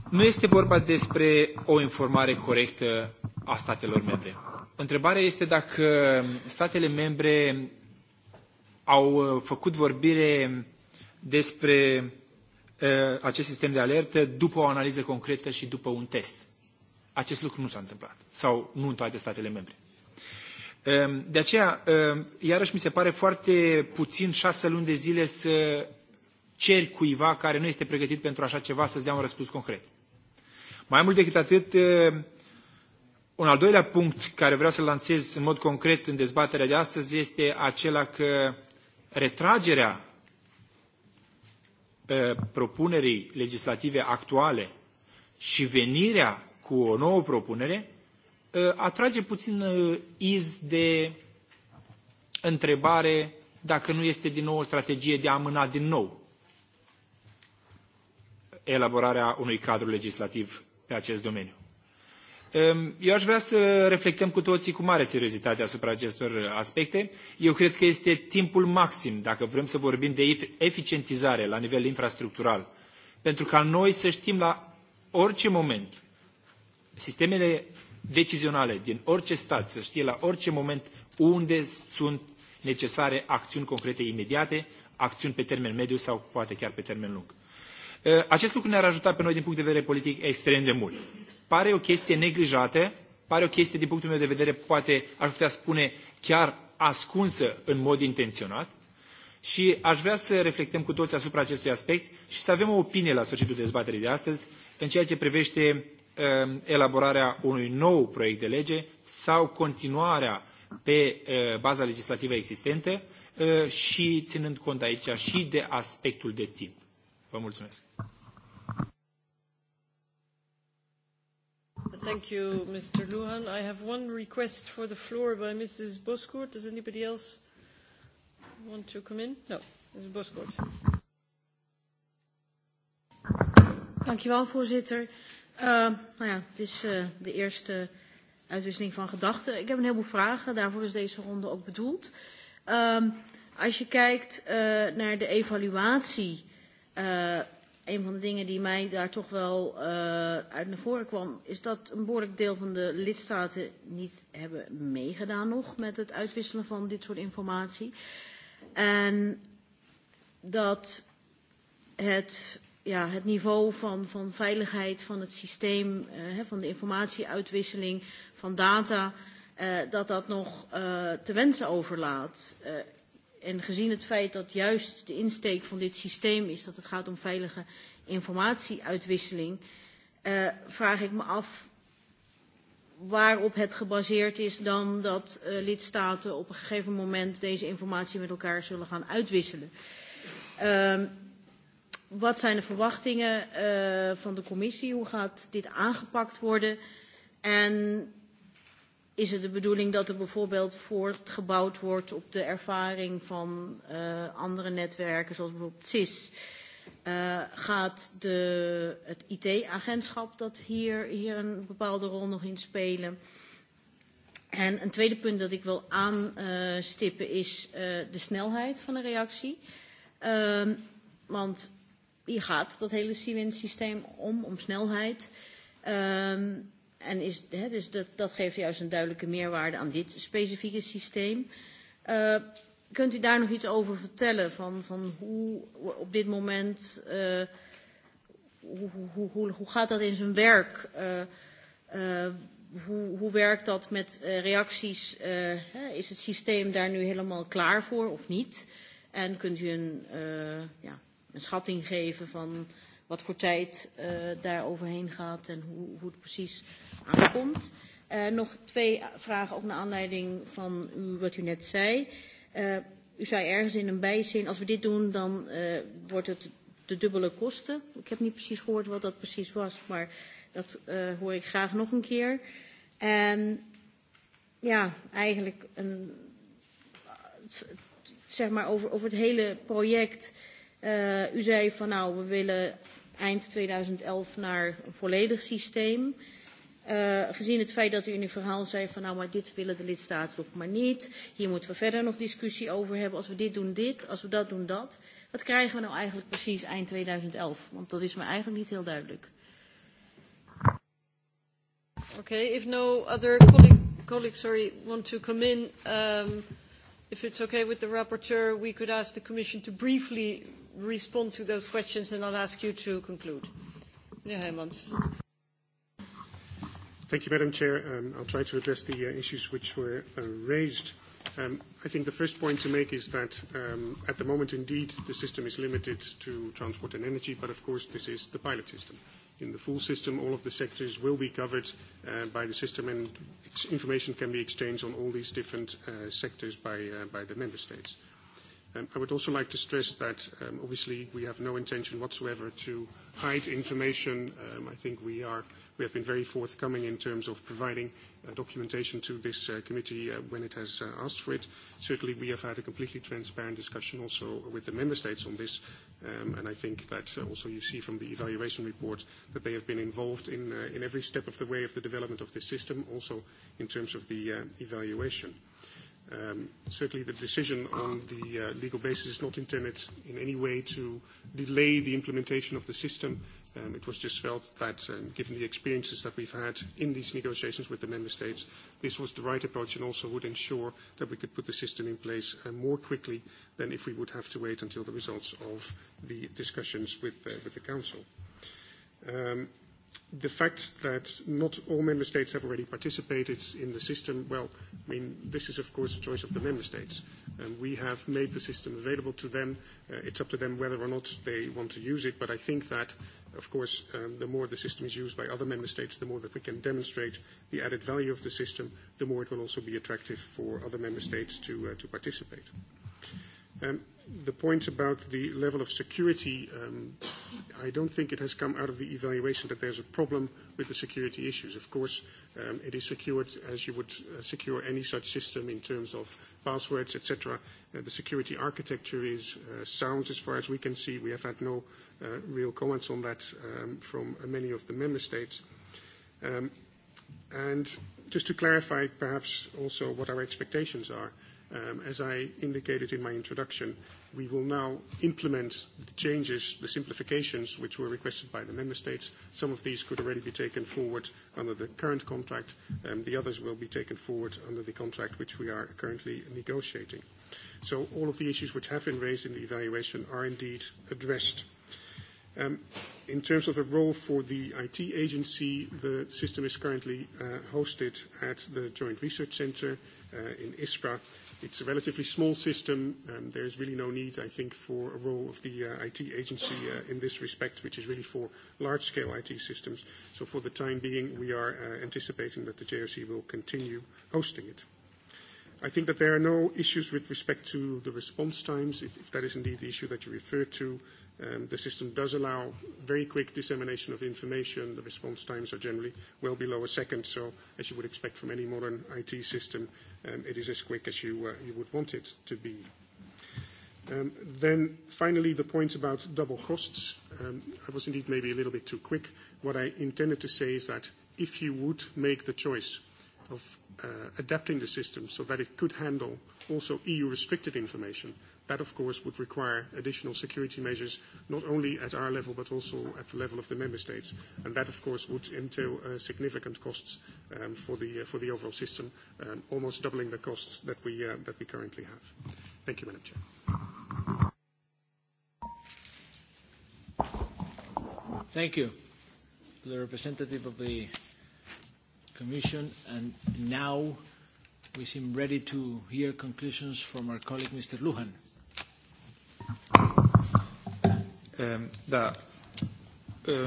nu este vorba despre o informare corectă a statelor membre. Întrebarea este dacă statele membre au făcut vorbire despre acest sistem de alertă după o analiză concretă și după un test. Acest lucru nu s-a întâmplat sau nu în toate statele membre. Ehm, de aceea, ehm, iarăși mi se pare foarte puțin șase luni de zile să ceri cuiva care nu este pregătit pentru așa ceva să-ți dea un răspuns concret. Mai mult decât atât, ehm, un al doilea punct care vreau să-l lansez în mod concret în dezbaterea de astăzi este acela că retragerea propunerii legislative actuale și venirea cu o nouă propunere atrage puțin iz de întrebare dacă nu este din nou o strategie de a amâna din nou elaborarea unui cadru legislativ pe acest domeniu. Eu aș vrea să reflectăm cu toții cu mare seriozitate asupra acestor aspecte. Eu cred că este timpul maxim, dacă vrem să vorbim de eficientizare la nivel infrastructural, pentru ca noi să știm la orice moment sistemele decizionale din orice stat să știe la orice moment unde sunt necesare acțiuni concrete imediate, acțiuni pe termen mediu sau poate chiar pe termen lung. Acest lucru ne-ar ajuta pe noi din punct de vedere politic extrem de mult. Pare o chestie neglijată, pare o chestie din punctul meu de vedere poate aș putea spune chiar ascunsă în mod intenționat și aș vrea să reflectăm cu toți asupra acestui aspect și să avem o opinie la sfârșitul dezbaterii de astăzi în ceea ce privește Um, elaborarea unui nou proiect de lege sau continuarea pe uh, baza legislativă existentă uh, și ținând cont aici și de aspectul de timp. Vă mulțumesc. Thank you, Mr. Luhan. I have one request for the floor by Mrs. Boscourt. Does anybody else want to come in? No, Mrs. Boscourt. Dankjewel, voorzitter. Uh, nou ja, het is uh, de eerste uitwisseling van gedachten. Ik heb een heleboel vragen. Daarvoor is deze ronde ook bedoeld. Uh, als je kijkt uh, naar de evaluatie, uh, een van de dingen die mij daar toch wel uh, uit naar voren kwam, is dat een behoorlijk deel van de lidstaten niet hebben meegedaan nog met het uitwisselen van dit soort informatie. En dat het ja, het niveau van, van veiligheid van het systeem, uh, van de informatieuitwisseling, van data, uh, dat dat nog uh, te wensen overlaat. Uh, en gezien het feit dat juist de insteek van dit systeem is dat het gaat om veilige informatieuitwisseling, uh, vraag ik me af waarop het gebaseerd is dan dat uh, lidstaten op een gegeven moment deze informatie met elkaar zullen gaan uitwisselen. Uh, wat zijn de verwachtingen uh, van de commissie? Hoe gaat dit aangepakt worden? En is het de bedoeling dat er bijvoorbeeld voortgebouwd wordt op de ervaring van uh, andere netwerken, zoals bijvoorbeeld CIS? Uh, gaat de, het IT-agentschap dat hier, hier een bepaalde rol nog in spelen? En een tweede punt dat ik wil aanstippen uh, is uh, de snelheid van de reactie. Uh, want hier gaat dat hele Siemens-systeem om, om snelheid. Um, en is, he, dus dat, dat geeft juist een duidelijke meerwaarde aan dit specifieke systeem. Uh, kunt u daar nog iets over vertellen? Van, van hoe op dit moment, uh, hoe, hoe, hoe, hoe gaat dat in zijn werk? Uh, uh, hoe, hoe werkt dat met uh, reacties? Uh, he, is het systeem daar nu helemaal klaar voor of niet? En kunt u een, uh, ja, een schatting geven van wat voor tijd uh, daar overheen gaat en hoe, hoe het precies aankomt. Uh, nog twee vragen, ook naar aanleiding van u, wat u net zei. Uh, u zei ergens in een bijzin, als we dit doen, dan uh, wordt het de dubbele kosten. Ik heb niet precies gehoord wat dat precies was, maar dat uh, hoor ik graag nog een keer. En ja, eigenlijk een, zeg maar over, over het hele project uh, Uh, u zei van nou, we willen eind 2011 naar een volledig systeem. Uh, gezien het feit dat u in uw verhaal zei van nou maar dit willen de lidstaten ook maar niet. Hier moeten we verder nog discussie over hebben. Als we dit doen dit, als we dat doen dat. Wat krijgen we nou eigenlijk precies eind 2011? Want dat is me eigenlijk niet heel duidelijk. Oké, Okay, if no other colleague, colleague sorry, want to come in, um, if it's okay with the rapporteur, we could ask the Commission to briefly respond to those questions, and I'll ask you to conclude. Meneer Heijmans. Thank you, Madam Chair. Um, I'll try to address the uh, issues which were uh, raised. Um, I think the first point to make is that um, at the moment, indeed, the system is limited to transport and energy, but of course, this is the pilot system. In the full system, all of the sectors will be covered uh, by the system, and information can be exchanged on all these different uh, sectors by, uh, by the member states. Uh, Um, I would also like to stress that um, obviously we have no intention whatsoever to hide information. Um, I think we, are, we have been very forthcoming in terms of providing uh, documentation to this uh, committee uh, when it has uh, asked for it. Certainly, we have had a completely transparent discussion also with the member states on this, um, and I think that uh, also you see from the evaluation report that they have been involved in, uh, in every step of the way of the development of this system, also in terms of the evaluation. Um, certainly the decision on the uh, legal basis is not intended in any way to delay the implementation of the system. Um, it was just felt that, um, given the experiences that we've had in these negotiations with the member states, this was the right approach and also would ensure that we could put the system in place uh, more quickly than if we would have to wait until the results of the discussions with, uh, with the council. Um, the fact that not all member states have already participated in the system, well, I mean, this is of course a choice of the member states. And we have made the system available to them. Uh, it's up to them whether or not they want to use it. But I think that, of course, um, the more the system is used by other member states, the more that we can demonstrate the added value of the system, the more it will also be attractive for other member states to, uh, to participate. Uh, Um, the point about the level of security, um, I don't think it has come out of the evaluation that there's a problem with the security issues. Of course, um, it is secured as you would uh, secure any such system in terms of passwords, etc. Uh, the security architecture is uh, sound as far as we can see. We have had no uh, real comments on that um, from uh, many of the member states. Um, and just to clarify perhaps also what our expectations are, Um, as I indicated in my introduction, we will now implement the changes, the simplifications which were requested by the member states. Some of these could already be taken forward under the current contract, and the others will be taken forward under the contract which we are currently negotiating. So all of the issues which have been raised in the evaluation are indeed addressed. Um, in terms of the role for the IT agency, the system is currently uh, hosted at the Joint Research Centre. Uh, in ISPRA. It's a relatively small system, and there is really no need, I think, for a role of the uh, IT agency uh, in this respect, which is really for large-scale IT systems. So for the time being, we are uh, anticipating that the JRC will continue hosting it. I think that there are no issues with respect to the response times, if, if that is indeed the issue that you referred to. Um, the system does allow very quick dissemination of information. The response times are generally well below a second, so as you would expect from any modern IT system, um, it is as quick as you, uh, you would want it to be. Um, then finally, the point about double costs. Um, I was indeed maybe a little bit too quick. What I intended to say is that if you would make the choice of uh, adapting the system so that it could handle also EU restricted information, That, of course, would require additional security measures, not only at our level, but also at the level of the member states. And that, of course, would entail uh, significant costs um, for, the, uh, for the overall system, um, almost doubling the costs that we, uh, that we currently have. Thank you, Madam Chair. Thank you the representative of the Commission. And now we seem ready to hear conclusions from our colleague, Mr. Luhan. Da.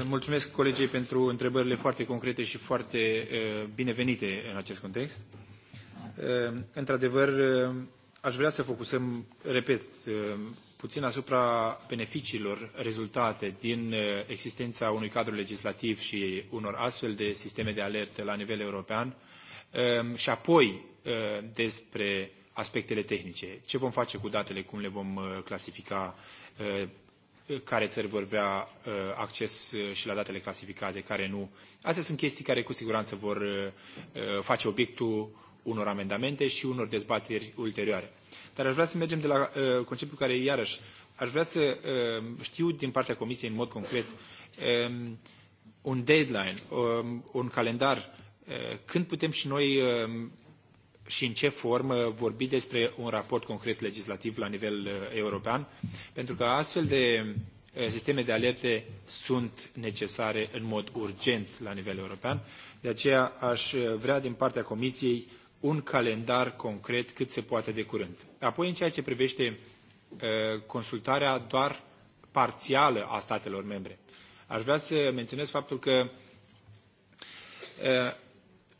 Mulțumesc colegii pentru întrebările foarte concrete și foarte e, binevenite în acest context. Într-adevăr, e, aș vrea să focusăm, repet, e, puțin asupra beneficiilor rezultate din existența unui cadru legislativ și unor astfel de sisteme de alertă la nivel european și apoi despre aspectele tehnice. Ce vom face cu datele, cum le vom uh, clasifica, uh, uh, care țări vor avea acces și la datele clasificate, care nu. Astea sunt chestii care cu siguranță vor face obiectul unor amendamente și unor dezbateri ulterioare. Dar aș vrea să mergem de la conceptul care, iarăși, aș vrea să știu din partea Comisiei în mod concret um, un deadline, um, un calendar, când putem și noi um, și în ce formă vorbi despre un raport concret legislativ la nivel uh, european, pentru că astfel de uh, sisteme de alerte sunt necesare în mod urgent la nivel european. De aceea aș uh, vrea din partea Comisiei un calendar concret cât se poate de curând. Apoi, în ceea ce privește consultarea doar parțială a statelor membre, aș vrea să menționez faptul că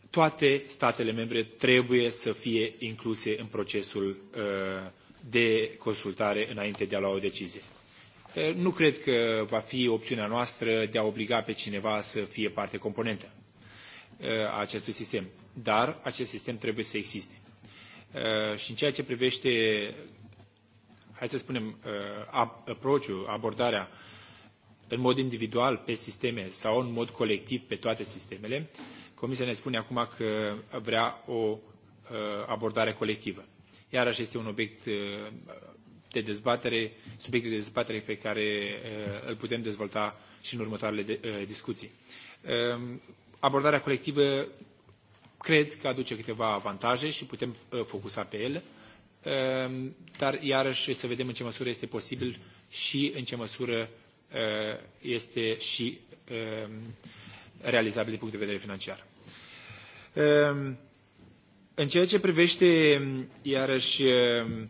toate statele membre trebuie să fie incluse în procesul uh, de consultare înainte de a lua o decizie. Uh, nu cred că va fi opțiunea noastră de a obliga pe cineva să fie parte componentă uh, a acestui sistem, dar acest sistem trebuie să existe. Și în ceea ce privește, hai să spunem, approach-ul, abordarea în mod individual pe sisteme sau în mod colectiv pe toate sistemele, Comisia ne spune acum că vrea o uh, abordare colectivă. Iarăși este un obiect uh, de dezbatere, subiect de dezbatere pe care uh, îl putem dezvolta și în următoarele discuții. Um, abordarea colectivă cred că aduce câteva avantaje și putem focusa pe ele, um, dar iarăși să vedem în ce măsură este posibil și în ce măsură este și um, realizabil din punct de vedere financiar. Ehm, în ceea ce privește, ehm, iarăși, ehm,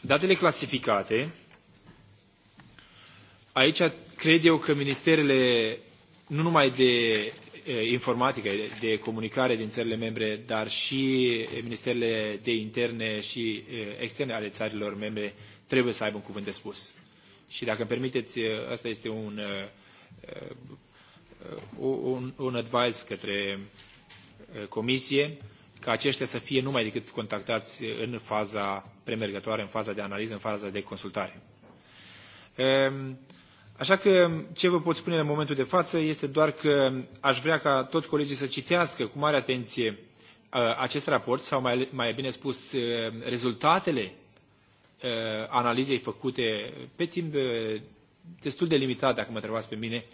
datele clasificate, aici cred eu că ministerele, nu numai de e, informatică, de comunicare din țările membre, dar și ministerele de interne și e, externe ale țărilor membre trebuie să aibă un cuvânt de spus. Și dacă îmi permiteți, e, asta este un, un, un advice către comisie ca aceștia să fie numai decât contactați în faza premergătoare, în faza de analiză, în faza de consultare. Ehm, așa că ce vă pot spune în momentul de față este doar că aș vrea ca toți colegii să citească cu mare atenție acest raport sau mai, mai bine spus e, rezultatele e, analizei făcute pe timp e, destul de limitat, dacă mă întrebați pe mine,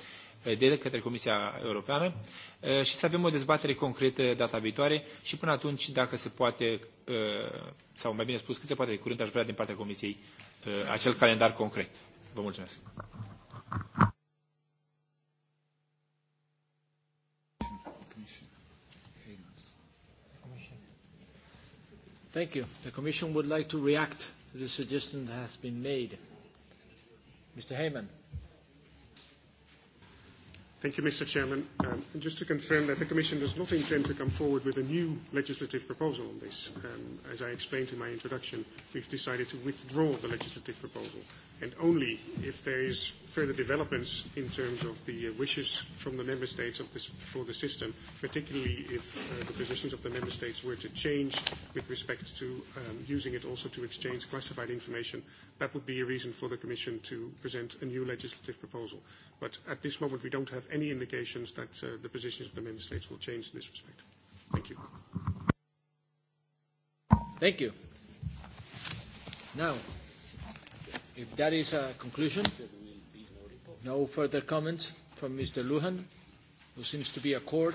Eh, de către Comisia Europeană eh, și să avem o dezbatere concretă data viitoare și până atunci, dacă se poate, eh, sau mai bine spus, cât se poate de curând, aș vrea din partea Comisiei acel calendar concret. Vă mulțumesc. Thank you. The Commission would like to react to the suggestion that has been made. Mr. Heyman. Thank you, Mr. Chairman. Um, and just to confirm that the Commission does not intend to come forward with a new legislative proposal on this. Um, as I explained in my introduction, we've decided to withdraw the legislative proposal and only if there is further developments in terms of the uh, wishes from the member states of this, for the system, particularly if uh, the positions of the member states were to change with respect to um, using it also to exchange classified information, that would be a reason for the Commission to present a new legislative proposal. But at this moment, we don't have any indications that uh, the positions of the member states will change in this respect. Thank you. Thank you. Now, If that is a conclusion, no further comments from Mr. Luhan, who seems to be accord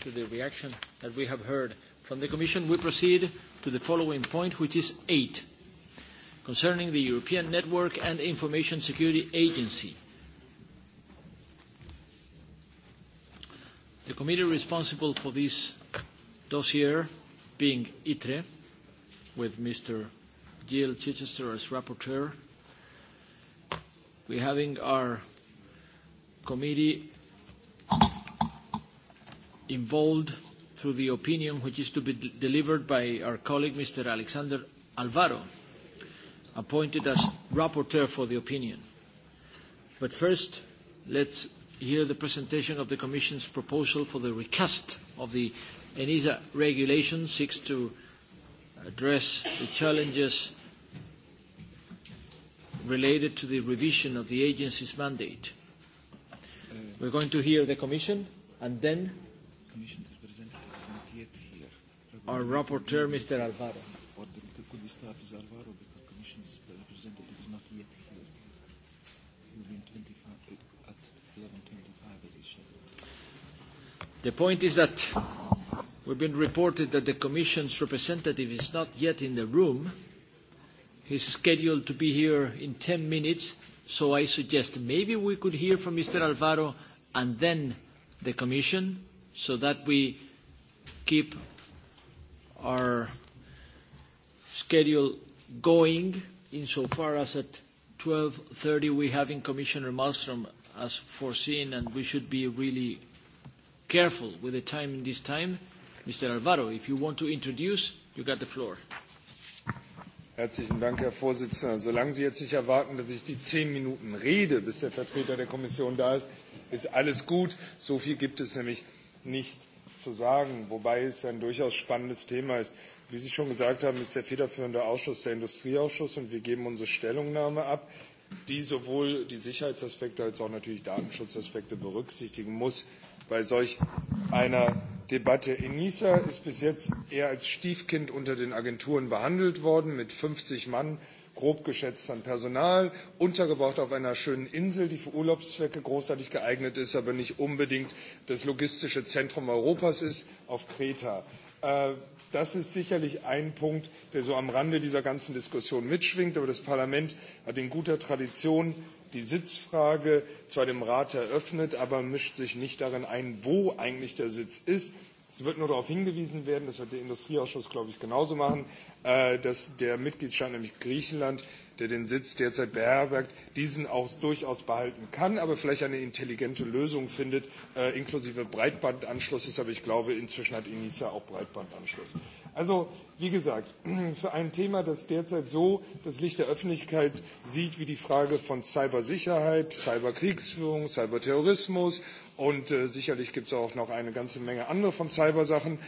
to the reaction that we have heard from the Commission, we proceed to the following point, which is eight, concerning the European Network and Information Security Agency. The committee responsible for this dossier being ITRE, with Mr. Jill Chichester as rapporteur. We're having our committee involved through the opinion which is to be delivered by our colleague Mr. Alexander Alvaro, appointed as rapporteur for the opinion. But first, let's hear the presentation of the Commission's proposal for the recast of the ENISA regulation seeks to address the challenges related to the revision of the agency's mandate. We're going to hear the Commission and then our rapporteur, Mr. Alvaro. The point is that we've been reported that the Commission's representative is not yet in the room. He's scheduled to be here in 10 minutes, so I suggest maybe we could hear from Mr. Alvaro and then the Commission, so that we keep our schedule going insofar as at 12.30 we have in Commissioner Malmström as foreseen, and we should be really careful with the time in this time. Mr. Alvaro, if you want to introduce, you got the floor. Herzlichen Dank, Herr Vorsitzender. Solange Sie jetzt nicht erwarten, dass ich die zehn Minuten rede, bis der Vertreter der Kommission da ist, ist alles gut. So viel gibt es nämlich nicht zu sagen, wobei es ein durchaus spannendes Thema ist. Wie Sie schon gesagt haben, ist der federführende Ausschuss der Industrieausschuss und wir geben unsere Stellungnahme ab, die sowohl die Sicherheitsaspekte als auch natürlich Datenschutzaspekte berücksichtigen muss bei solch einer Debatte ENISA ist bis jetzt eher als Stiefkind unter den Agenturen behandelt worden, mit 50 Mann grob geschätzt an Personal, untergebracht auf einer schönen Insel, die für Urlaubszwecke großartig geeignet ist, aber nicht unbedingt das logistische Zentrum Europas ist, auf Kreta. Äh, das ist sicherlich ein Punkt, der so am Rande dieser ganzen Diskussion mitschwingt. Aber das Parlament hat in guter Tradition die Sitzfrage zwar dem Rat eröffnet, aber mischt sich nicht darin ein, wo eigentlich der Sitz ist. Es wird nur darauf hingewiesen werden, das wird der Industrieausschuss, glaube ich, genauso machen, äh, dass der Mitgliedstaat, nämlich Griechenland, der den Sitz derzeit beherbergt, diesen auch durchaus behalten kann, aber vielleicht eine intelligente Lösung findet, äh, inklusive Breitbandanschlusses. Aber ich glaube, inzwischen hat Enisa auch Breitbandanschluss. Also, wie gesagt, für ein Thema, das derzeit so das Licht der Öffentlichkeit sieht, wie die Frage von Cybersicherheit, Cyberkriegsführung, Cyberterrorismus und äh, sicherlich gibt es auch noch eine ganze Menge andere von Cybersachen,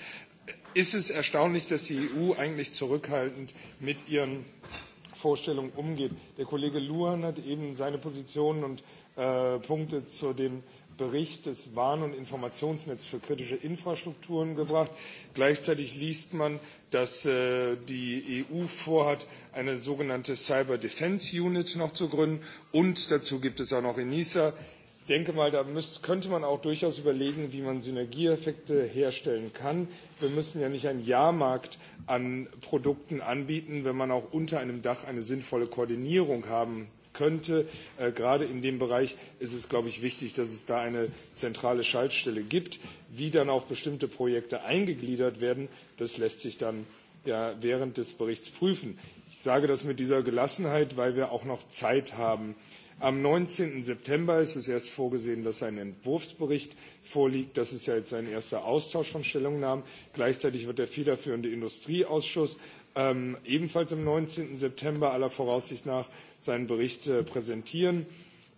ist es erstaunlich, dass die EU eigentlich zurückhaltend mit ihren Vorstellungen umgeht. Der Kollege Luhan hat eben seine Positionen und äh, Punkte zu dem Bericht des Warn- und Informationsnetzes für kritische Infrastrukturen gebracht. Gleichzeitig liest man, dass äh, die EU vorhat, eine sogenannte Cyber Defense Unit noch zu gründen. Und dazu gibt es auch noch ENISA. Ich denke mal, da müsst, könnte man auch durchaus überlegen, wie man Synergieeffekte herstellen kann. Wir müssen ja nicht einen Jahrmarkt an Produkten anbieten, wenn man auch unter einem Dach eine sinnvolle Koordinierung haben könnte. Äh, gerade in dem Bereich ist es, glaube ich, wichtig, dass es da eine zentrale Schaltstelle gibt. Wie dann auch bestimmte Projekte eingegliedert werden, das lässt sich dann ja während des Berichts prüfen. Ich sage das mit dieser Gelassenheit, weil wir auch noch Zeit haben. Am 19. September ist es erst vorgesehen, dass ein Entwurfsbericht vorliegt. Das ist ja jetzt ein erster Austausch von Stellungnahmen. Gleichzeitig wird der federführende Industrieausschuss ähm, ebenfalls am 19. September aller Voraussicht nach seinen Bericht äh, präsentieren.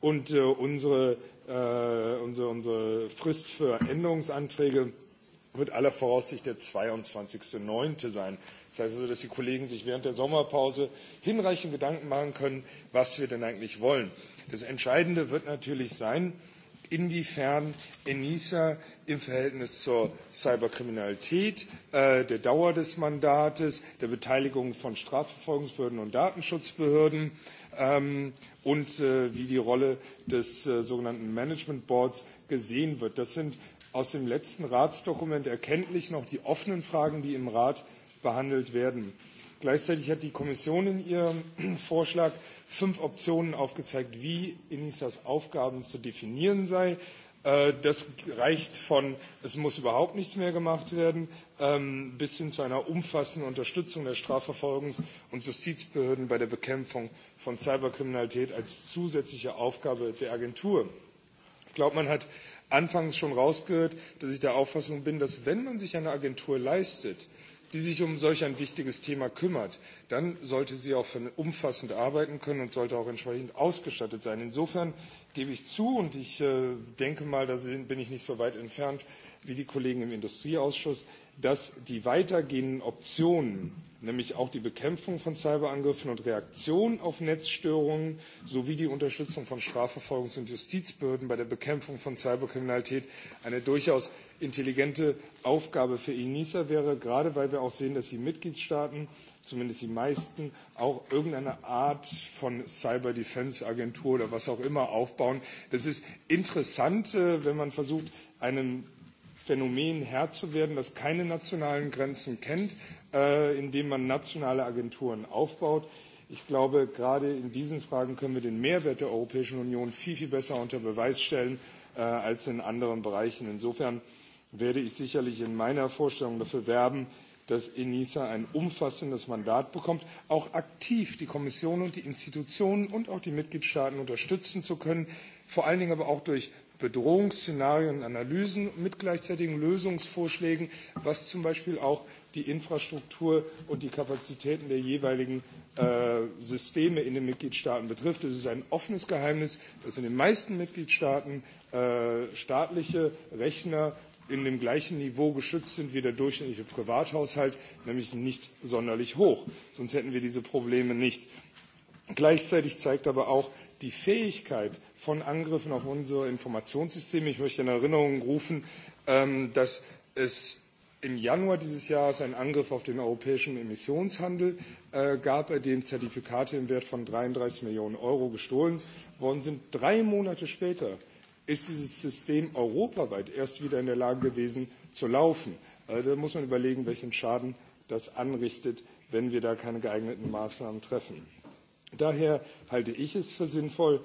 Und äh, unsere, äh, unsere, unsere Frist für Änderungsanträge wird aller Voraussicht der 22.09. sein. Das heißt also, dass die Kollegen sich während der Sommerpause hinreichend Gedanken machen können, was wir denn eigentlich wollen. Das Entscheidende wird natürlich sein, äh, inwiefern ENISA im Verhältnis zur Cyberkriminalität, äh, der Dauer des Mandates, der Beteiligung von Strafverfolgungsbehörden und Datenschutzbehörden ähm, und äh, wie die Rolle des äh, sogenannten Management Boards gesehen wird. Das sind aus dem letzten Ratsdokument erkenntlich noch die offenen Fragen, die im Rat behandelt werden. Äh, Gleichzeitig hat die Kommission in ihrem Vorschlag fünf Optionen aufgezeigt, wie Enisas Aufgaben zu definieren sei. Äh, das reicht von, es muss überhaupt nichts mehr gemacht werden, ähm, bis hin zu einer umfassenden Unterstützung der Strafverfolgungs- und Justizbehörden bei der Bekämpfung von Cyberkriminalität als zusätzliche Aufgabe der Agentur. Ich glaube, man hat anfangs schon rausgehört, dass ich der Auffassung bin, dass wenn man sich eine Agentur leistet, die sich um solch ein wichtiges Thema kümmert, dann sollte sie auch umfassend arbeiten können und sollte auch entsprechend ausgestattet sein. Insofern gebe ich zu und ich äh, denke mal, da bin ich nicht so weit entfernt, wie die Kollegen im Industrieausschuss, dass die weitergehenden Optionen, nämlich auch die Bekämpfung von Cyberangriffen und Reaktion auf Netzstörungen sowie die Unterstützung von Strafverfolgungs- und Justizbehörden bei der Bekämpfung von Cyberkriminalität eine durchaus intelligente Aufgabe für ENISA wäre, gerade weil wir auch sehen, dass die Mitgliedstaaten, zumindest die meisten, auch irgendeine Art von Cyber Defense Agentur oder was auch immer aufbauen. Das ist interessant, äh, wenn man versucht, einem Phänomen Herr zu werden, das keine nationalen Grenzen kennt, äh, indem man nationale Agenturen aufbaut. Ich glaube, gerade in diesen Fragen können wir den Mehrwert der Europäischen Union viel, viel besser unter Beweis stellen äh, als in anderen Bereichen. Insofern werde ich sicherlich in meiner Vorstellung dafür werben, dass ENISA ein umfassendes Mandat bekommt, auch aktiv die Kommission und die Institutionen und auch die Mitgliedstaaten unterstützen zu können, vor allen Dingen aber auch durch Bedrohungsszenarien, und Analysen mit gleichzeitigen Lösungsvorschlägen, was zum Beispiel auch die Infrastruktur und die Kapazitäten der jeweiligen äh, Systeme in den Mitgliedstaaten betrifft. Es ist ein offenes Geheimnis, dass in den meisten Mitgliedstaaten äh, staatliche Rechner in dem gleichen Niveau geschützt sind wie der durchschnittliche Privathaushalt, nämlich nicht sonderlich hoch. Sonst hätten wir diese Probleme nicht. Gleichzeitig zeigt aber auch, die Fähigkeit von Angriffen auf unsere Informationssysteme. Ich möchte in Erinnerung rufen, ähm, dass es im Januar dieses Jahres einen Angriff auf den europäischen Emissionshandel äh, gab, bei dem Zertifikate im Wert von 33 Millionen Euro gestohlen worden sind. Drei Monate später ist dieses System europaweit erst wieder in der Lage gewesen zu laufen. Äh, da muss man überlegen, welchen Schaden das anrichtet, wenn wir da keine geeigneten Maßnahmen treffen. Daher halte ich es für sinnvoll,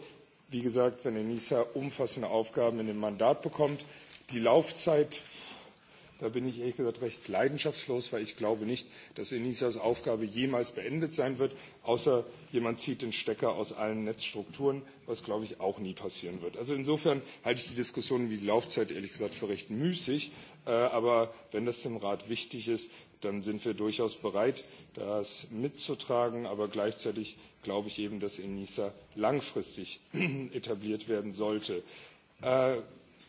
wie gesagt, wenn ENISA umfassende Aufgaben in dem Mandat bekommt, die Laufzeit Da bin ich ehrlich gesagt recht leidenschaftslos, weil ich glaube nicht, dass Enisas Aufgabe jemals beendet sein wird, außer jemand zieht den Stecker aus allen Netzstrukturen, was glaube ich auch nie passieren wird. Also insofern halte ich die Diskussion wie um die Laufzeit ehrlich gesagt für recht müßig. Äh, aber wenn das dem Rat wichtig ist, dann sind wir durchaus bereit, das mitzutragen. Aber gleichzeitig glaube ich eben, dass ENISA langfristig etabliert werden sollte. Äh,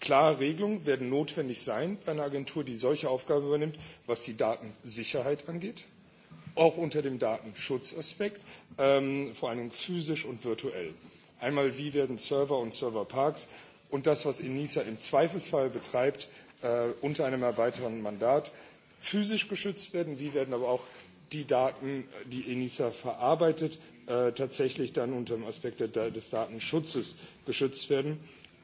klare Regelungen werden notwendig sein bei einer Agentur, die solche Aufgaben übernimmt, was die Datensicherheit angeht, auch unter dem Datenschutzaspekt, ähm, vor allem physisch und virtuell. Einmal, wie werden Server und Serverparks und das, was ENISA im Zweifelsfall betreibt, äh, unter einem erweiterten Mandat physisch geschützt werden, wie werden aber auch die Daten, die ENISA verarbeitet, äh, tatsächlich dann unter dem Aspekt des Datenschutzes geschützt werden.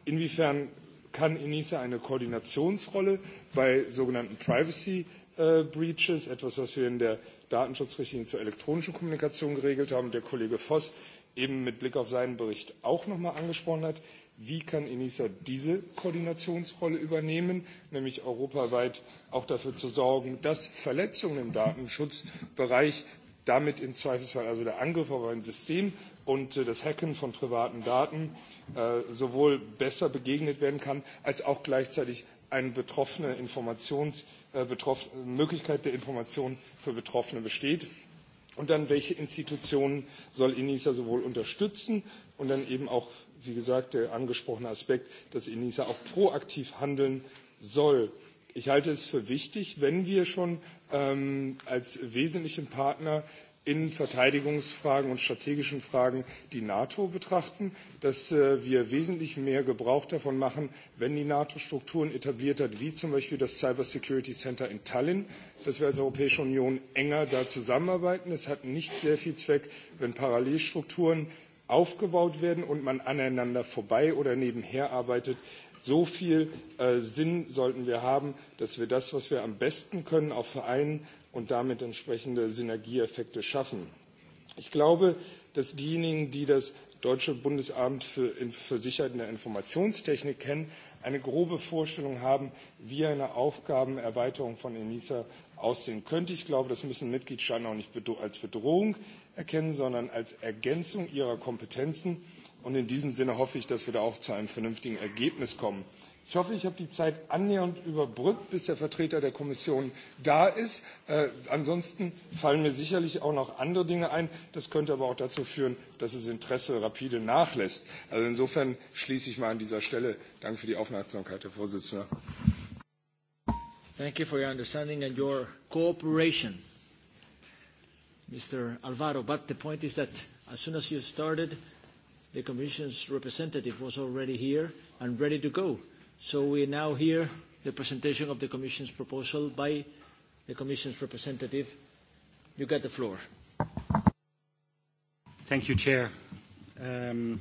Inwiefern kann ENISA eine Koordinationsrolle bei sogenannten Privacy äh, Breaches, etwas, was wir in der Datenschutzrichtlinie zur elektronischen Kommunikation geregelt haben, der Kollege Voss eben mit Blick auf seinen Bericht auch nochmal angesprochen hat. Wie kann ENISA diese Koordinationsrolle übernehmen, nämlich europaweit auch dafür zu sorgen, dass Verletzungen im Datenschutzbereich damit im Zweifelsfall also der Angriff auf ein System und äh, das Hacken von privaten Daten äh, sowohl besser begegnet werden kann, als auch gleichzeitig eine betroffene Informations, äh, betroff, Möglichkeit der Information für Betroffene besteht. Und dann, welche Institutionen soll ENISA sowohl unterstützen und dann eben auch wie gesagt, der äh, angesprochene Aspekt, dass ENISA auch proaktiv handeln soll. Ich halte es für wichtig, wenn wir schon ähm, als wesentlichen Partner in Verteidigungsfragen und strategischen Fragen die NATO betrachten, dass äh, wir wesentlich mehr Gebrauch davon machen, wenn die NATO Strukturen etabliert hat, wie zum Beispiel das Cyber Security Center in Tallinn, dass wir als Europäische Union enger da zusammenarbeiten. Es hat nicht sehr viel Zweck, wenn Parallelstrukturen aufgebaut werden und man aneinander vorbei oder nebenher arbeitet. So viel äh, Sinn sollten wir haben, dass wir das, was wir am besten können, auch vereinen und damit entsprechende Synergieeffekte schaffen. Ich glaube, dass diejenigen, die das Deutsche Bundesamt für, für Sicherheit in der Informationstechnik kennen, eine grobe Vorstellung haben, wie eine Aufgabenerweiterung von ENISA aussehen könnte. Ich glaube, das müssen Mitgliedstaaten auch nicht bedro als Bedrohung erkennen, sondern als Ergänzung ihrer Kompetenzen. Und in diesem Sinne hoffe ich, dass wir da auch zu einem vernünftigen Ergebnis kommen. Ich hoffe, ich habe die Zeit annähernd überbrückt, bis der Vertreter der Kommission da ist. Äh, ansonsten fallen mir sicherlich auch noch andere Dinge ein. Das könnte aber auch dazu führen, dass das Interesse rapide nachlässt. Also insofern schließe ich mal an dieser Stelle. Danke für die Aufmerksamkeit, Herr Vorsitzender. Thank you for your understanding and your cooperation. Mr. Alvaro, but the point is that as soon as you started, the Commission's representative was already here and ready to go. So we now hear the presentation of the Commission's proposal by the Commission's representative. You get the floor. Thank you, Chair. Um,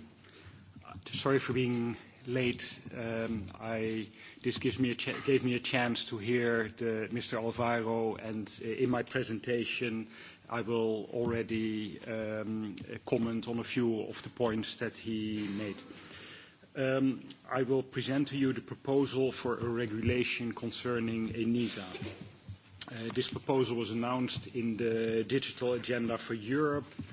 sorry for being late. Um, I, this gives me a ch- gave me a chance to hear the, Mr. Alvaro, and uh, in my presentation, I will already um, comment on a few of the points that he made. Um, I will present to you the proposal for a regulation concerning ENISA. Uh, this proposal was announced in the Digital Agenda for Europe uh,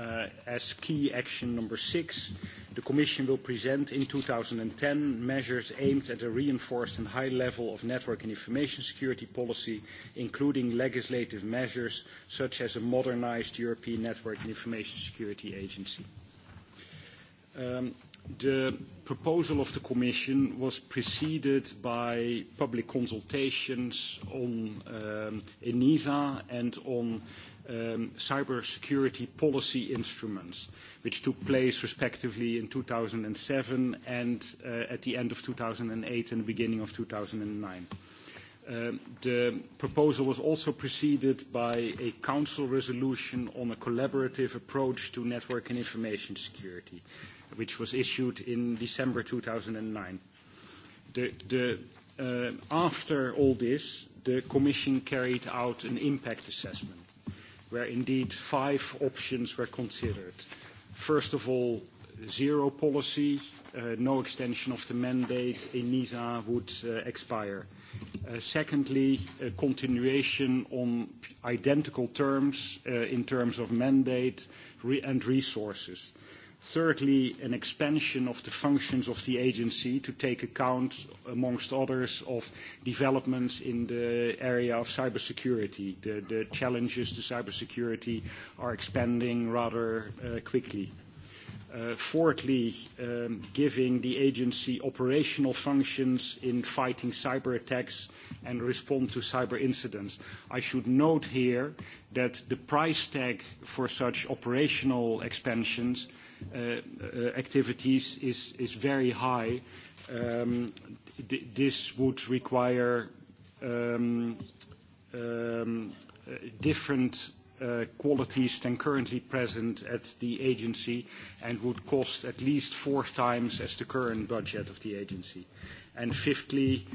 Uh, as key action number six, the Commission will present in 2010 measures aimed at a reinforced and high level of network and information security policy, including legislative measures such as a modernized European Network and Information Security Agency. Um, the proposal of the Commission was preceded by public consultations on um, ENISA and on Um, cybersecurity policy instruments, which took place respectively in 2007 and uh, at the end of 2008 and the beginning of 2009. Uh, um, the proposal was also preceded by a council resolution on a collaborative approach to network and information security, which was issued in December 2009. The, the, uh, after all this, the Commission carried out an impact assessment where indeed five options were considered. First of all, zero policy, uh, no extension of the mandate, in NISA would uh, expire. Uh, secondly, a continuation on identical terms uh, in terms of mandate and resources. Thirdly, an expansion of the functions of the agency to take account, amongst others, of developments in the area of cybersecurity. The, challenges to cybersecurity are expanding rather uh, quickly. Uh, fourthly, um, giving the agency operational functions in fighting cyber attacks and respond to cyber incidents. I should note here that the price tag for such operational expansions Uh, uh, activities is, is very high. Um, this would require um, um, different uh, qualities than currently present at the agency and would cost at least four times as the current budget of the agency. And fifthly,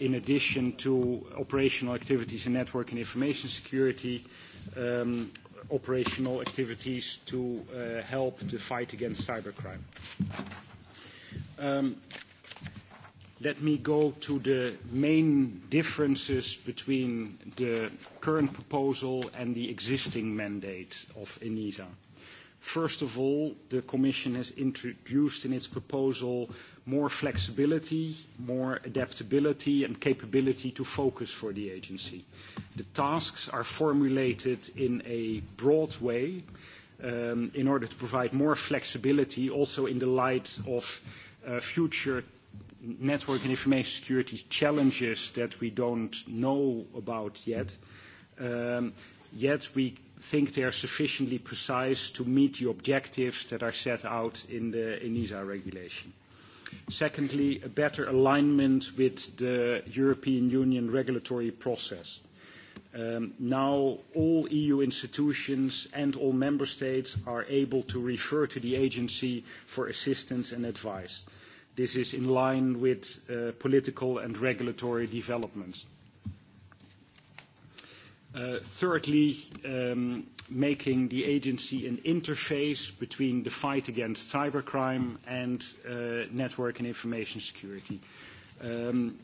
in addition to operational activities in network and information security, operational activities to uh, help the fight against cybercrime. Um, let me go to the main differences between the current proposal and the existing mandate of ENISA. First of all, the Commission has introduced in its proposal more flexibility, more adaptability and capability to focus for the agency. The tasks are formulated in a broad way um, in order to provide more flexibility also in the light of uh, future network and information security challenges that we don't know about yet. Um, yet we think they are sufficiently precise to meet the objectives that are set out in the ENISA uh, regulation. Secondly, a better alignment with the European Union regulatory process. Um, now all EU institutions and all member states are able to refer to the agency for assistance and advice. This is in line with uh, political and regulatory developments. Uh, thirdly, um, making the agency an interface between the fight against cybercrime and uh, network and information security. Um,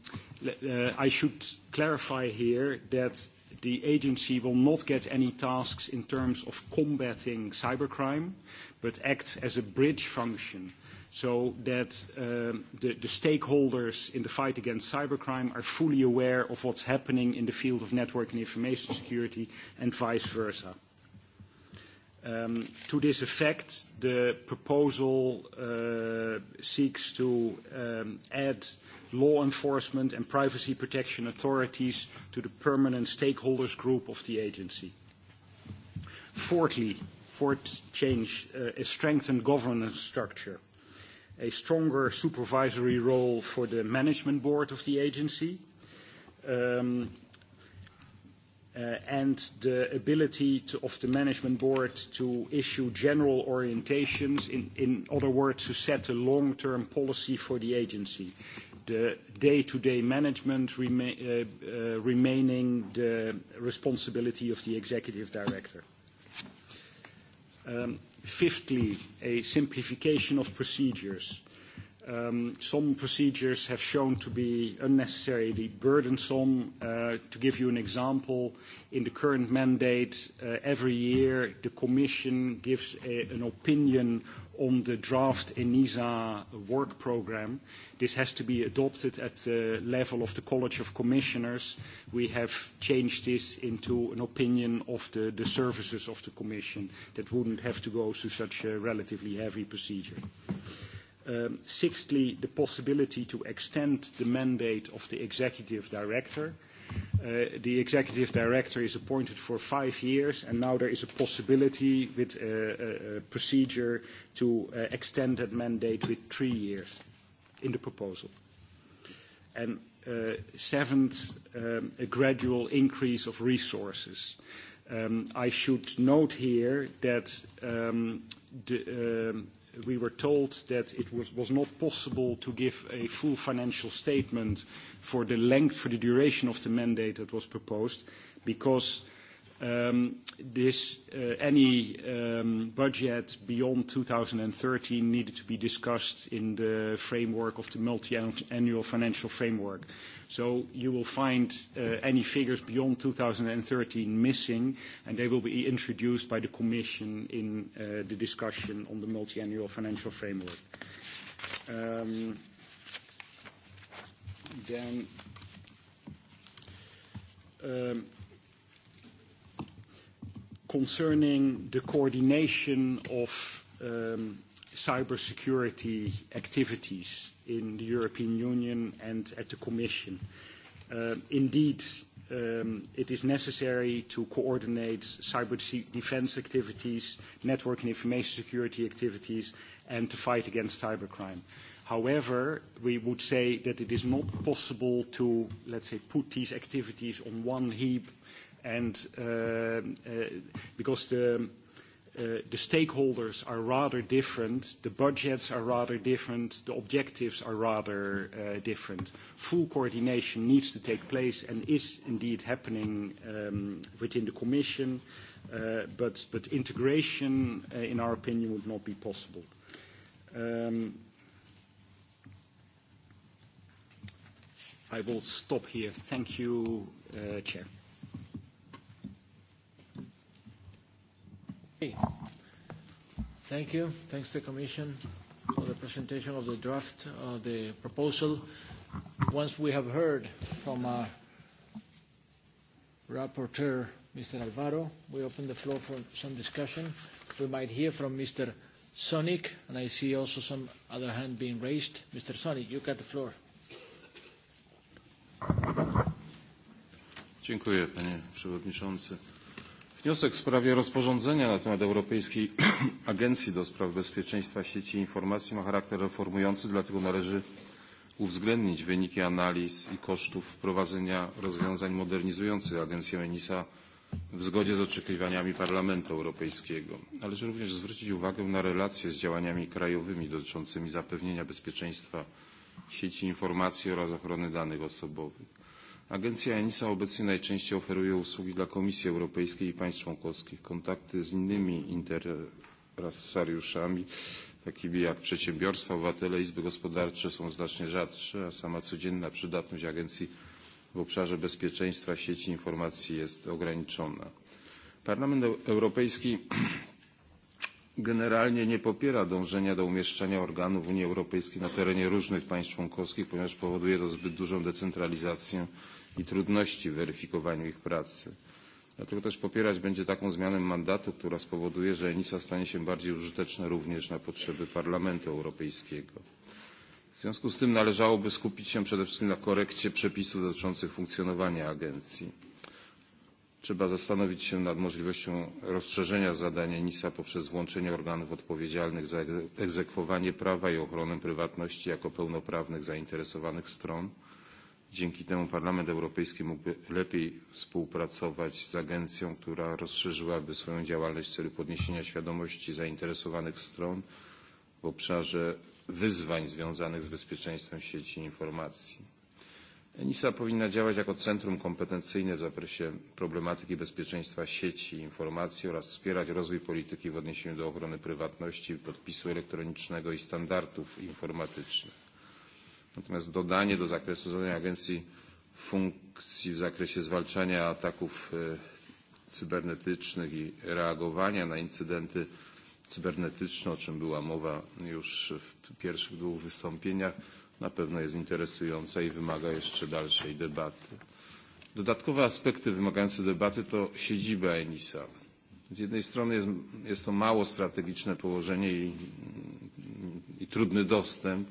uh, I should clarify here that the agency will not get any tasks in terms of combating cybercrime, but acts as a bridge function so that um, the, the stakeholders in the fight against cybercrime are fully aware of what's happening in the field of network and information security and vice versa. Um, to this effect, the proposal uh, seeks to um, add law enforcement and privacy protection authorities to the permanent stakeholders group of the agency. Fourthly, fourth change uh, is strengthened governance structure a stronger supervisory role for the management board of the agency, um, uh, and the ability of the management board to issue general orientations, in, other words, to set a long-term policy for the agency. The day-to-day management uh, uh, remaining the responsibility of the executive director. Um, Fifthly, a simplification of procedures. Um, some procedures have shown to be unnecessarily burdensome. Uh, to give you an example, in the current mandate, uh, every year the Commission gives a, an opinion on the draft ENISA work program. This has to be adopted at the level of the College of Commissioners. We have changed this into an opinion of the, services of the Commission that wouldn't have to go through such a relatively heavy procedure. Um, sixthly, the possibility to extend the mandate of the executive director Uh, the executive director is appointed for five years, and now there is a possibility with a, uh, a, uh, a procedure to uh, extend that mandate with three years in the proposal. And uh, seventh, um, a gradual increase of resources. Um, I should note here that um, the, um, we were told that it was, not possible to give a full financial statement for the length, for the duration of the mandate that was proposed, because um, this, uh, any um, budget beyond 2013 needed to be discussed in the framework of the multi-annual financial framework. So you will find uh, any figures beyond 2013 missing, and they will be introduced by the Commission in uh, the discussion on the multi-annual financial framework. Um, then, um, concerning the coordination of um, cybersecurity activities in the European Union and at the Commission. Uh, indeed, um, it is necessary to coordinate cyber defense activities, network and information security activities, and to fight against cybercrime. However, we would say that it is not possible to, let's say, put these activities on one heap Uh, uh, uh, the stakeholders are rather different, the budgets are rather different, the objectives are rather different. Full coordination needs to take place and is indeed happening um, within the Commission, but, integration, in our opinion, would not be possible. Um, I will stop here. Thank you, Chair. Okay. Thank you. Thanks to the Commission for the presentation of the draft of uh, the proposal. Once we have heard from our uh, rapporteur, Mr. Alvaro, we open the floor for some discussion. We might hear from Mr. Sonic, and I see also some other hand being raised. Mr. Sonic, you got the floor. Dziękuję, panie przewodniczący. Wniosek w sprawie rozporządzenia na temat Europejskiej Agencji do Spraw Bezpieczeństwa Sieci Informacji ma charakter reformujący, dlatego należy uwzględnić wyniki analiz i kosztów wprowadzenia rozwiązań modernizujących agencję ENISA w zgodzie z oczekiwaniami Parlamentu Europejskiego. Należy również zwrócić uwagę na relacje z działaniami krajowymi dotyczącymi zapewnienia bezpieczeństwa sieci informacji oraz ochrony danych osobowych. Agencja ENISA obecnie najczęściej oferuje usługi dla Komisji Europejskiej i państw członkowskich. Kontakty z innymi interesariuszami, takimi jak przedsiębiorstwa, obywatele, izby gospodarcze są znacznie rzadsze, a sama codzienna przydatność agencji w obszarze bezpieczeństwa sieci informacji jest ograniczona. Parlament Europejski generalnie nie popiera dążenia do umieszczania organów Unii Europejskiej na terenie różnych państw członkowskich, ponieważ powoduje to zbyt dużą decentralizację i trudności w weryfikowaniu ich pracy. Dlatego też popierać będzie taką zmianę mandatu, która spowoduje, że ENISA stanie się bardziej użyteczna również na potrzeby Parlamentu Europejskiego. W związku z tym należałoby skupić się przede wszystkim na korekcie przepisów dotyczących funkcjonowania agencji trzeba zastanowić się nad możliwością rozszerzenia zadań enisa poprzez włączenie organów odpowiedzialnych za egzekwowanie prawa i ochronę prywatności jako pełnoprawnych zainteresowanych stron. dzięki temu parlament europejski mógłby lepiej współpracować z agencją która rozszerzyłaby swoją działalność w celu podniesienia świadomości zainteresowanych stron w obszarze wyzwań związanych z bezpieczeństwem sieci informacji ENISA powinna działać jako centrum kompetencyjne w zakresie problematyki bezpieczeństwa sieci i informacji oraz wspierać rozwój polityki w odniesieniu do ochrony prywatności, podpisu elektronicznego i standardów informatycznych. Natomiast dodanie do zakresu zadań agencji funkcji w zakresie zwalczania ataków e, cybernetycznych i reagowania na incydenty cybernetyczne, o czym była mowa już w pierwszych dwóch wystąpieniach, na pewno jest interesująca i wymaga jeszcze dalszej debaty. Dodatkowe aspekty wymagające debaty to siedziba ENISA. Z jednej strony jest, jest to mało strategiczne położenie i, i trudny dostęp.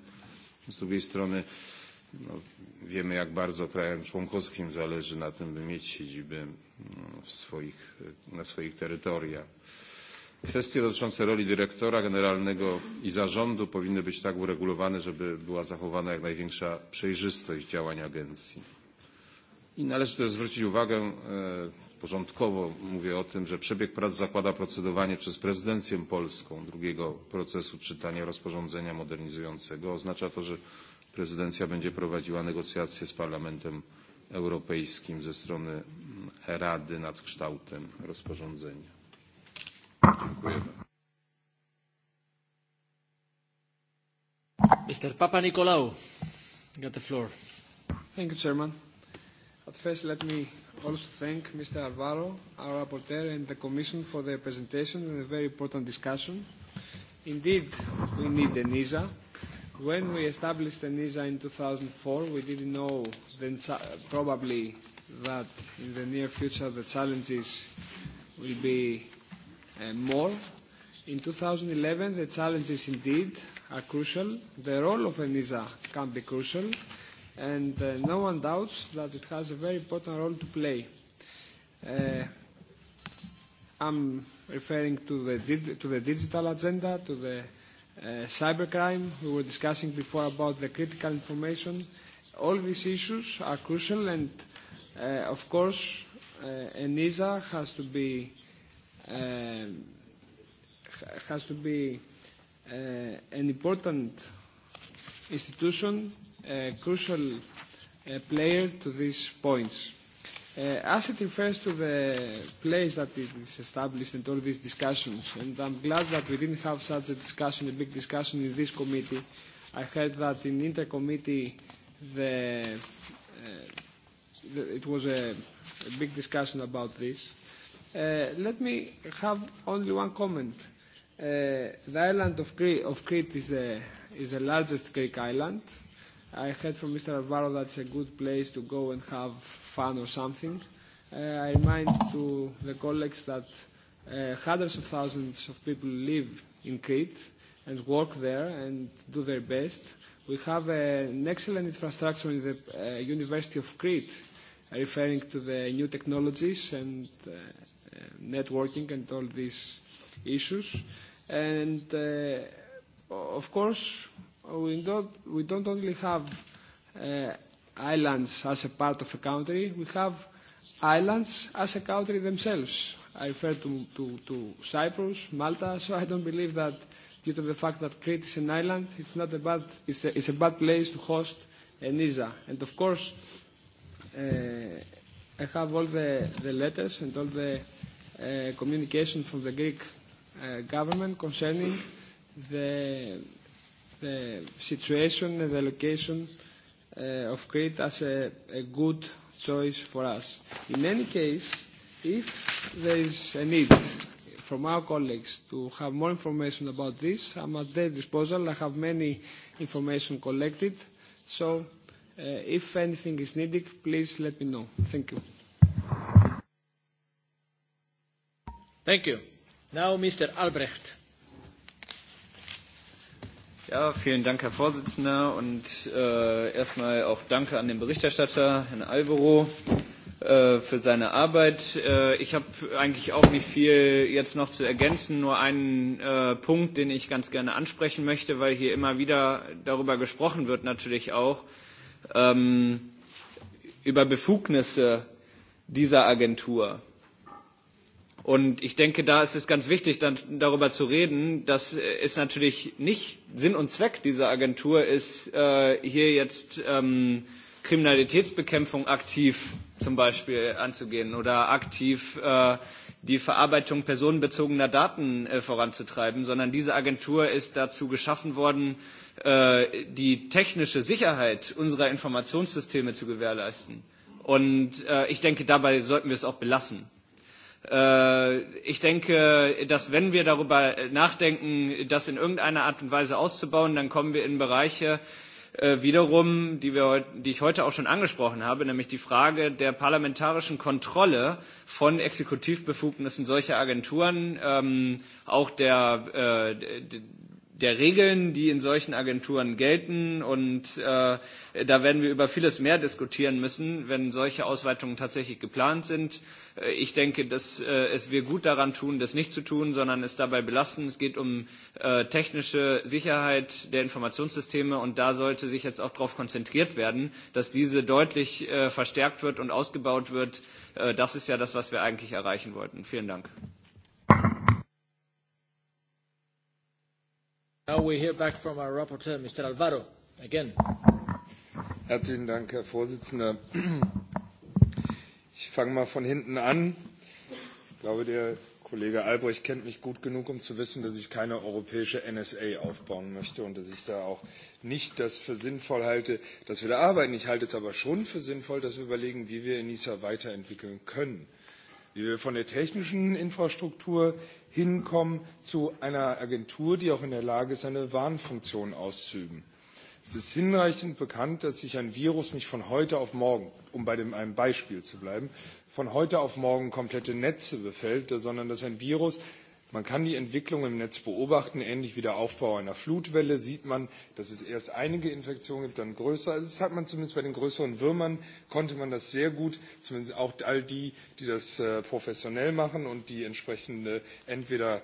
Z drugiej strony no, wiemy, jak bardzo krajom członkowskim zależy na tym, by mieć siedziby mm, w swoich, na swoich terytoriach. Kwestie dotyczące roli dyrektora generalnego i zarządu powinny być tak uregulowane, żeby była zachowana jak największa przejrzystość działań agencji. I należy też zwrócić uwagę, e, porządkowo mówię o tym, że przebieg prac zakłada procedowanie przez prezydencję polską drugiego procesu czytania rozporządzenia modernizującego. Oznacza to, że prezydencja będzie prowadziła negocjacje z Parlamentem Europejskim ze strony Rady nad kształtem rozporządzenia. Mr. Papa Nicolau, got the floor. Thank you, Chairman. At first, let me also thank Mr. Alvaro, our rapporteur, and the Commission for their presentation and a very important discussion. Indeed, we need an ESA. When we established an ESA in 2004, we didn't know then probably that in the near future the challenges will be Uh, more. In 2011, the challenges indeed are uh, crucial. The role of ENISA can be crucial, and uh, no one doubts that it has a very important role to play. Uh, I'm referring to the, to the digital agenda, to the uh, cybercrime we were discussing before about the critical information. All these issues are crucial, and uh, of course, uh, ENISA has to be uh, uh, has to be uh, an important institution, a crucial uh, player to these points. Uh, as it refers to the place that it is established and all these discussions, and I'm glad that we didn't have such a discussion, a big discussion in this committee. I heard that in intercommittee the, uh, the, it was a, a big discussion about this. Uh, Uh, let me have only one comment. Uh, the island of Crete, of Crete is, a, is the largest Greek island. I heard from Mr. Alvaro that it's a good place to go and have fun or something. Uh, I remind to the colleagues that uh, hundreds of thousands of people live in Crete and work there and do their best. We have uh, an excellent infrastructure in the uh, University of Crete referring to the new technologies and uh, Uh, networking and all these issues. And uh, of course, we don't, we don't only have uh, islands as a part of a country, we have islands as a country themselves. I refer to, to, to Cyprus, Malta, so I don't believe that due to the fact that Crete is an island, it's, not a, bad, it's, a, it's a bad place to host an ISA. And of course, uh, I have all the, the letters and all the uh, communication from the Greek uh, government concerning the, the situation and the location uh, of Crete as a, a good choice for us. In any case, if there is a need from our colleagues to have more information about this, I'm at their disposal. I have many information collected. So uh, if anything is needed, please let me know. Thank you. Thank you. Now Mr. Albrecht. Ja, vielen Dank, Herr Vorsitzender, und äh, erstmal auch Danke an den Berichterstatter, Herrn Alvaro, äh, für seine Arbeit. Äh, ich habe eigentlich auch nicht viel jetzt noch zu ergänzen, nur einen äh, Punkt, den ich ganz gerne ansprechen möchte, weil hier immer wieder darüber gesprochen wird, natürlich auch ähm, über Befugnisse dieser Agentur. Und ich denke, da ist es ganz wichtig, dann darüber zu reden, dass es natürlich nicht Sinn und Zweck dieser Agentur ist, äh, hier jetzt ähm, Kriminalitätsbekämpfung aktiv zum Beispiel anzugehen oder aktiv äh, die Verarbeitung personenbezogener Daten äh, voranzutreiben, sondern diese Agentur ist dazu geschaffen worden, äh, die technische Sicherheit unserer Informationssysteme zu gewährleisten. Und äh, ich denke, dabei sollten wir es auch belassen. Äh, ich denke, dass wenn wir darüber nachdenken, das in irgendeiner Art und Weise auszubauen, dann kommen wir in Bereiche äh, wiederum, die, wir, die ich heute auch schon angesprochen habe, nämlich die Frage der parlamentarischen Kontrolle von Exekutivbefugnissen solcher Agenturen, ähm, auch der, äh, der Regeln, die in solchen Agenturen gelten. Und äh, da werden wir über vieles mehr diskutieren müssen, wenn solche Ausweitungen tatsächlich geplant sind. Äh, ich denke, dass äh, es wir gut daran tun, das nicht zu tun, sondern es dabei belasten. Es geht um äh, technische Sicherheit der Informationssysteme und da sollte sich jetzt auch darauf konzentriert werden, dass diese deutlich äh, verstärkt wird und ausgebaut wird. Äh, das ist ja das, was wir eigentlich erreichen wollten. Vielen Dank. Now we hear back from our rapporteur, Mr. Alvaro, again. Herzlichen Dank, Herr Vorsitzender. Ich fange mal von hinten an. Ich glaube, der Kollege Albrecht kennt mich gut genug, um zu wissen, dass ich keine europäische NSA aufbauen möchte und dass ich da auch nicht das für sinnvoll halte, dass wir da arbeiten. Ich halte es aber schon für sinnvoll, dass wir überlegen, wie wir ENISA weiterentwickeln können wie wir von der technischen Infrastruktur hinkommen zu einer Agentur, die auch in der Lage ist, eine Warnfunktion auszuüben. Es ist hinreichend bekannt, dass sich ein Virus nicht von heute auf morgen, um bei dem einem Beispiel zu bleiben, von heute auf morgen komplette Netze befällt, sondern dass ein Virus Man kann die Entwicklung im Netz beobachten, ähnlich wie der Aufbau einer Flutwelle sieht man, dass es erst einige Infektionen gibt, dann größer. Also das hat man zumindest bei den größeren Würmern, konnte man das sehr gut, zumindest auch all die, die das äh, professionell machen und die entsprechende entweder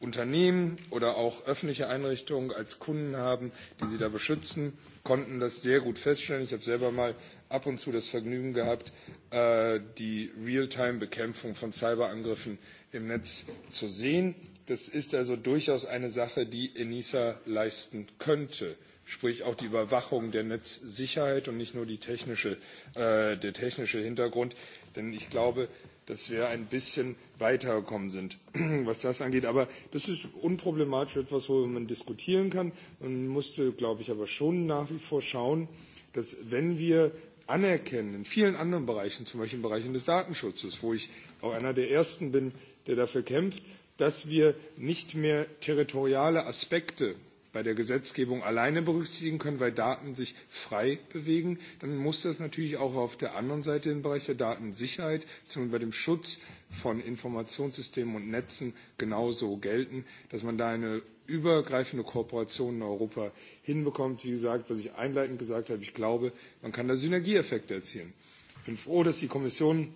Unternehmen oder auch öffentliche Einrichtungen als Kunden haben, die sie da beschützen, konnten das sehr gut feststellen. Ich habe selber mal ab und zu das Vergnügen gehabt, äh, die Realtime-Bekämpfung von Cyberangriffen im Netz zu sehen. Das ist also durchaus eine Sache, die ENISA leisten könnte, sprich auch die Überwachung der Netzsicherheit und nicht nur die technische, äh, der technische Hintergrund. Denn ich glaube, dass wir ein bisschen weitergekommen sind, was das angeht. Aber das ist unproblematisch etwas, worüber man diskutieren kann. Man musste, glaube ich, aber schon nach wie vor schauen, dass wenn wir anerkennen, in vielen anderen Bereichen, zum Beispiel in Bereichen des Datenschutzes, wo ich auch einer der Ersten bin, der dafür kämpft, dass wir nicht mehr territoriale Aspekte bei der Gesetzgebung alleine berücksichtigen können, weil Daten sich frei bewegen, dann muss das natürlich auch auf der anderen Seite im Bereich der Datensicherheit bzw. bei dem Schutz von Informationssystemen und Netzen genauso gelten, dass man da eine übergreifende Kooperation in Europa hinbekommt. Wie gesagt, was ich einleitend gesagt habe, ich glaube, man kann da Synergieeffekte erzielen. Ich bin froh, dass die Kommission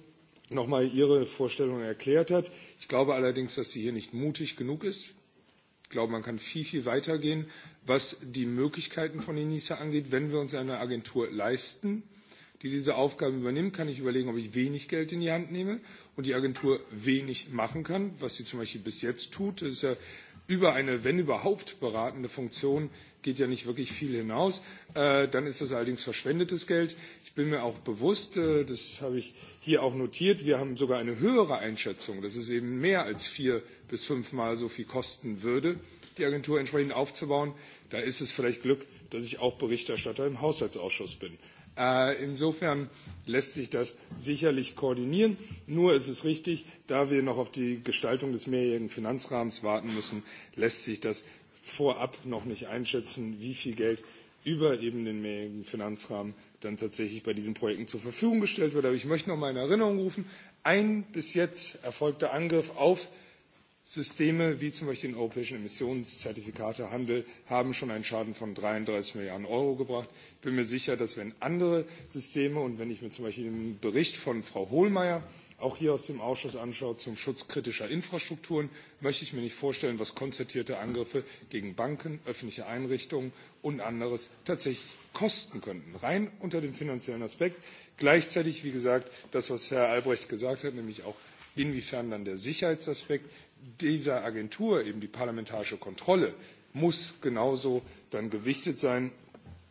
noch nochmal Ihre Vorstellung erklärt hat. Ich glaube allerdings, dass sie hier nicht mutig genug ist. Ich glaube, man kann viel, viel weiter gehen, was die Möglichkeiten von ENISA angeht. Wenn wir uns eine Agentur leisten, die diese Aufgaben übernimmt, kann ich überlegen, ob ich wenig Geld in die Hand nehme und die Agentur wenig machen kann, was sie zum Beispiel bis jetzt tut. Das ist ja über eine, wenn überhaupt, beratende Funktion geht ja nicht wirklich viel hinaus. Äh, dann ist das allerdings verschwendetes Geld. Ich bin mir auch bewusst, äh, das habe ich hier auch notiert, wir haben sogar eine höhere Einschätzung, dass es eben mehr als vier bis fünfmal so viel kosten würde, die Agentur entsprechend aufzubauen. Da ist es vielleicht Glück, dass ich auch Berichterstatter im Haushaltsausschuss bin. Äh, insofern lässt sich das sicherlich koordinieren. Nur ist es richtig, da wir noch auf die Gestaltung des mehrjährigen Finanzrahmens warten müssen, lässt sich das vorab noch nicht einschätzen, wie viel Geld über eben den mehrjährigen Finanzrahmen dann tatsächlich bei diesen Projekten zur Verfügung gestellt wird. Aber ich möchte noch einmal in Erinnerung rufen, ein bis jetzt erfolgter Angriff auf Systeme wie zum Beispiel den europäischen Emissionszertifikatehandel haben schon einen Schaden von 33 Milliarden Euro gebracht. Ich bin mir sicher, dass wenn andere Systeme und wenn ich mir zum Beispiel den Bericht von Frau Hohlmeier auch hier aus dem Ausschuss anschaue zum Schutz kritischer Infrastrukturen, möchte ich mir nicht vorstellen, was konzertierte Angriffe gegen Banken, öffentliche Einrichtungen und anderes tatsächlich kosten könnten, rein unter dem finanziellen Aspekt. Gleichzeitig, wie gesagt, das, was Herr Albrecht gesagt hat, nämlich auch inwiefern dann der Sicherheitsaspekt dieser Agentur, eben die parlamentarische Kontrolle, muss genauso dann gewichtet sein.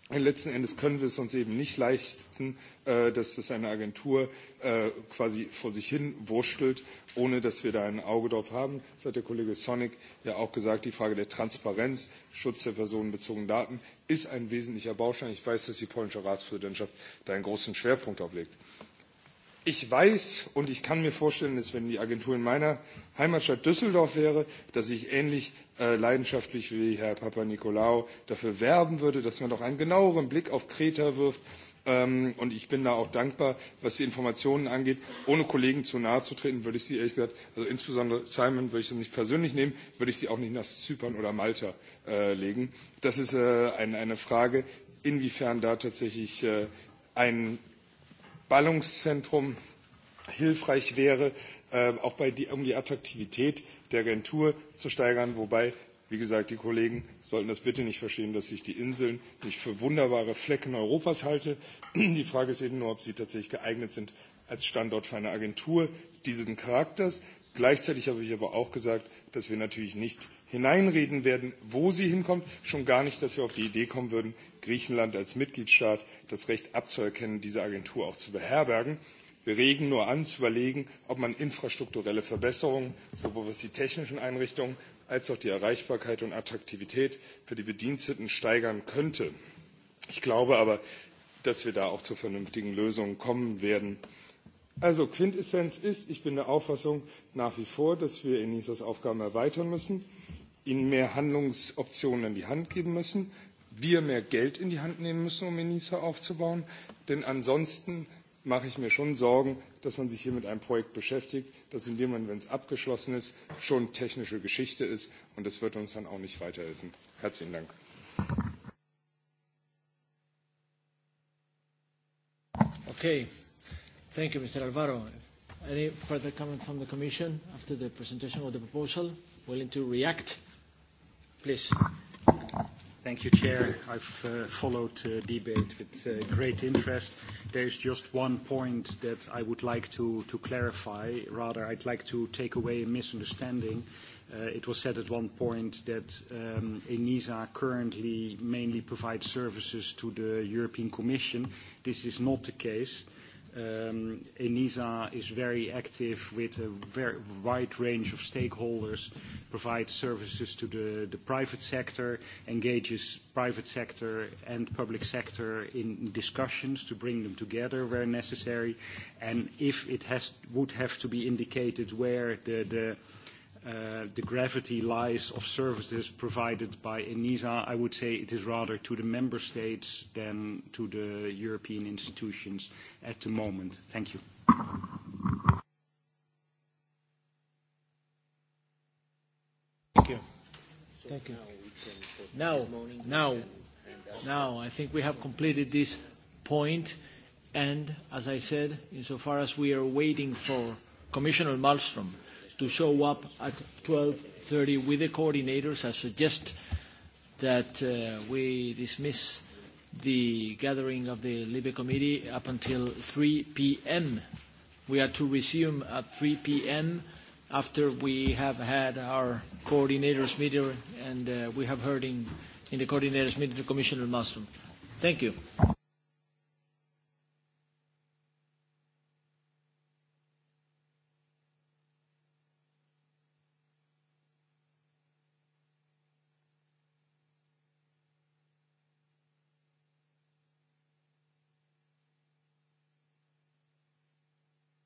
Und letzten Endes können wir es uns eben nicht leisten, äh, dass das eine Agentur äh, quasi vor sich hin wurschtelt, ohne dass wir da ein Auge drauf haben. Das hat der Kollege Sonic ja auch gesagt. Die Frage der Transparenz, Schutz der personenbezogenen Daten ist ein wesentlicher Baustein. Ich weiß, dass die polnische Ratspräsidentschaft da einen großen Schwerpunkt auflegt. Ich weiß und ich kann mir vorstellen, dass wenn die Agentur in meiner Heimatstadt Düsseldorf wäre, dass ich ähnlich äh, leidenschaftlich wie Herr Papanikolaou dafür werben würde, dass man doch einen genaueren Blick auf Kreta wirft. Ähm, und ich bin da auch dankbar, was die Informationen angeht. Ohne Kollegen zu nahe zu treten, würde ich sie ehrlich gesagt, also insbesondere Simon würde ich sie nicht persönlich nehmen, würde ich sie auch nicht nach Zypern oder Malta äh, legen. Das ist äh, ein, eine Frage, inwiefern da tatsächlich äh, ein Ballungszentrum hilfreich wäre, äh, auch bei die, um die Attraktivität der Agentur zu steigern, wobei wie gesagt, die Kollegen sollten das bitte nicht verstehen, dass ich die Inseln nicht für wunderbare Flecken Europas halte. Die Frage ist eben nur, ob sie tatsächlich geeignet sind als Standort für eine Agentur diesen Charakters. Gleichzeitig habe ich aber auch gesagt, dass wir natürlich nicht hineinreden werden, wo sie hinkommt, schon gar nicht, dass wir auf die Idee kommen würden, Griechenland als Mitgliedstaat das Recht abzuerkennen, diese Agentur auch zu beherbergen. Wir regen nur an, zu überlegen, ob man infrastrukturelle Verbesserungen, sowohl was die technischen Einrichtungen als auch die Erreichbarkeit und Attraktivität für die Bediensteten steigern könnte. Ich glaube aber, dass wir da auch zu vernünftigen Lösungen kommen werden. Also Quintessenz ist, ich bin der Auffassung nach wie vor, dass wir ENISAs Aufgaben erweitern müssen ihnen mehr Handlungsoptionen in die Hand geben müssen, wir mehr Geld in die Hand nehmen müssen, um Enisa aufzubauen. Denn ansonsten mache ich mir schon Sorgen, dass man sich hier mit einem Projekt beschäftigt, das in dem Moment, wenn es abgeschlossen ist, schon technische Geschichte ist. Und das wird uns dann auch nicht weiterhelfen. Herzlichen Dank. Okay. Thank you, Mr. Alvaro. Any further comment from the Commission after the presentation of the proposal? Willing to react? Please. Thank you, Chair. I've uh, followed the uh, debate with uh, great interest. There's just one point that I would like to, to clarify. Rather, I'd like to take away a misunderstanding. Uh, it was said at one point that um, Enisa currently mainly provides services to the European Commission. This is not the case. Um, Enisa is very active with a very wide range of stakeholders, provides services to the, private sector, engages private sector and public sector in discussions to bring them together where necessary. And if it has, would have to be indicated where the Uh, the gravity lies of services provided by ENISA, I would say it is rather to the member states than to the European institutions at the moment. Thank you. Thank you. Thank you. Now, now, now, I think we have completed this point, and as I said, insofar as we are waiting for Commissioner Malmström to show up at 12.30 with the coordinators. I suggest that uh, we dismiss the gathering of the Libe Committee up until 3 p.m. We are to resume at 3 p.m. after we have had our coordinators meeting and uh, we have heard in, in the coordinators meeting the Commissioner Malmström. Thank you.